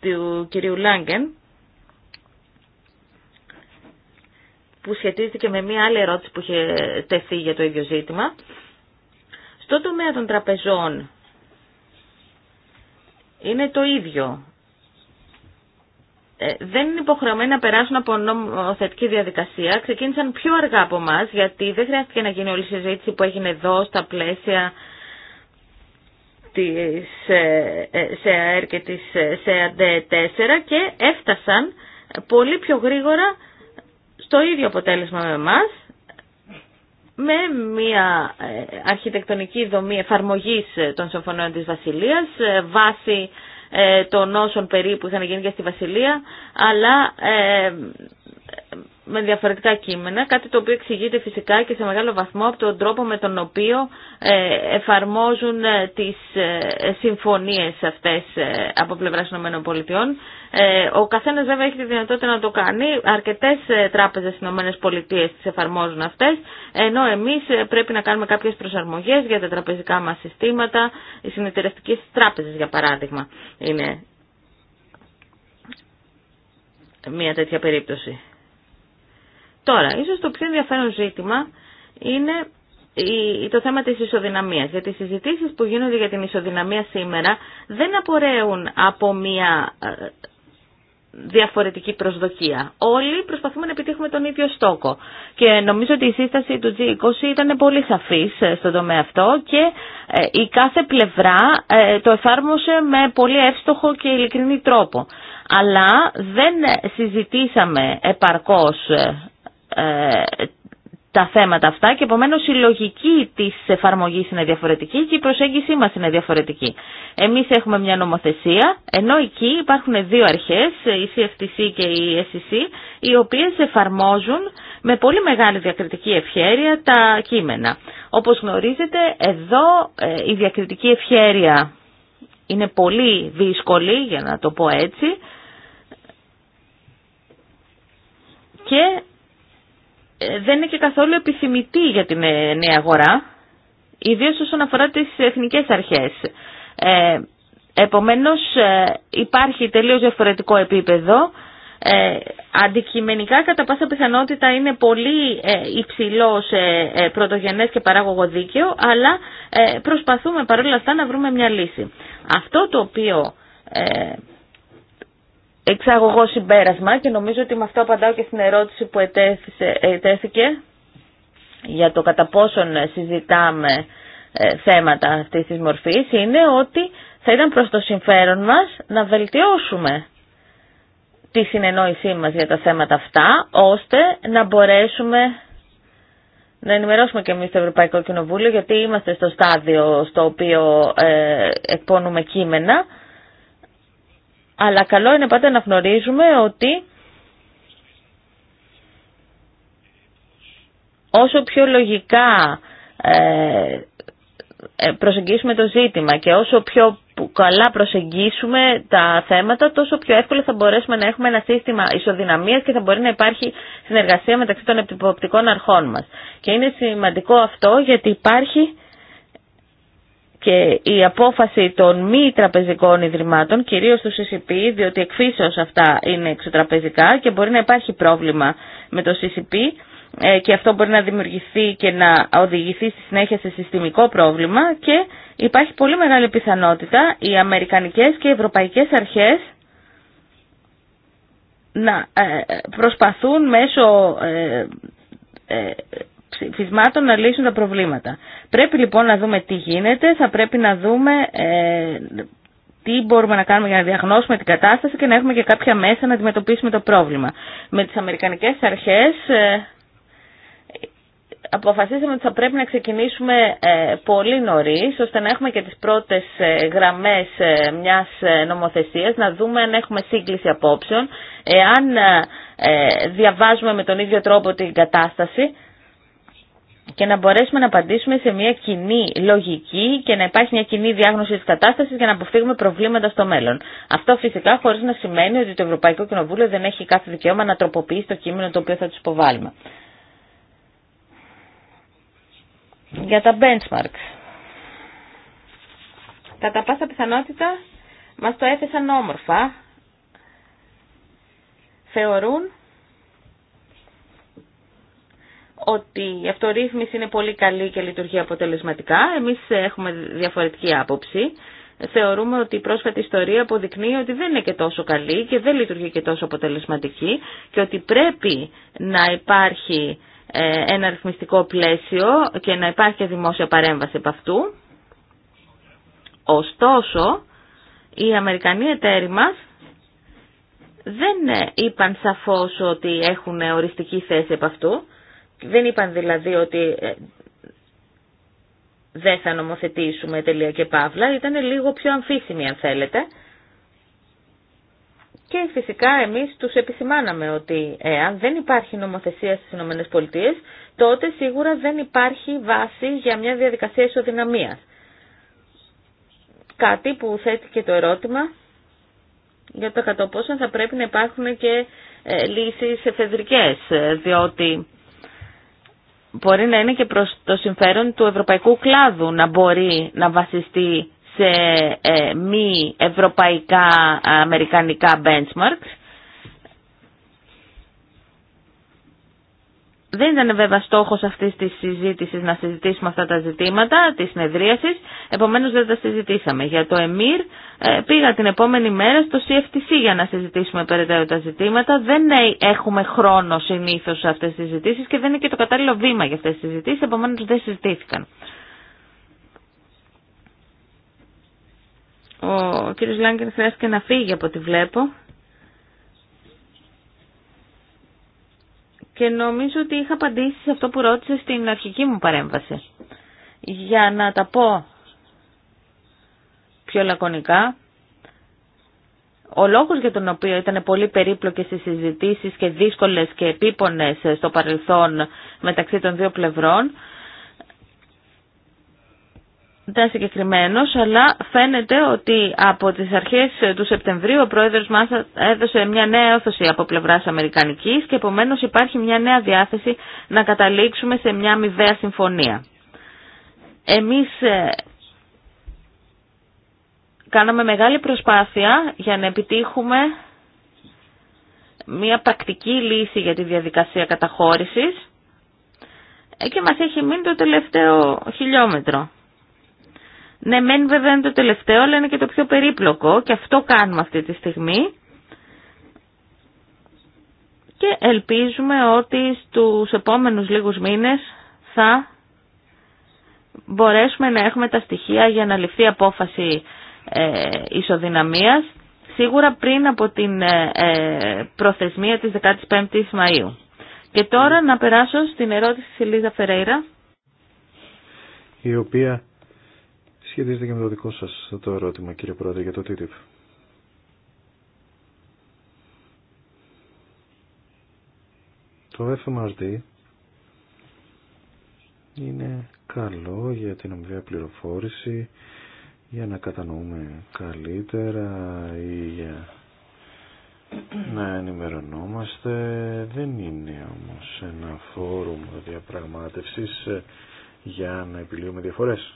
του κυρίου Λάγκεν, που σχετίζεται και με μία άλλη ερώτηση που είχε τεθεί για το ίδιο ζήτημα. Στο τομέα των τραπεζών είναι το ίδιο. Ε, δεν είναι υποχρεωμένοι να περάσουν από νομοθετική διαδικασία. Ξεκίνησαν πιο αργά από εμά, γιατί δεν χρειάστηκε να γίνει όλη η συζήτηση που έγινε εδώ στα πλαίσια της ε, ε, ΣΕΑΕΡ και της σεαδ 4 και έφτασαν πολύ πιο γρήγορα στο ίδιο αποτέλεσμα με εμάς με μια ε, αρχιτεκτονική δομή εφαρμογής ε, των συμφωνών της Βασιλείας, ε, βάση των όσων περίπου είχαν γίνει και στη Βασιλεία, αλλά με διαφορετικά κείμενα, κάτι το οποίο εξηγείται φυσικά και σε μεγάλο βαθμό από τον τρόπο με τον οποίο ε, εφαρμόζουν ε, τις ε, συμφωνίες αυτές από πλευράς ΗΠΑ. Ο καθένας βέβαια έχει τη δυνατότητα να το κάνει. Αρκετές τράπεζες στις ΗΠΑ τις εφαρμόζουν αυτές, ενώ εμείς πρέπει να κάνουμε κάποιες προσαρμογές για τα τραπεζικά μας συστήματα, οι συνεταιρευτικές τράπεζες για παράδειγμα είναι μια τέτοια περίπτωση. Τώρα, ίσως το πιο ενδιαφέρον ζήτημα είναι το θέμα της ισοδυναμίας. Γιατί οι συζητήσεις που γίνονται για την ισοδυναμία σήμερα δεν απορρέουν από μια ε, διαφορετική προσδοκία. Όλοι προσπαθούμε να επιτύχουμε τον ίδιο στόχο. Και νομίζω ότι η σύσταση του G20 ήταν πολύ σαφής ε, στον τομέα αυτό και ε, η κάθε πλευρά το εφάρμοσε με πολύ εύστοχο και ειλικρινή τρόπο. Αλλά δεν συζητήσαμε επαρκώς ε, τα θέματα αυτά και επομένω η λογική τη εφαρμογή είναι διαφορετική και η προσέγγιση μα είναι διαφορετική. Εμεί έχουμε μια νομοθεσία, ενώ εκεί υπάρχουν δύο αρχέ, η CFTC και η SEC, οι οποίε εφαρμόζουν με πολύ μεγάλη διακριτική ευχέρεια τα κείμενα. Όπως γνωρίζετε, εδώ ε, η διακριτική ευχέρεια είναι πολύ δύσκολη, για να το πω έτσι, και δεν είναι και καθόλου επιθυμητή για την ε, νέα αγορά, ιδίως όσον αφορά τις εθνικές αρχές. Ε, επομένως ε, υπάρχει τελείως διαφορετικό επίπεδο. Ε, αντικειμενικά κατά πάσα πιθανότητα είναι πολύ ε, υψηλό σε ε, πρωτογενές και παράγωγο δίκαιο, αλλά προσπαθούμε παρόλα αυτά να βρούμε μια λύση. Αυτό το οποίο εξαγωγό συμπέρασμα και νομίζω ότι με αυτό απαντάω και στην ερώτηση που ετέθηκε για το κατά πόσον συζητάμε ε, θέματα αυτής της μορφής είναι ότι θα ήταν προς το συμφέρον μας να βελτιώσουμε τη συνεννόησή μας για τα θέματα αυτά, ώστε να μπορέσουμε να ενημερώσουμε και εμείς το Ευρωπαϊκό Κοινοβούλιο, γιατί είμαστε στο στάδιο στο οποίο ε, εκπώνουμε κείμενα, αλλά καλό είναι πάντα να γνωρίζουμε ότι όσο πιο λογικά ε, ε, προσεγγίσουμε το ζήτημα και όσο πιο καλά προσεγγίσουμε τα θέματα, τόσο πιο εύκολα θα μπορέσουμε να έχουμε ένα σύστημα ισοδυναμίας και θα μπορεί να υπάρχει συνεργασία μεταξύ των επιποπτικών αρχών μας. Και είναι σημαντικό αυτό γιατί υπάρχει και η απόφαση των μη τραπεζικών ιδρυμάτων, κυρίως του CCP, διότι εκφύσεως αυτά είναι εξωτραπεζικά και μπορεί να υπάρχει πρόβλημα με το CCP ε, και αυτό μπορεί να δημιουργηθεί και να οδηγηθεί στη συνέχεια σε συστημικό πρόβλημα και υπάρχει πολύ μεγάλη πιθανότητα οι αμερικανικές και οι ευρωπαϊκές αρχές να ε, ε, προσπαθούν μέσω ψηφισμάτων να λύσουν τα προβλήματα. Πρέπει λοιπόν να δούμε τι γίνεται, θα πρέπει να δούμε ε, τι μπορούμε να κάνουμε για να διαγνώσουμε την κατάσταση και να έχουμε και κάποια μέσα να αντιμετωπίσουμε το πρόβλημα. Με τις Αμερικανικές αρχές ε, αποφασίσαμε ότι θα πρέπει να ξεκινήσουμε ε, πολύ νωρίς, ώστε να έχουμε και τις πρώτες ε, γραμμές ε, μιας νομοθεσίας, να δούμε αν έχουμε σύγκληση απόψεων, εάν διαβάζουμε με τον ίδιο τρόπο την κατάσταση, και να μπορέσουμε να απαντήσουμε σε μια κοινή λογική και να υπάρχει μια κοινή διάγνωση της κατάστασης για να αποφύγουμε προβλήματα στο μέλλον. Αυτό φυσικά χωρίς να σημαίνει ότι το Ευρωπαϊκό Κοινοβούλιο δεν έχει κάθε δικαίωμα να τροποποιήσει το κείμενο το οποίο θα τους υποβάλουμε. Για τα benchmarks. Κατά πάσα πιθανότητα μας το έθεσαν όμορφα. Θεωρούν ότι η αυτορύθμιση είναι πολύ καλή και λειτουργεί αποτελεσματικά. Εμείς έχουμε διαφορετική άποψη. Θεωρούμε ότι η πρόσφατη ιστορία αποδεικνύει ότι δεν είναι και τόσο καλή και δεν λειτουργεί και τόσο αποτελεσματική και ότι πρέπει να υπάρχει ε, ένα αριθμιστικό πλαίσιο και να υπάρχει δημόσια παρέμβαση από αυτού. Ωστόσο, οι Αμερικανοί εταίροι μας δεν ε, είπαν σαφώς ότι έχουν οριστική θέση από αυτού. Δεν είπαν δηλαδή ότι ε, δεν θα νομοθετήσουμε τελεία και παύλα, ήταν λίγο πιο αμφίσιμη αν θέλετε. Και φυσικά εμείς τους επισημάναμε ότι εάν δεν υπάρχει νομοθεσία στις ΗΠΑ, τότε σίγουρα δεν υπάρχει βάση για μια διαδικασία ισοδυναμίας. Κάτι που θέτει και το ερώτημα για το κατά πόσο θα πρέπει να υπάρχουν και ε, λύσεις εφεδρικές, ε, διότι μπορεί να είναι και προς το συμφέρον του ευρωπαϊκού κλάδου να μπορεί να βασιστεί σε ε, μη ευρωπαϊκά αμερικανικά benchmarks Δεν ήταν βέβαια στόχο αυτή τη συζήτηση να συζητήσουμε αυτά τα ζητήματα, τη συνεδρίαση, επομένω δεν τα συζητήσαμε. Για το ΕΜΙΡ ε, πήγα την επόμενη μέρα στο CFTC για να συζητήσουμε περαιτέρω τα ζητήματα. Δεν ε, έχουμε χρόνο συνήθω σε αυτέ τι συζητήσει και δεν είναι και το κατάλληλο βήμα για αυτέ τι συζητήσει, επομένω δεν συζητήθηκαν. Ο κύριος Λάγκεν χρειάστηκε να φύγει από ό,τι βλέπω. και νομίζω ότι είχα απαντήσει σε αυτό που ρώτησε στην αρχική μου παρέμβαση. Για να τα πω πιο λακωνικά, ο λόγος για τον οποίο ήταν πολύ περίπλοκες οι συζητήσεις και δύσκολες και επίπονες στο παρελθόν μεταξύ των δύο πλευρών ήταν συγκεκριμένο, αλλά φαίνεται ότι από τις αρχές του Σεπτεμβρίου ο πρόεδρος μα έδωσε μια νέα όθωση από πλευράς Αμερικανικής και επομένω υπάρχει μια νέα διάθεση να καταλήξουμε σε μια μηδέα συμφωνία. Εμείς ε, κάναμε μεγάλη προσπάθεια για να επιτύχουμε μια πρακτική λύση για τη διαδικασία καταχώρησης ε, και μας έχει μείνει το τελευταίο χιλιόμετρο. Ναι, μένει βέβαια είναι το τελευταίο, αλλά είναι και το πιο περίπλοκο και αυτό κάνουμε αυτή τη στιγμή. Και ελπίζουμε ότι στους επόμενους λίγους μήνες θα μπορέσουμε να έχουμε τα στοιχεία για να ληφθεί απόφαση ε, ισοδυναμίας σίγουρα πριν από την ε, ε, προθεσμία της 15ης Μαΐου. Και τώρα να περάσω στην ερώτηση της Ελίζα Φερέιρα. Η οποία σχετίζεται και με το δικό σας το ερώτημα κύριε Πρόεδρε για το TTIP. Το FMRD είναι καλό για την αμοιβαία πληροφόρηση, για να κατανοούμε καλύτερα ή για να ενημερωνόμαστε. Δεν είναι όμως ένα φόρουμ διαπραγμάτευσης για να επιλύουμε διαφορές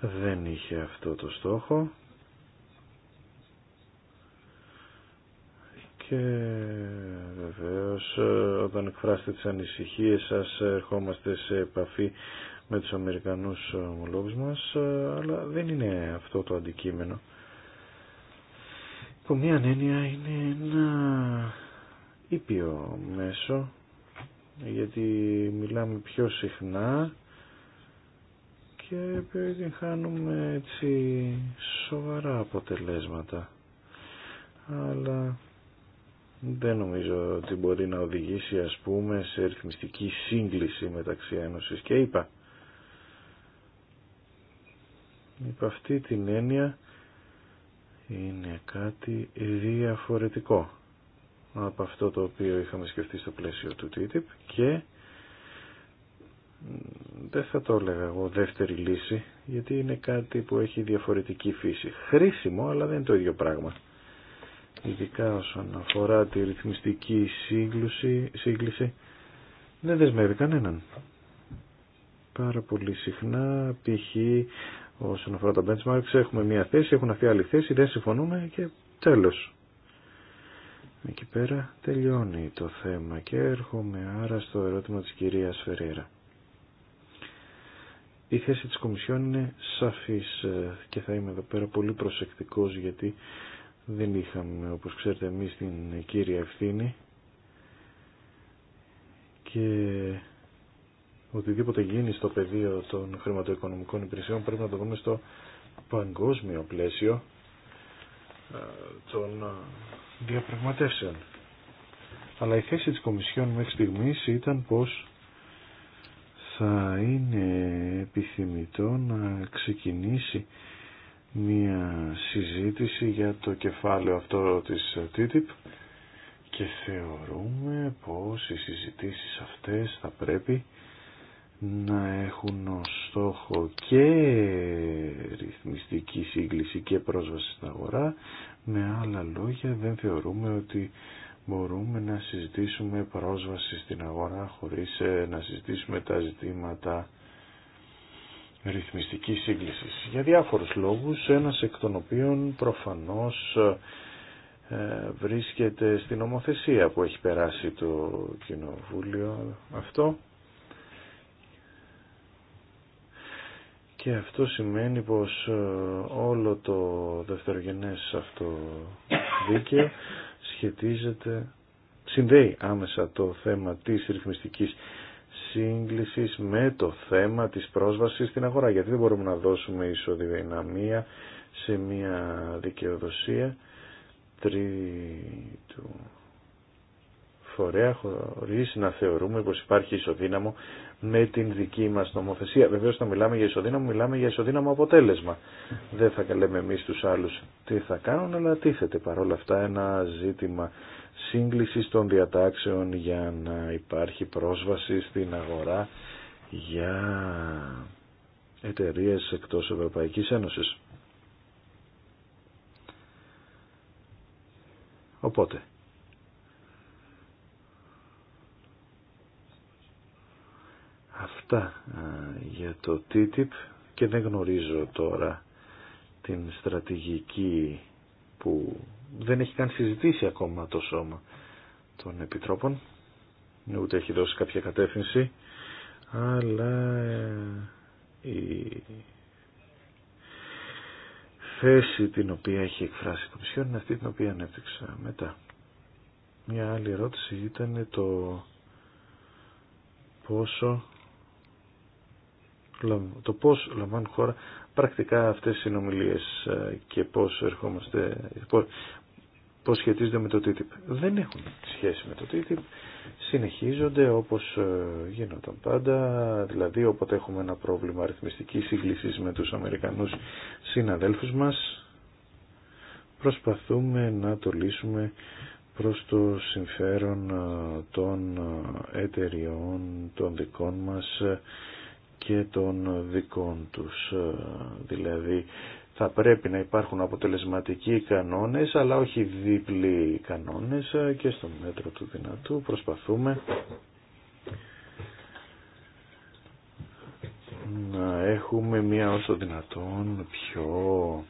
δεν είχε αυτό το στόχο και βεβαίως όταν εκφράσετε τις ανησυχίες σας ερχόμαστε σε επαφή με τους Αμερικανούς ομολόγους μας αλλά δεν είναι αυτό το αντικείμενο υπό μία έννοια είναι ένα ήπιο μέσο γιατί μιλάμε πιο συχνά και χάνουμε έτσι σοβαρά αποτελέσματα. Αλλά δεν νομίζω ότι μπορεί να οδηγήσει ας πούμε σε ρυθμιστική σύγκληση μεταξύ Ένωσης και είπα... Υπ' αυτή την έννοια είναι κάτι διαφορετικό από αυτό το οποίο είχαμε σκεφτεί στο πλαίσιο του TTIP και δεν θα το έλεγα εγώ δεύτερη λύση, γιατί είναι κάτι που έχει διαφορετική φύση. Χρήσιμο, αλλά δεν είναι το ίδιο πράγμα. Ειδικά όσον αφορά τη ρυθμιστική σύγκλουση σύγκληση, δεν δεσμεύει κανέναν. Πάρα πολύ συχνά, π.χ. όσον αφορά τα benchmarks, έχουμε μία θέση, έχουν αυτή άλλη θέση, δεν συμφωνούμε και τέλος. Εκεί πέρα τελειώνει το θέμα και έρχομαι άρα στο ερώτημα της κυρίας Φερέρα. Η θέση της Κομισιόν είναι σαφής ε, και θα είμαι εδώ πέρα πολύ προσεκτικός γιατί δεν είχαμε όπως ξέρετε εμείς την κύρια ευθύνη και οτιδήποτε γίνει στο πεδίο των χρηματοοικονομικών υπηρεσιών πρέπει να το δούμε στο παγκόσμιο πλαίσιο ε, των ε, διαπραγματεύσεων. Αλλά η θέση της Κομισιόν μέχρι στιγμής ήταν πως θα είναι επιθυμητό να ξεκινήσει μία συζήτηση για το κεφάλαιο αυτό της TTIP και θεωρούμε πως οι συζητήσεις αυτές θα πρέπει να έχουν ως στόχο και ρυθμιστική σύγκληση και πρόσβαση στην αγορά. Με άλλα λόγια δεν θεωρούμε ότι μπορούμε να συζητήσουμε πρόσβαση στην αγορά χωρίς ε, να συζητήσουμε τα ζητήματα ρυθμιστικής σύγκλησης. Για διάφορους λόγους, ένας εκ των οποίων προφανώς ε, βρίσκεται στην νομοθεσία που έχει περάσει το Κοινοβούλιο αυτό και αυτό σημαίνει πως ε, όλο το δευτερογενές αυτό δίκαιο σχετίζεται, συνδέει άμεσα το θέμα της ρυθμιστικής σύγκλησης με το θέμα της πρόσβασης στην αγορά. Γιατί δεν μπορούμε να δώσουμε ισοδυναμία σε μια δικαιοδοσία τρίτου φορέα χωρίς να θεωρούμε πως υπάρχει ισοδύναμο με την δική μας νομοθεσία. Βεβαίως όταν μιλάμε για ισοδύναμο, μιλάμε για ισοδύναμο αποτέλεσμα. Δεν θα καλέμε εμείς τους άλλους τι θα κάνουν, αλλά τίθεται παρόλα αυτά ένα ζήτημα σύγκλησης των διατάξεων για να υπάρχει πρόσβαση στην αγορά για εταιρείες εκτός Ευρωπαϊκής Ένωσης. Οπότε, Ε, για το TTIP και δεν γνωρίζω τώρα την στρατηγική που δεν έχει καν συζητήσει ακόμα το σώμα των επιτρόπων ούτε έχει δώσει κάποια κατεύθυνση αλλά ε, η θέση την οποία έχει εκφράσει η Κομισιόν είναι αυτή την οποία ανέπτυξα μετά. Μια άλλη ερώτηση ήταν το πόσο το πώς λαμβάνουν χώρα πρακτικά αυτές οι συνομιλίες ε, και πώς ερχόμαστε, πώς σχετίζονται με το TTIP. Δεν έχουν σχέση με το TTIP, συνεχίζονται όπως ε, γίνονταν πάντα, δηλαδή όποτε έχουμε ένα πρόβλημα αριθμιστικής σύγκλησης με τους Αμερικανούς συναδέλφους μας, προσπαθούμε να το λύσουμε προς το συμφέρον ε, των εταιριών, των δικών μας, και των δικών τους. Ε, δηλαδή θα πρέπει να υπάρχουν αποτελεσματικοί κανόνες αλλά όχι δίπλοι κανόνες ε, και στο μέτρο του δυνατού προσπαθούμε να έχουμε μία όσο δυνατόν πιο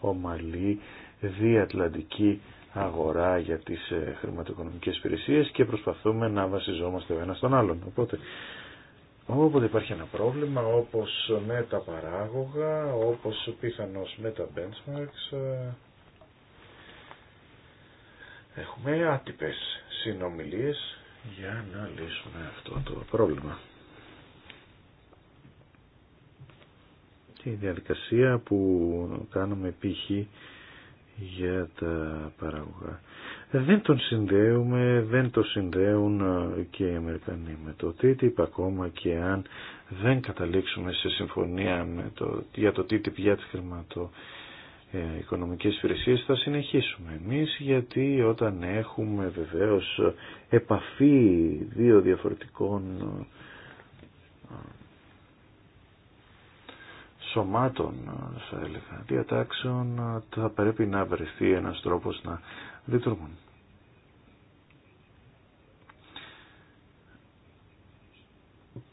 ομαλή διατλαντική αγορά για τις ε, χρηματοοικονομικές υπηρεσίες και προσπαθούμε να βασιζόμαστε ο ένας τον άλλον. Οπότε Όποτε υπάρχει ένα πρόβλημα, όπως με τα παράγωγα, όπως πιθανώς με τα benchmarks, ε, έχουμε άτυπες συνομιλίες για να λύσουμε αυτό το πρόβλημα. Και η διαδικασία που κάνουμε π.χ. για τα παράγωγα δεν τον συνδέουμε, δεν το συνδέουν και οι Αμερικανοί με το TTIP ακόμα και αν δεν καταλήξουμε σε συμφωνία με το, για το TTIP για τις χρηματο ε, υπηρεσίες θα συνεχίσουμε εμείς γιατί όταν έχουμε βεβαίως επαφή δύο διαφορετικών σωμάτων θα έλεγα διατάξεων θα πρέπει να βρεθεί ένας τρόπος να λειτουργούν.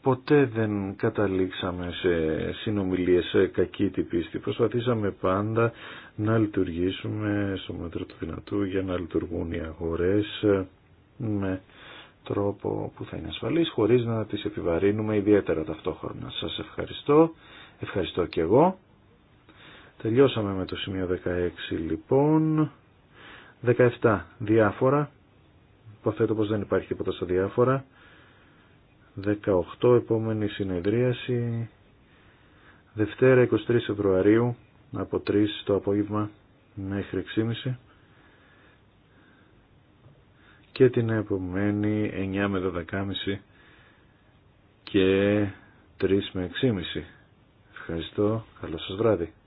Ποτέ δεν καταλήξαμε σε συνομιλίες σε κακή τυπίστη. Προσπαθήσαμε πάντα να λειτουργήσουμε στο μέτρο του δυνατού για να λειτουργούν οι αγορές με τρόπο που θα είναι ασφαλής χωρίς να τις επιβαρύνουμε ιδιαίτερα ταυτόχρονα. Σας ευχαριστώ. Ευχαριστώ και εγώ. Τελειώσαμε με το σημείο 16 λοιπόν. 17. Διάφορα. Υποθέτω πως δεν υπάρχει τίποτα στα διάφορα. 18. Επόμενη συνεδρίαση. Δευτέρα 23 Φεβρουαρίου από 3 το απόγευμα μέχρι 6.30 και την επομένη 9 με 12.30 και 3 με 6.30. Ευχαριστώ. Καλό σας βράδυ.